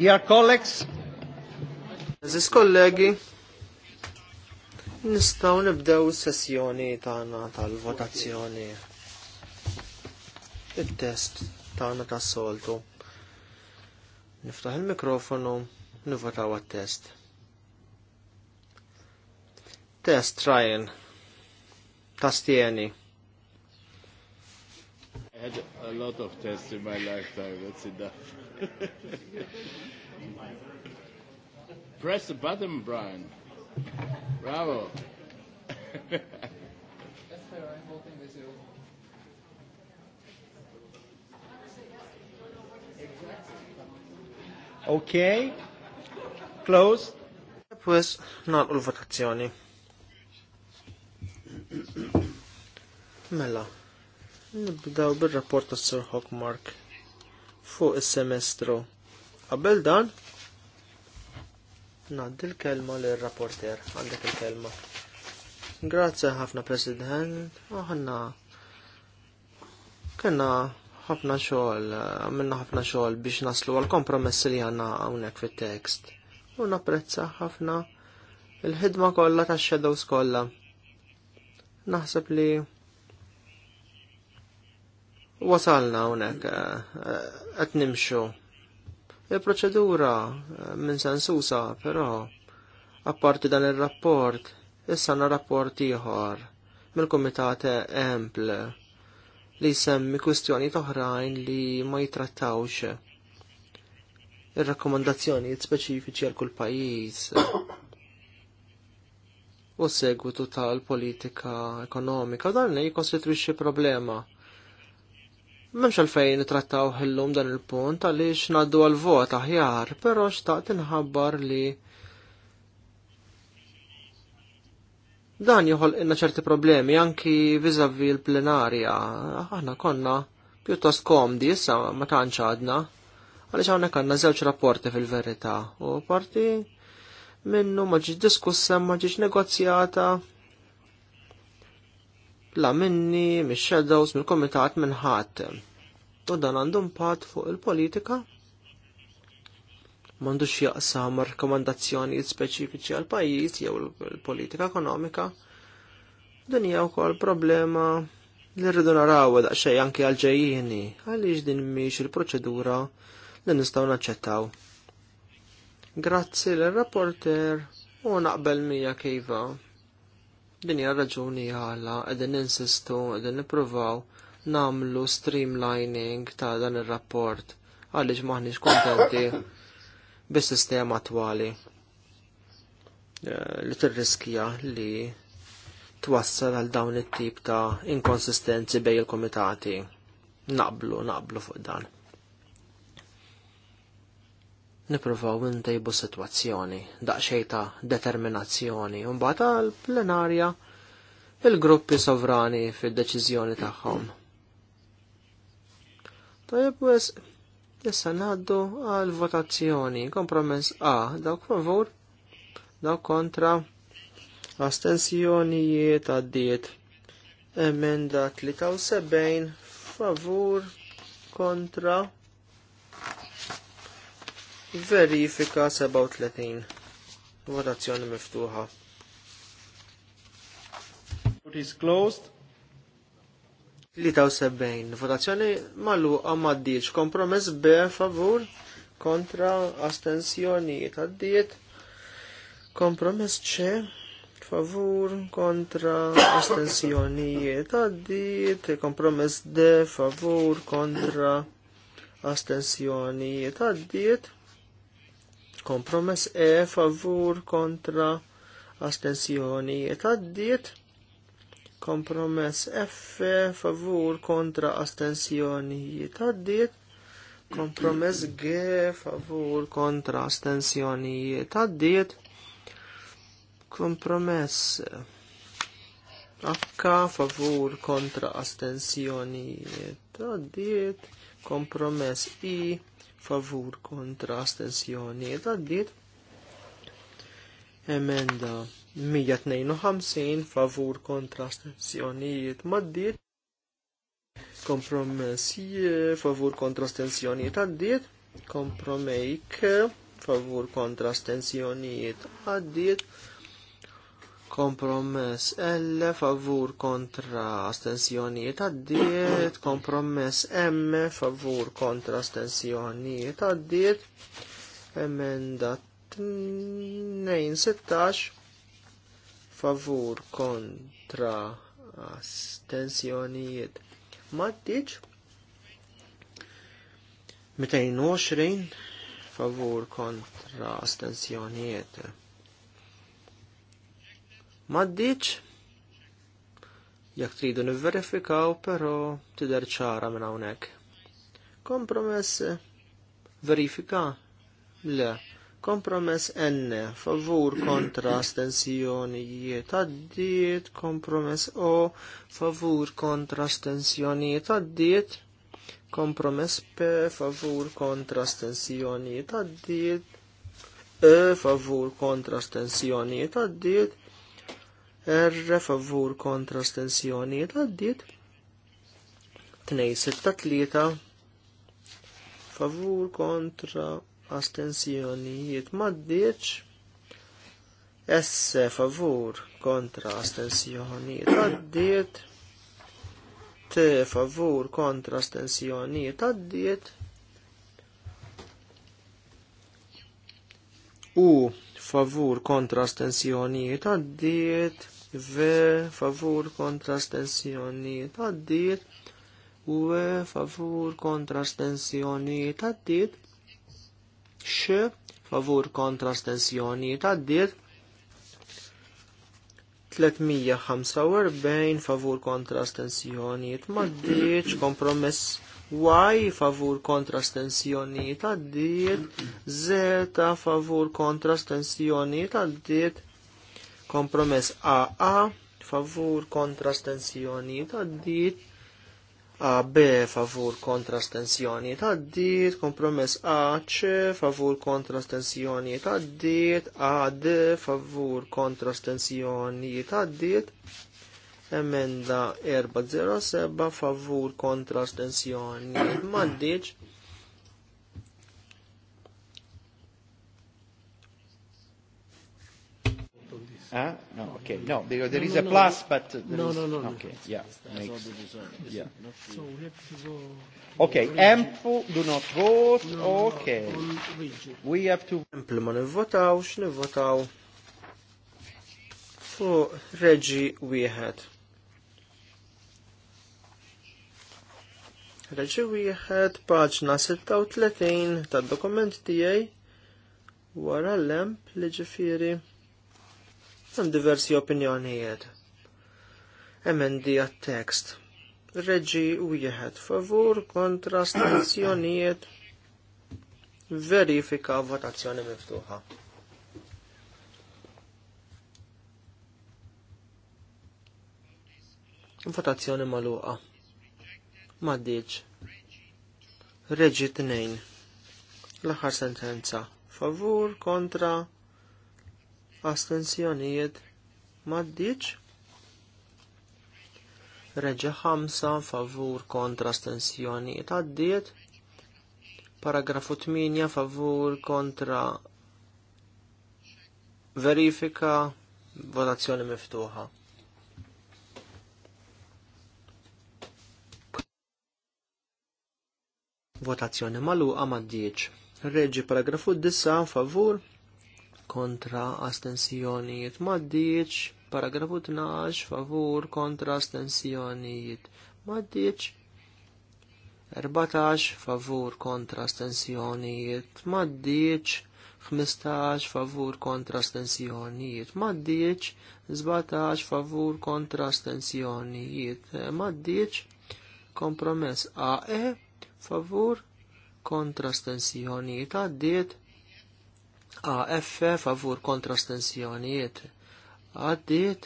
Dear colleagues, Aziz kollegi, nistaw nibdew sessjoni tana tal-votazzjoni. Il-test tagħna tas-soltu. Niftaħ il-mikrofonu, nivotaw għat-test. Test Ryan. Tastieni. I had a lot of tests in my lifetime, that's enough. *laughs* Press the button, Brian. Bravo. That's I'm holding this ill. Okay. Close. Pues, not all votazioni. *coughs* Mela, nibdaw bil-rapport tas Sir Hawkmark. Mark fuq is-semestru. Qabel dan, Naddi l-kelma l-rapporter, għandek il-kelma. Grazie ħafna President, ħanna kena ħafna xogħol, minna ħafna xogħol biex naslu għal kompromess li għanna hawnhekk fit-text. U napprezza ħafna il-ħidma kollha tax-shadows kollha. Naħseb li wasalna hawnhekk eh, eh, qed nimxu. Il-proċedura eh, minn sensusa, però, apparti dan ir-rapport, issa na rapport ieħor mill-Kumitat Empl li semmi kwistjoni toħrajn li ma jitrattawx ir-rakkomandazzjonijiet speċifiċi għal kull pajjiż u segwitu tal-politika ekonomika dan li jikostitwixxi problema Memx għalfejn trattaw ħillum dan il-punt għaliex naddu għal-vot aħjar, pero xtaqt inħabbar li dan juħol inna ċerti problemi anki vizavi l-plenarja. Aħna konna pjuttost komdi issa ma tantx għadna għaliex hawnhekk għandna żewġ rapporti fil-verità u parti minnu ma diskussa ma ġiġ negozjata la minni, mix-shadows, mill-komitat minn ħadd. U dan għandu pat fuq il-politika m'għandux jaqsam rekomandazzjoni speċifiċi għal pajjiż jew il-politika ekonomika. Din hija wkoll problema li rridu naraw daqsxejn anke għal ġejjieni għaliex din mhix il-proċedura li nistgħu naċċettaw. Grazzi l-rapporter u naqbel mija kejva Din hija raġuni għala qegħdin ninsistu qegħdin nippruvaw namlu streamlining ta' dan ir-rapport għaliex maħniex kontenti bis-sistema attwali eh, li tirriskja li twassal għal dawn it-tip ta' inkonsistenzi bejn il-komitati. Naqblu, naqblu fuq dan niprofaw intajbu situazzjoni, daqxej ta' determinazzjoni, un bata l-plenarja il-gruppi sovrani fil-deċizjoni tagħhom. Tajib wes, issa naddu għal votazzjoni, kompromess A, dawk favur, daw kontra, astensjonijiet għaddiet, emenda 73, favur, kontra, Verifika 37. Votazzjoni miftuħa. Vote is closed. 73. Votazzjoni maluqa maddiċ. Kompromess B favur kontra astensjonijiet għaddiet. Kompromess C favur kontra astensjonijiet għaddiet. Kompromess D favur kontra astensjonijiet għaddiet Kompromess E favur kontra astensjonijiet għaddiet. Kompromess F favur kontra astensjonijiet għaddiet. Kompromess G favur kontra astensjonijiet għaddiet. Kompromess H favur kontra astensjonijiet għaddiet. Kompromess I favur kontra astensjoni id għaddit. Emenda 152 favur kontra astensjonijiet maddit. Kompromess favur kontra astensjonijiet għaddit. Kompromejk favur kontra astensjonijiet għaddit. Kompromess L favur kontra astensjonijiet għaddiet, kompromess M favur kontra astensjonijiet għaddiet, emenda 2016 favur kontra astensjonijiet maddiċ 220 favur kontra astensjonijiet Maddiċ, jak tridu nivverifikaw, però tidher ċara minn hawnhekk. Kompromess verifika? Le. Kompromess N, favur kontra stensjonijiet addiet. kompromess O, favur kontra stensjonijiet għaddiet, kompromess P, favur kontra stensjonijiet għaddiet, E, favur kontra stensjonijiet għaddiet, erre favur kontra stensjonijiet għaddiet. tlieta. favur kontra astensjonijiet maddiċ. S favur kontra astensjonijiet għaddiet. T favur kontra astensjonijiet għaddiet. U favur kontra astensjonijiet għaddiet V favur kontra stensjoni tad-dit, U e, favur kontra stensjoni tad-dit, X favur kontra stensjoni tad-dit, 345 favur kontra stensjoni tad-dit, kompromess Y favur kontra stensjoni taddit Z favur kontra stensjoni taddit Kompromess AA favur kontra stensjoni ta' dit. AB favur kontra stensjoni ta' dit. Kompromess AC favur kontra stensjoni ta' dit. AD favur kontra stensjoni ta' dit. Emenda 407 favur kontra stensjoni ma' dit Huh? No, okay. No, because there no, is no, a plus, no. but there no, no, no, no. Okay, yeah. Makes, yeah. So we have to go. okay, ample do not vote. No, okay. No, we have to. Ample ma nivvotaw, x'nivvotaw fuq reġi wieħed. Reġi wieħed paġna 36 tad-dokument tiegħi wara l emp li ġifieri. Hemm diversi opinjonijiet. Emendi għat-tekst. Reġi wieħed favur kontra stanzjonijiet verifika votazzjoni miftuħa. Votazzjoni maluqa. Maddiċ. Reġi tnejn. L-aħħar sentenza. Favur kontra astenzjonijiet maddiċ. Reġa 5 favur kontra astenzjonijiet għaddiet. Paragrafu 8 favur kontra verifika votazzjoni miftuħa. Votazzjoni maluqa maddiċ. Reġi paragrafu 9 favur kontra astensjonijiet maddiċ, paragrafu 12 favur kontra astensjonijiet maddiċ, 14 favur kontra astensjonijiet maddiċ, 15 favur kontra astensjonijiet maddiċ, 17 favur kontra astensjonijiet maddiċ, kompromess AE favur kontra astensjonijiet għaddiet, AF favur kontra stensjonijiet għaddiet,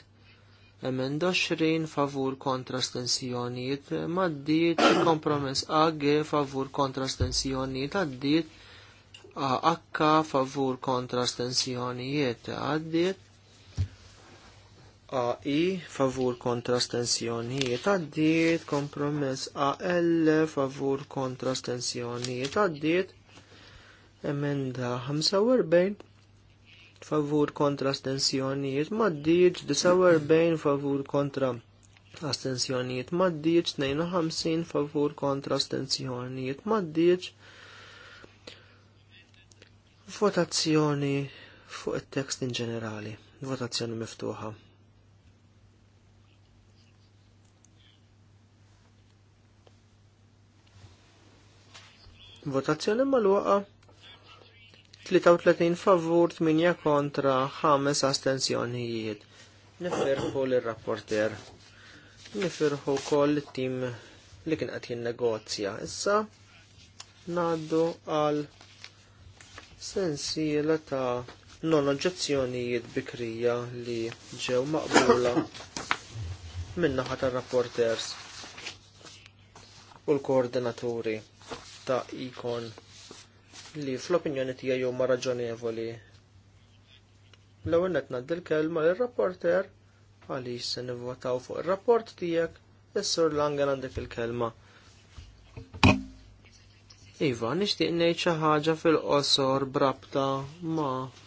emenda 20 favur kontra stensjonijiet maddiet, kompromess AG favur kontra stensjonijiet għaddiet, AH favur kontra stensjonijiet għaddiet, AI favur kontra stensjonijiet għaddiet, kompromess AL favur kontra stensjonijiet għaddiet, Emenda 45 favur kontra astensjonijiet maddiġ, 49 favur kontra astensjonijiet maddiġ, 52 favur kontra astensjonijiet maddiġ, Votazzjoni fuq it-tekst in ġenerali, votazzjoni miftuħa. Votazzjoni mal-waqa' 33 favur, 8 kontra, 5 astenzjonijiet. Nifirħu l-rapporter. Nifirħu kol l-tim li kien qed negozja. Issa naddu għal sensiela ta' non oġġezzjonijiet bikrija li ġew maqbula *coughs* minna naħa tar-rapporters u l-koordinaturi ta' ikon li fl-opinjoni tiegħi huma raġonevoli. L-ewwel qed ngħaddi l-kelma lir-rapporter għaliex se nivvotaw fuq ir-rapport tiegħek is-sur Langan għandek il-kelma. Iva, nixtieq ngħid xi ħaġa fil-qosor brabta ma'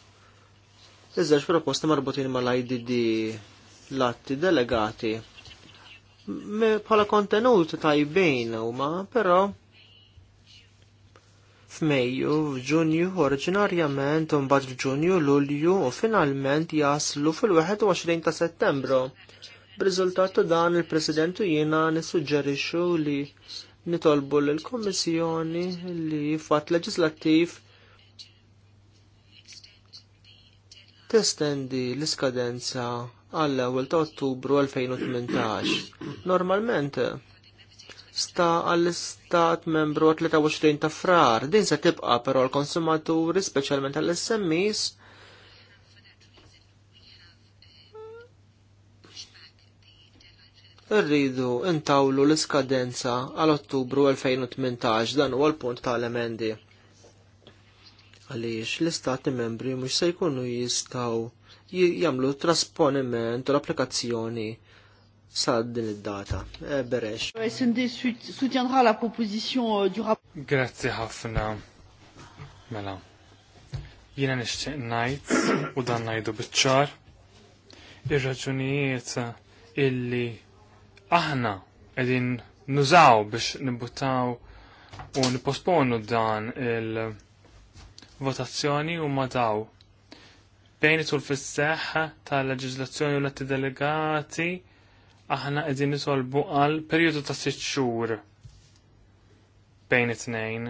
Iżdaġ proposta marbutin ma' l-IDD l-atti delegati. Bħala kontenut tajbejn ma, però f'Mejju, f'Ġunju, oriġinarjament u mbagħad f'Ġunju, Lulju u finalment jaslu fil-21 ta' Settembru. B'riżultat ta' dan il-President jiena nissuġġerixxu li nitolbu lill kummissjoni li fatt leġislattiv testendi l-iskadenza għall-ewwel ta' Ottubru 2018. Normalment sta għall-istat membru 23 ta' frar. Din se tibqa però l-konsumaturi, speċjalment għall smis irridu intawlu l-iskadenza għal ottubru 2018 dan huwa l-punt tal-emendi. Għaliex l-istati membri mhux se jkunu jistgħu jagħmlu trasponiment u l-applikazzjoni sa din id-data. E, berex. SND soutiendra la proposition euh, du Grazzi ħafna. Mela. Jiena nixtieq ngħid u dan ngħidu biċ-ċar ir-raġunijiet illi aħna qegħdin nużaw biex nibbuttaw u niposponu dan il-votazzjoni u daw bejn tul fis-seħħ tal-leġiżlazzjoni u l-atti delegati aħna qegħdin nisolbu għal perjodu ta' sitt xhur bejn it-tnejn.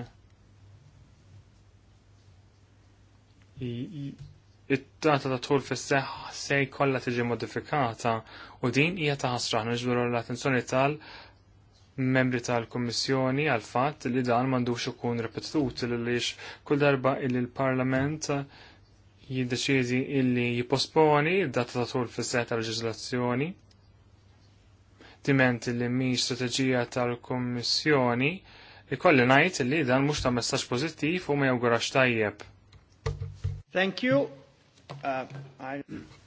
It-data ta' tul fis-seħħ se jkollha tiġi modifikata u din hija ta' ħasra niġbru l-attenzjoni tal membri tal kummissjoni għal fatt li dan m'għandux ikun ripetut li kull darba illi l-Parlament jiddeċiedi illi jiposponi id-data ta' tul fis-seħ tal-leġiżlazzjoni avvertiment li mi strategija tal-Kommissjoni ikolli najt li dan mux ta' messaġġ pozittiv u ma jawgurax tajjeb. Thank you. Uh, I...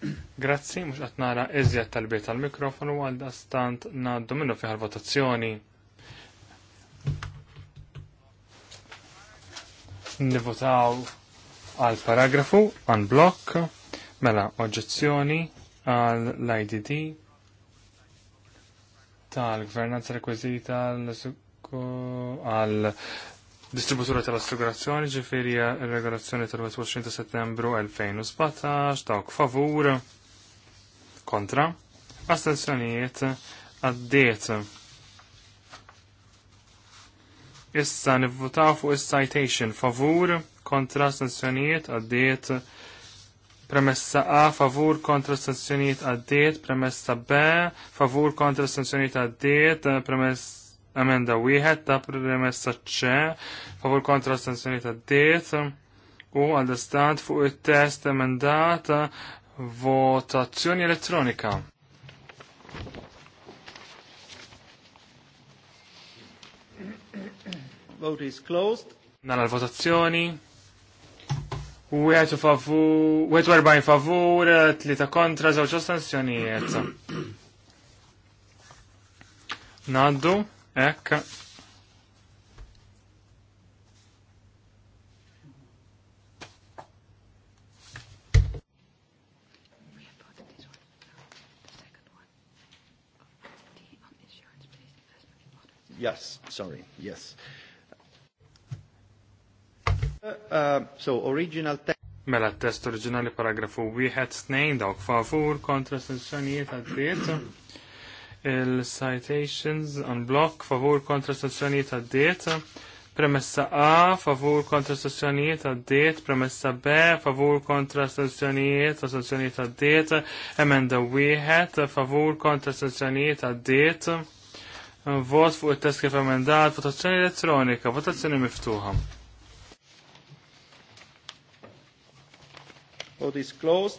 *coughs* Grazzi, mux għatnara iżjed tal bejt tal-mikrofonu għal stant naddu minnu fiħal votazzjoni. Nivotaw għal paragrafu, għan blok, mela oġġezzjoni għal l-IDD, tal-gvernanza rekwizita għal distributura tal-assigurazzjoni ġifiri regolazzjoni tal-21 ta' settembru 2017 dawk favur kontra astensjonijiet għaddiet issa nivvutaw fuq is-citation favur kontra astensjonijiet għaddiet premessa A favur kontra sanzjonijiet għaddiet, premessa B favur kontra sanzjonijiet għaddiet, premessa emenda wieħed ta' premessa C favur kontra sanzjonijiet għaddiet u għal-istant fuq it-test emendat votazzjoni elettronika. Vote is closed. Nana l-votazzjoni. Wieħed favur, erbajn favur, tlieta kontra, żewġ astensjonijiet. Naddu, hekk. Yes, sorry, yes. Mela uh, t Mela test oriġinali paragrafu 1-2 dawk fafur kontra sanzjonijiet għaddiet. Il-citations on block favur kontra sanzjonijiet għaddiet. Premessa A favur kontra sanzjonijiet għaddiet. Premessa B favur kontra sanzjonijiet u sanzjonijiet għaddiet. Emenda 1 favur kontra sanzjonijiet għaddiet. Vot fuq il-test kif emendat, votazzjoni elettronika, votazzjoni miftuħa. Vote is closed.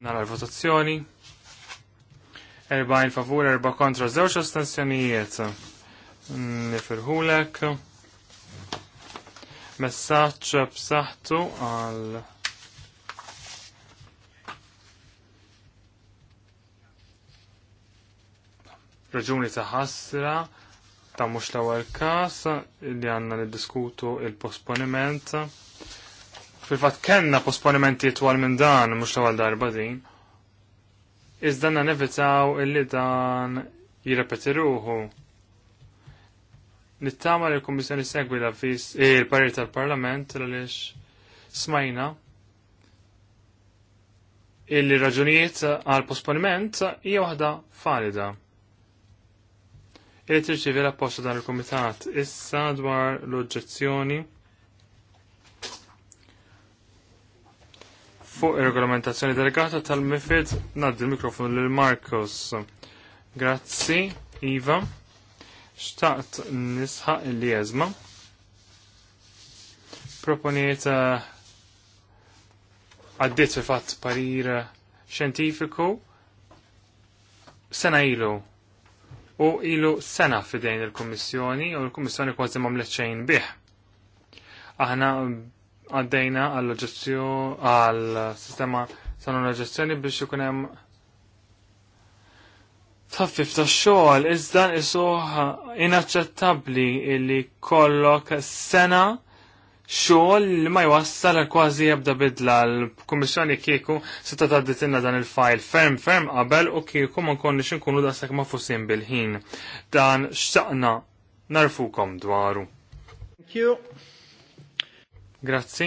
Nara l-votazzjoni. in favur, erba' kontra, 0 astensjonijiet. Nifirħulek. Messaċ b'saħħtu għal raġuni ta' ħasra ta' mhux l-ewwel każ li għandna niddiskutu il-posponiment Fil-fat kenna posponimenti twal minn dan, mux tawal darba din. Iżda nevitaw illi dan jirrepeti ruħu. Nittama li l komissjoni segwi l-avvis eh, il-parir tal-Parlament għaliex smajna illi raġunijiet għal posponiment hija waħda falida. il tirċivi l-apposta dan il-Komitat issa dwar l-oġġezzjoni fuq ir-regolamentazzjoni delegata tal-MIFID naddi l-mikrofonu lil Marcos. Grazzi, Iva. Xtaqt nisħaq li jeżma. Proponiet eh, għaddit fi fatt parir eh, xentifiku sena ilu u ilu sena fidejn il-Kommissjoni u l-Kommissjoni kważi mamlet xejn bih. Aħna għaddejna għall-ġestju għall-sistema sanuna ġestjoni biex ikun hemm taffif ta' xogħol iżda isuħ inaċċettabbli illi kollok sena xogħol li ma jwassal kważi ebda bidla l-Kummissjoni kieku seta ditinna dan il-fajl ferm ferm qabel u kieku ma nkonniex inkunu sekk ma' fusin bil-ħin. Dan xtaqna narfukom dwaru. Thank you. Grazzi.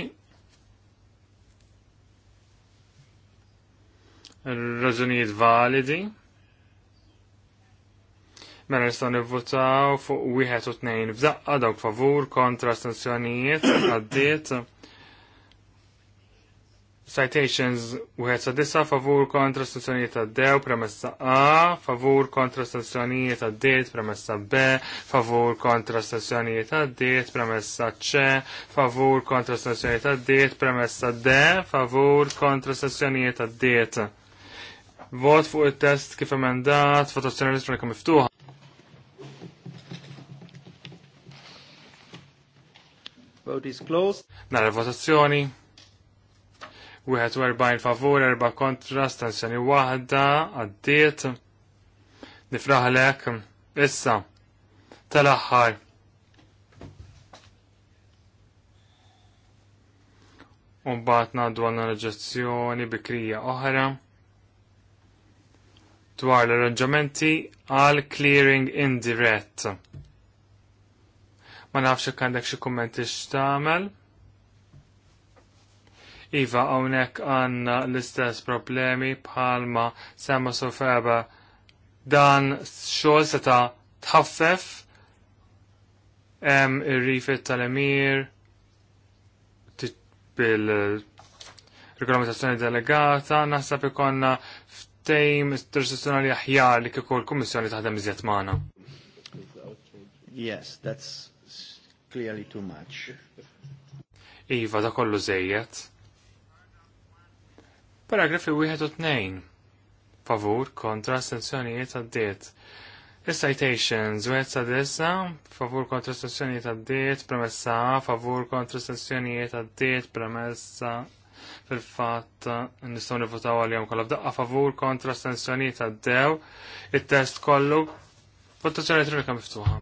Raġunijiet validi. Mela nistgħu nivvotaw fuq wieħed u tnejn f'daqqa dawk favur kontra astensjonijiet għaddiet. Citations wieħed sa disa favur kontra stazzjonijiet ta' dew premessa A, favur kontra stazzjonijiet ta' diet premessa B, favur kontra stazzjonijiet ta' diet premessa C, favur kontra stazzjonijiet ta' diet premessa D, favur kontra stazzjonijiet ta' diet. Vot fuq il-test kif emendat, votazzjoni elettronika miftuħa. Vote is closed. Nara votazzjoni. 41 favur, 4 kontra, stanzjoni wahda, għaddiet, nifraħlek, issa, tal-axħar. Umbat naddu għanna reġazzjoni bikrija oħra dwar l-arranġamenti għal clearing indirett. Ma nafx jekk għandek xi kummenti x'tagħmel. Iva hawnhekk għandna l-istess problemi bħalma semma sofeba dan xogħol seta tħaffef hemm ir-rifet tal-emir bil regolamentazzjoni delegata naħseb ikonna ftejm istituzzjonali aħjar li kieku l-Kummissjoni taħdem iżjed magħna. Yes, that's clearly too much. Iva, da kollu zejjed. Paragrafi 1.2 u Favur kontra astenzjonijiet għaddiet. Recitations, u għed sadessa, favur kontra stazzjoniet għaddiet, premessa, favur kontra stazzjoniet għaddiet, premessa, fil-fat nistaw nivotaw għal-jom kolla b'daqqa favur kontra stazzjoniet għaddew, il-test kollu, votazzjoni elettronika miftuħa.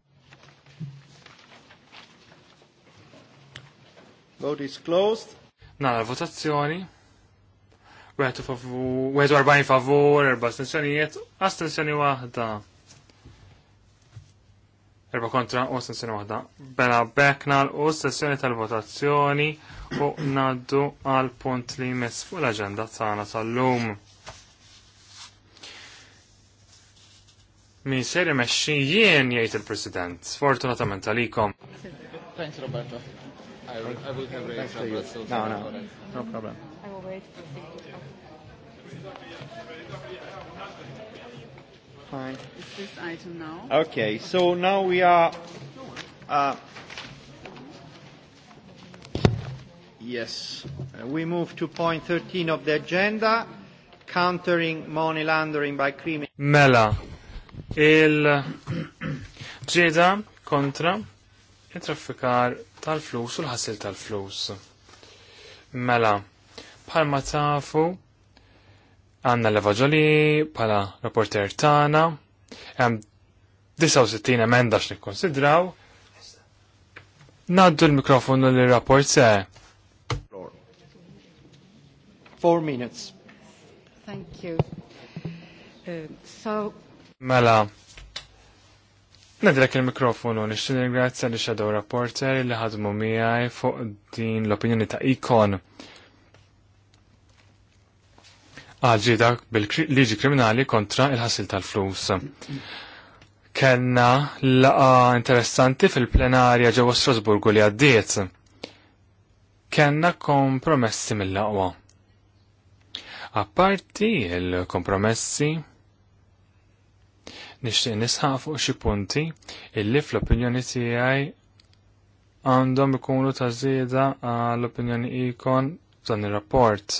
Vote is closed. Nara votazzjoni. 41 favur, 4 astensjonijiet, astensjoni waħda. Erba kontra u astensjoni waħda. Bela beknal, u sessjoni tal-votazzjoni u naddu għal punt li jmiss fuq l-agenda tagħna tal-lum. Min seri imexxi jien jgħid il-President. Sfortunatament għalikom. Thanks Roberto. I will, have No, no, no problem. I will wait for Fine. Is this item now? Okay, so now we are... Uh, yes, uh, we move to point 13 of the agenda, countering money laundering by criminal... Mela, il... Bżieda kontra il-traffikar tal-flus u l-ħassil tal-flus. Mela, bħalma tafu, għanna l evaġoli bħala reporter tana, għam 69 emenda x'nikkonsidraw. Naddu l-mikrofonu li rapport se. Four minutes. Thank you. Uh, so... Mela, Nadilek il-mikrofonu, nixtin ringrazzja li xadow rapporter li ħadmu miegħi fuq din l-opinjoni ta' ikon. Għalġida bil-liġi kriminali kontra il-ħassil tal-flus. Kenna laqa interessanti fil-plenarja ġewwa Strasburgu li għaddiet. Kenna kompromessi mill-laqwa. Apparti il-kompromessi, nixtieq nisħaq fuq xi punti illi fl-opinjoni tiegħi għandhom ikunu ta' żieda għall-opinjoni ikon dan ir-rapport.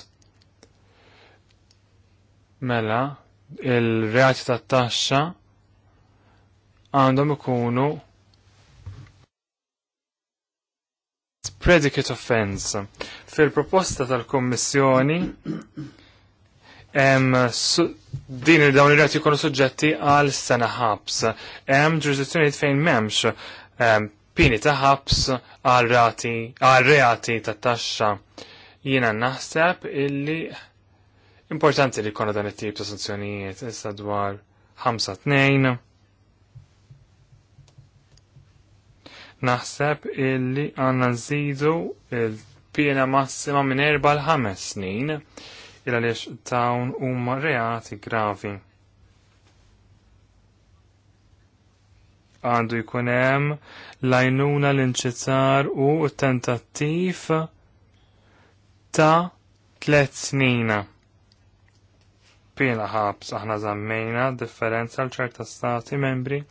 Mela, il-reati ta' taxxa għandhom ikunu predicate offense. Fil-proposta tal-Kommissjoni din il-dawn ir-rati suġġetti għal sena ħabs. Hemm ġurisdizzjonijiet fejn m'hemmx pini ta' ħabs għal reati ta' taxxa. Jiena naħseb illi importanti li jkollna dan it-tip ta' sanzjonijiet issa dwar 5-2. Naħseb illi għanna nżidu il-pina massima minn erba' l-ħames snin il lix dawn huma reati gravi. Għandu jkun hemm lajnuna l inċizar u tentattiv ta' tlet snina. Pina ħabs aħna zammejna differenza l ċerta stati membri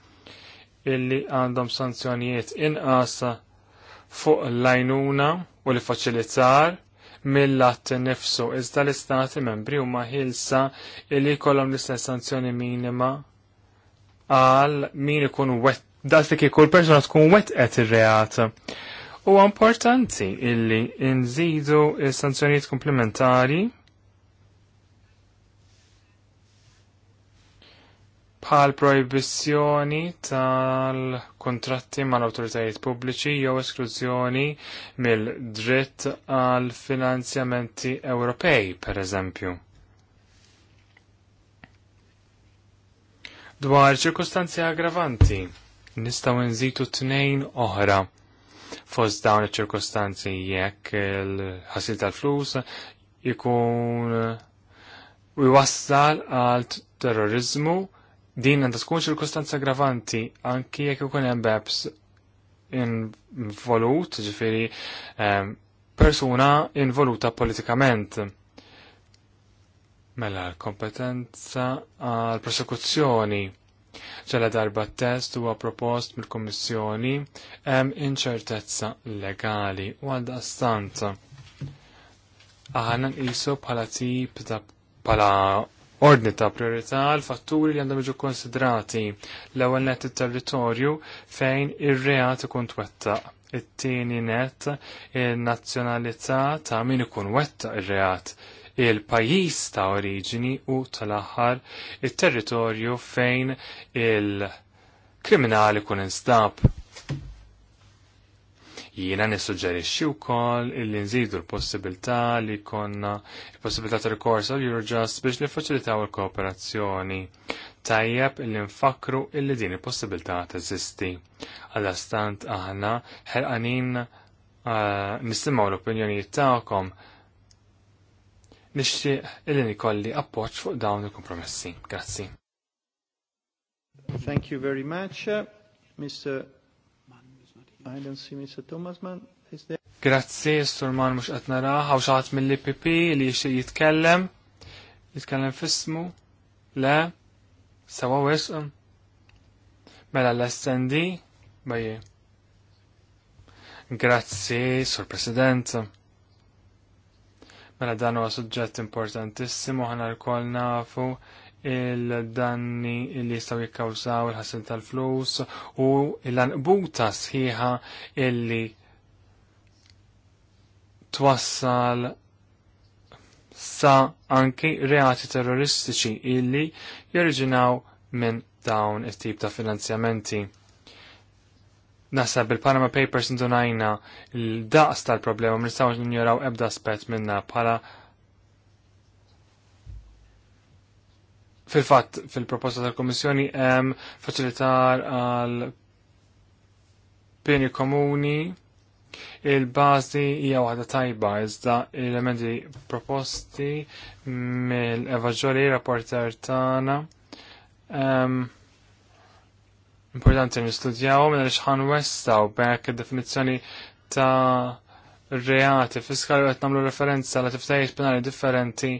illi għandhom sanzjonijiet inqas fuq l-lajnuna u l-faċilitar mill-att nifsu, iżda l-istati membri huma ħilsa li jkollhom l-istess sanzjoni minima għal min ikun wet dak li kieku persuna tkun wetqet ir-reat. Huwa importanti illi nżidu s-sanzjonijiet komplementari bħal proibizzjoni tal- kontratti mal-awtoritajiet pubbliċi jew esklużjoni mill-dritt għal finanzjamenti Ewropej, per eżempju. Dwar ċirkustanzi aggravanti, nistaw nżitu tnejn oħra fost dawn iċ-ċirkostanzi jekk il-ħasil tal-flus jikun u jwassal għal terrorizmu Din għandha tkunx ċirkustanza aggravanti anki jekk ikun hemm beps involut, ġifieri ehm, persuna involuta politikament. Mela l-kompetenza għal prosekuzzjoni ġela darba test huwa propost mill-Kommissjoni hemm inċertezza legali u għal daqstanza. Aħna nqisu bħala tip ta' bħala ordni ta' priorità għal fatturi li għandhom iġu konsidrati l-ewwel net it-territorju fejn ir-reat ikun twettaq. It-tieni net in-nazzjonalità ta' min ikun wettaq ir-reat il-pajis ta' oriġini u tal-aħħar it-territorju fejn il-kriminali kun instab. Jiena nissuġġerixxi wkoll illi nżidu l-possibilità li konna l-possibilità ta' rikorsa l Eurojust biex niffaċilitaw il-kooperazzjoni. Tajjeb illi nfakru illi din il-possibilità teżisti. Għal-astant aħna ħelqanin uh, nistimaw l-opinjonijiet tagħkom nixtieq illi nikolli appoġġ fuq dawn il-kompromessi. Grazzi. Thank you very much, uh, Mr. I don't see Mr. Thomasman. Is there? Grazzi, Sturman mux għatnara, għaw xaħat mill-IPP li jixi jitkellem, jitkellem fissmu, le, sawa wisqum, mela l-SND, Bajie. Grazzi, Sur President. Mela dan huwa suġġett importantissimu ħana l-kol nafu il-danni li jistaw jikkawżaw il-ħassin tal-flus u l-anqbuta sħiħa illi twassal sa anki reati terroristiċi illi jirġinaw minn dawn it-tip ta' finanzjamenti. Nasab il-Panama Papers indunajna l-daqs tal-problema minn n-njuraw ebda aspett minna bħala fil-fatt fil-proposta tal-Komissjoni hemm faċilitar għal pieni komuni il-bażi hija waħda tajba iżda elementi proposti mill-Evaġoli rapporter tagħna importanti nistudjawhom għaliex ħan westaw bekk id-definizzjoni ta' reati fiskali qed nagħmlu referenza għal tiftajiet penali differenti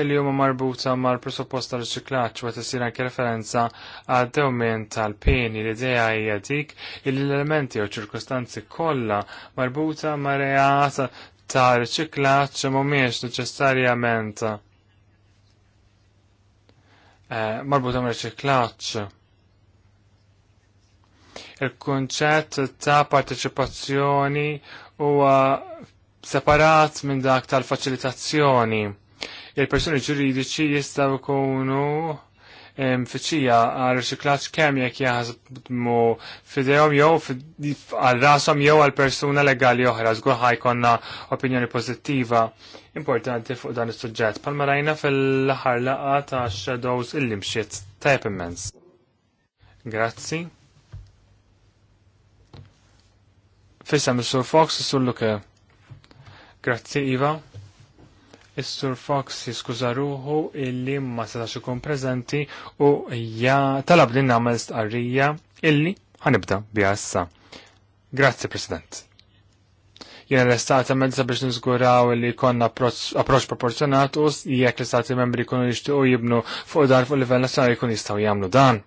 illi huma marbuta mal presupposta tal-riċiklaġġ u qed isir anke referenza għad dewmien tal-pieni l-idea hija dik illi l-elementi jew ċirkostanzi kollha marbuta ma' reat ta' riċiklaġġ mhumiex neċessarjament eh, marbuta ma' riċiklaġġ il-konċett ta' parteċipazzjoni huwa separat minn dak tal-faċilitazzjoni. Il-persuni ġuridiċi jistaw ikunu fiċija għal riċiklaċ kemm jekk jaħdmu fidejhom jew għal rashom jew għal persuna legali oħra żgur ħajkonna opinjoni pożittiva importanti fuq dan is-suġġett. Palma rajna fil-aħħar laqa ta' Shadows il-limxiet ta' immens. Grazzi. Fissa, il-Sur Fox, il-Sur Luke. Grazzi, Iva. Is-Sur Fox jiskuża ruħu illi ma setax ikun preżenti u ja talab li nagħmel stqarrija illi ħanibda biha issa. Grazzi, President jena l-estati mezza biex nizguraw li konna approċ proporzjonat u jekk l-estati membri kunu jishtiqu jibnu fuq dar fuq livell nazjonali kun jistaw jamlu dan.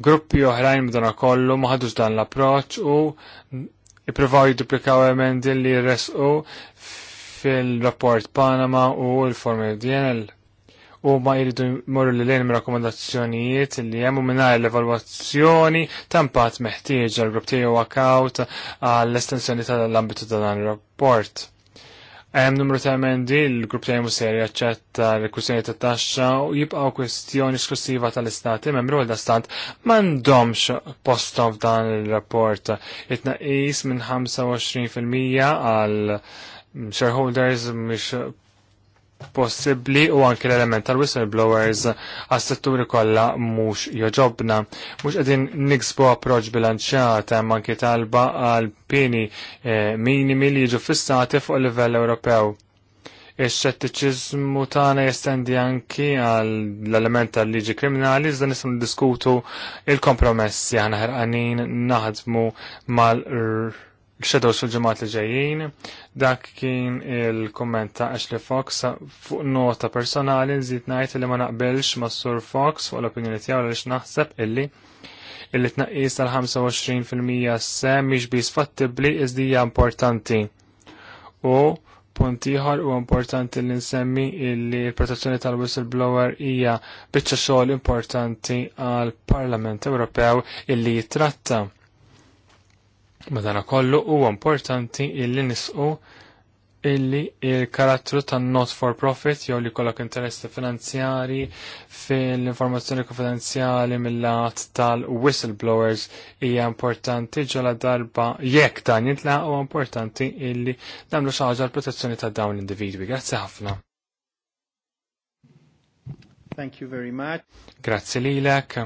Gruppi oħrajn b'dan kollu maħadux dan l-approċ u jippruvaw jiduplikaw emendi li resqu fil-rapport Panama u l-former DNL. U ma jiridu morru li lejn rakkomandazzjonijiet li jemmu minna l-evalwazzjoni tampat meħtieġ għal-grupp tiegħu account għall-estensjoni tal-ambitu tal-rapport. Hemm numru ta' emendi l-grupp ta' musser jaċċetta l-kwistjoni ta' taxxa u jibqgħu kwestjoni esklusiva tal-istati membru għal stant m'għandhomx postom f'dan ir-rapport. Itnaqis minn 25% għal shareholders mhix possibbli u anke l-element tal-whistleblowers għas-setturi kollha mhux joġobna. Mhux qegħdin niksbu approċċ bilanċjat hemm anke talba għal pieni eh, minimi li jiġu fissati fuq livell Ewropew. Ix-xettiċiżmu tagħna jestendi anki għall l-element tal-liġi kriminali iżda nisem diskutu il-kompromessi aħna ħerqanin naħdmu mal shadows sul ġemat li ġejjin, dak kien il-komment ta' Ashley Fox fuq nota personali nżid ngħid li ma naqbilx ma' Sur Fox fuq l-opinjoni tiegħu għaliex naħseb illi illi tnaqqis tal-25% sem mhix biss fattibbli iżdija importanti. U punt ieħor u importanti li nsemmi illi l-protezzjoni tal-whistleblower hija biċċa xogħol importanti għal Parlament Ewropew illi jitratta. Madana kollu huwa importanti illi nisqu illi il-karattru tan not for profit jew li kollok interessi finanzjari fil-informazzjoni konfidenzjali mill-lat tal-whistleblowers hija importanti ġola darba jekk dan jitlaq huwa importanti illi nagħmlu xi ħaġa l-protezzjoni ta' dawn l-individwi. Grazzi ħafna. Thank you very much. Grazzi lilek.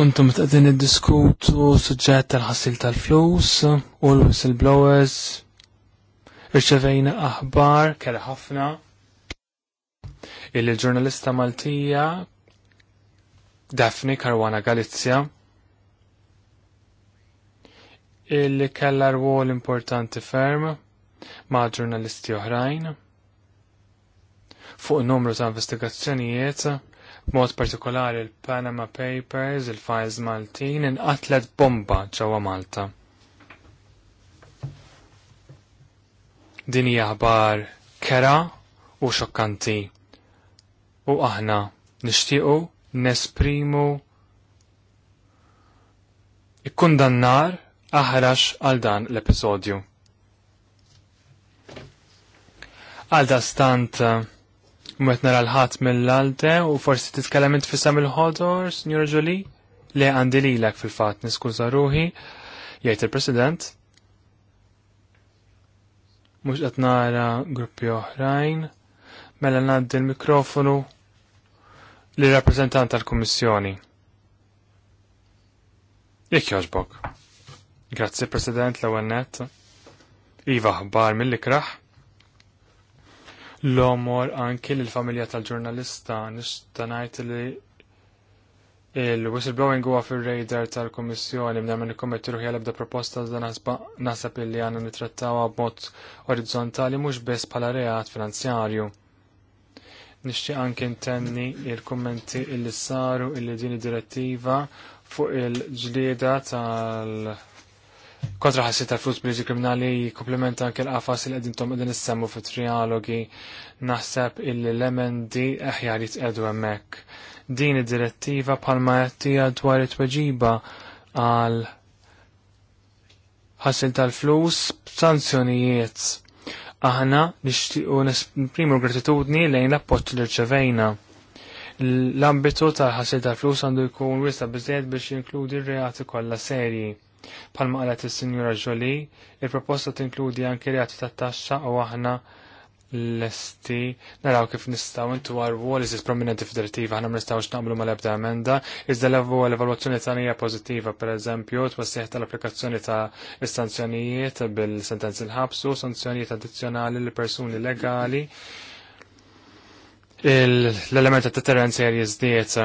Untum t-għadin id-diskutu suġġett tal-ħassil tal-flus u l-whistleblowers irċevejna aħbar kera ħafna il-ġurnalista Maltija Daphne Karwana Galizja illi kella rwol importanti ferm ma' ġurnalisti oħrajn fuq numru ta' investigazzjonijiet Mod partikolari il-Panama Papers, il-Files Maltin, inqatlet bomba ġewwa Malta. Din hija ħbar kera u xokkanti. U aħna nixtiequ nesprimu nar aħrax għal dan l-episodju. Għal da stant uh, Mwet nara l-ħat mill-alte u forsi titkellem int fissam il-ħodor, Signor Jolie? Le għandi lilek fil-fat, niskuża ruħi, jgħid il-President. Mhux qed nara gruppi oħrajn, mela ngħaddi l-mikrofonu li rappreżentant tal-Kummissjoni. Jekk jogħġbok. Grazzi President l-ewwel Iva bar mill-ikraħ l-omor anki l-familja tal-ġurnalista nishtanajt li il-whistleblowing huwa fil-radar tal-Kommissjoni minn minn ikkommetti ruħi għal-ebda proposta da nasab illi għanna nitrattawa b'mod orizzontali mhux biss bħala reat finanzjarju. Nixtieq anke intenni il-kummenti illi saru illi din id-direttiva fuq il-ġlieda tal- kontra ħassi tal-flus bil kriminali komplementa anke l-qafas li qegħdin tom s-semmu fit trialogi naħseb illi l-emendi aħjar jitqedu Din id-direttiva bħalma jattija dwar it-tweġiba għal ħassil tal-flus b'sanzjonijiet. Aħna nixtiequ nisprimu gratitudni lejn l-appoġġ li rċevejna l-ambitu ta' ħassil tal-flus għandu jkun wisa biżejjed biex jinkludi r-reati kollha serji Palma qalet il-Sinjura Jolie, il-proposta tinkludi anke reati ta' taxxa u aħna l-esti naraw kif nistaw intu għarwol iżis prominenti f'direttiva ħana nistawx naqblu ma l-ebda emenda iżda l-evaluazzjoni tanija pozitiva per eżempju twassieħ tal-applikazzjoni ta' istanzjonijiet bil-sentenzi l-ħabsu sanzjonijiet addizzjonali l persuni legali l-element ta' deterrenzi jizdiet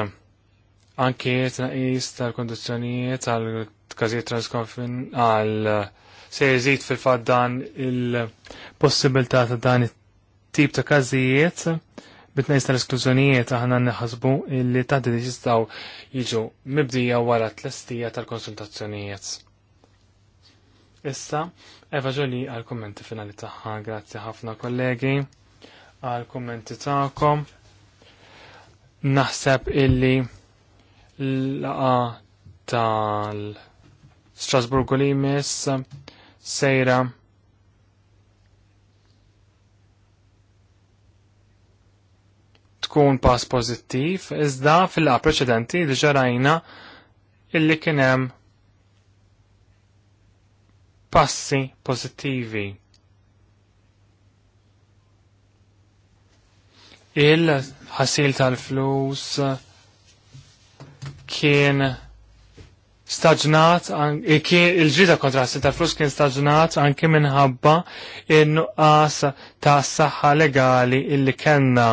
anki tnaqis tal-kondizjonijiet tal-każijiet transkonfin għal se jżid fil-fatt dan il-possibilità ta' dan it-tip ta' każijiet bitnejs tal-esklużjonijiet aħna nħasbu illi ta' din jistgħu jiġu mibdija wara t-lestija tal-konsultazzjonijiet. Issa, Eva Ġoli għal kommenti finali tagħha, grazzi ħafna kollegi għal kommenti tagħkom. Naħseb illi Laqa tal-Strasburgu li jmiss sejra tkun pass pozittiv, iżda fil-laqa preċedenti li ġarajna illi kienem passi pozittivi. Il-ħasil tal-flus, kien staġnat, e, il-ġrida kontra s tal-flus kien staġnat anki minħabba il-nuqqas ta' s legali illi kena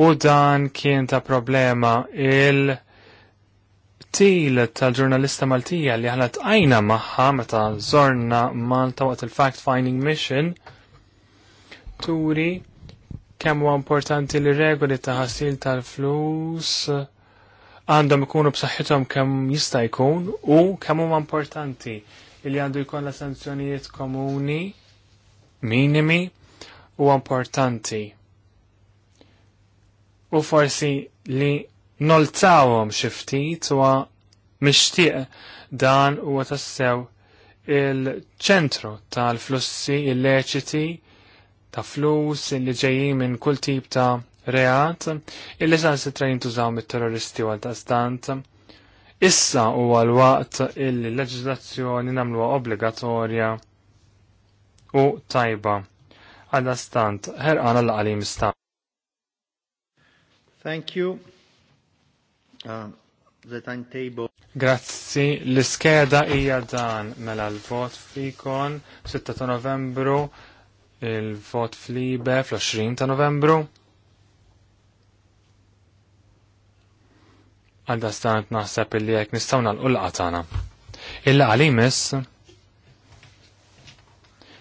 U dan kien ta' problema il- til tal-ġurnalista Maltija li ħalat għajna maħħa meta zorna Malta waqt il-fact-finding mission turi kemm huwa importanti li regoli ta' ħasil tal-flus għandhom ikunu b'saħħithom kemm jista' jkun u kemm huma importanti li għandu la sanzjonijiet komuni minimi u importanti. U forsi li noltawhom xi ftit huwa mixtieq dan huwa tassew il-ċentru tal-flussi illeċiti ta' flus li ġejjin minn kull tip ta' reat illi xansi tra jintużaw mit-terroristi għal tastant. Issa u għal waqt illi leġislazzjoni namluwa obbligatorja u tajba għal stant ħerqana l għalim stant. Thank you. Uh, the timetable. Grazzi. L-iskeda hija dan mela l-vot fikon 6 ta' novembru, il-vot flibe fl-20 ta' novembru. Għalda naħseb illi għek nistawna l-qulqa tagħna. Illa għalimis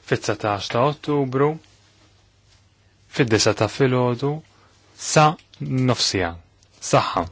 fit-19 ta' Ottubru fid-9 ta' filgħodu sa' nofsija. Saħħa.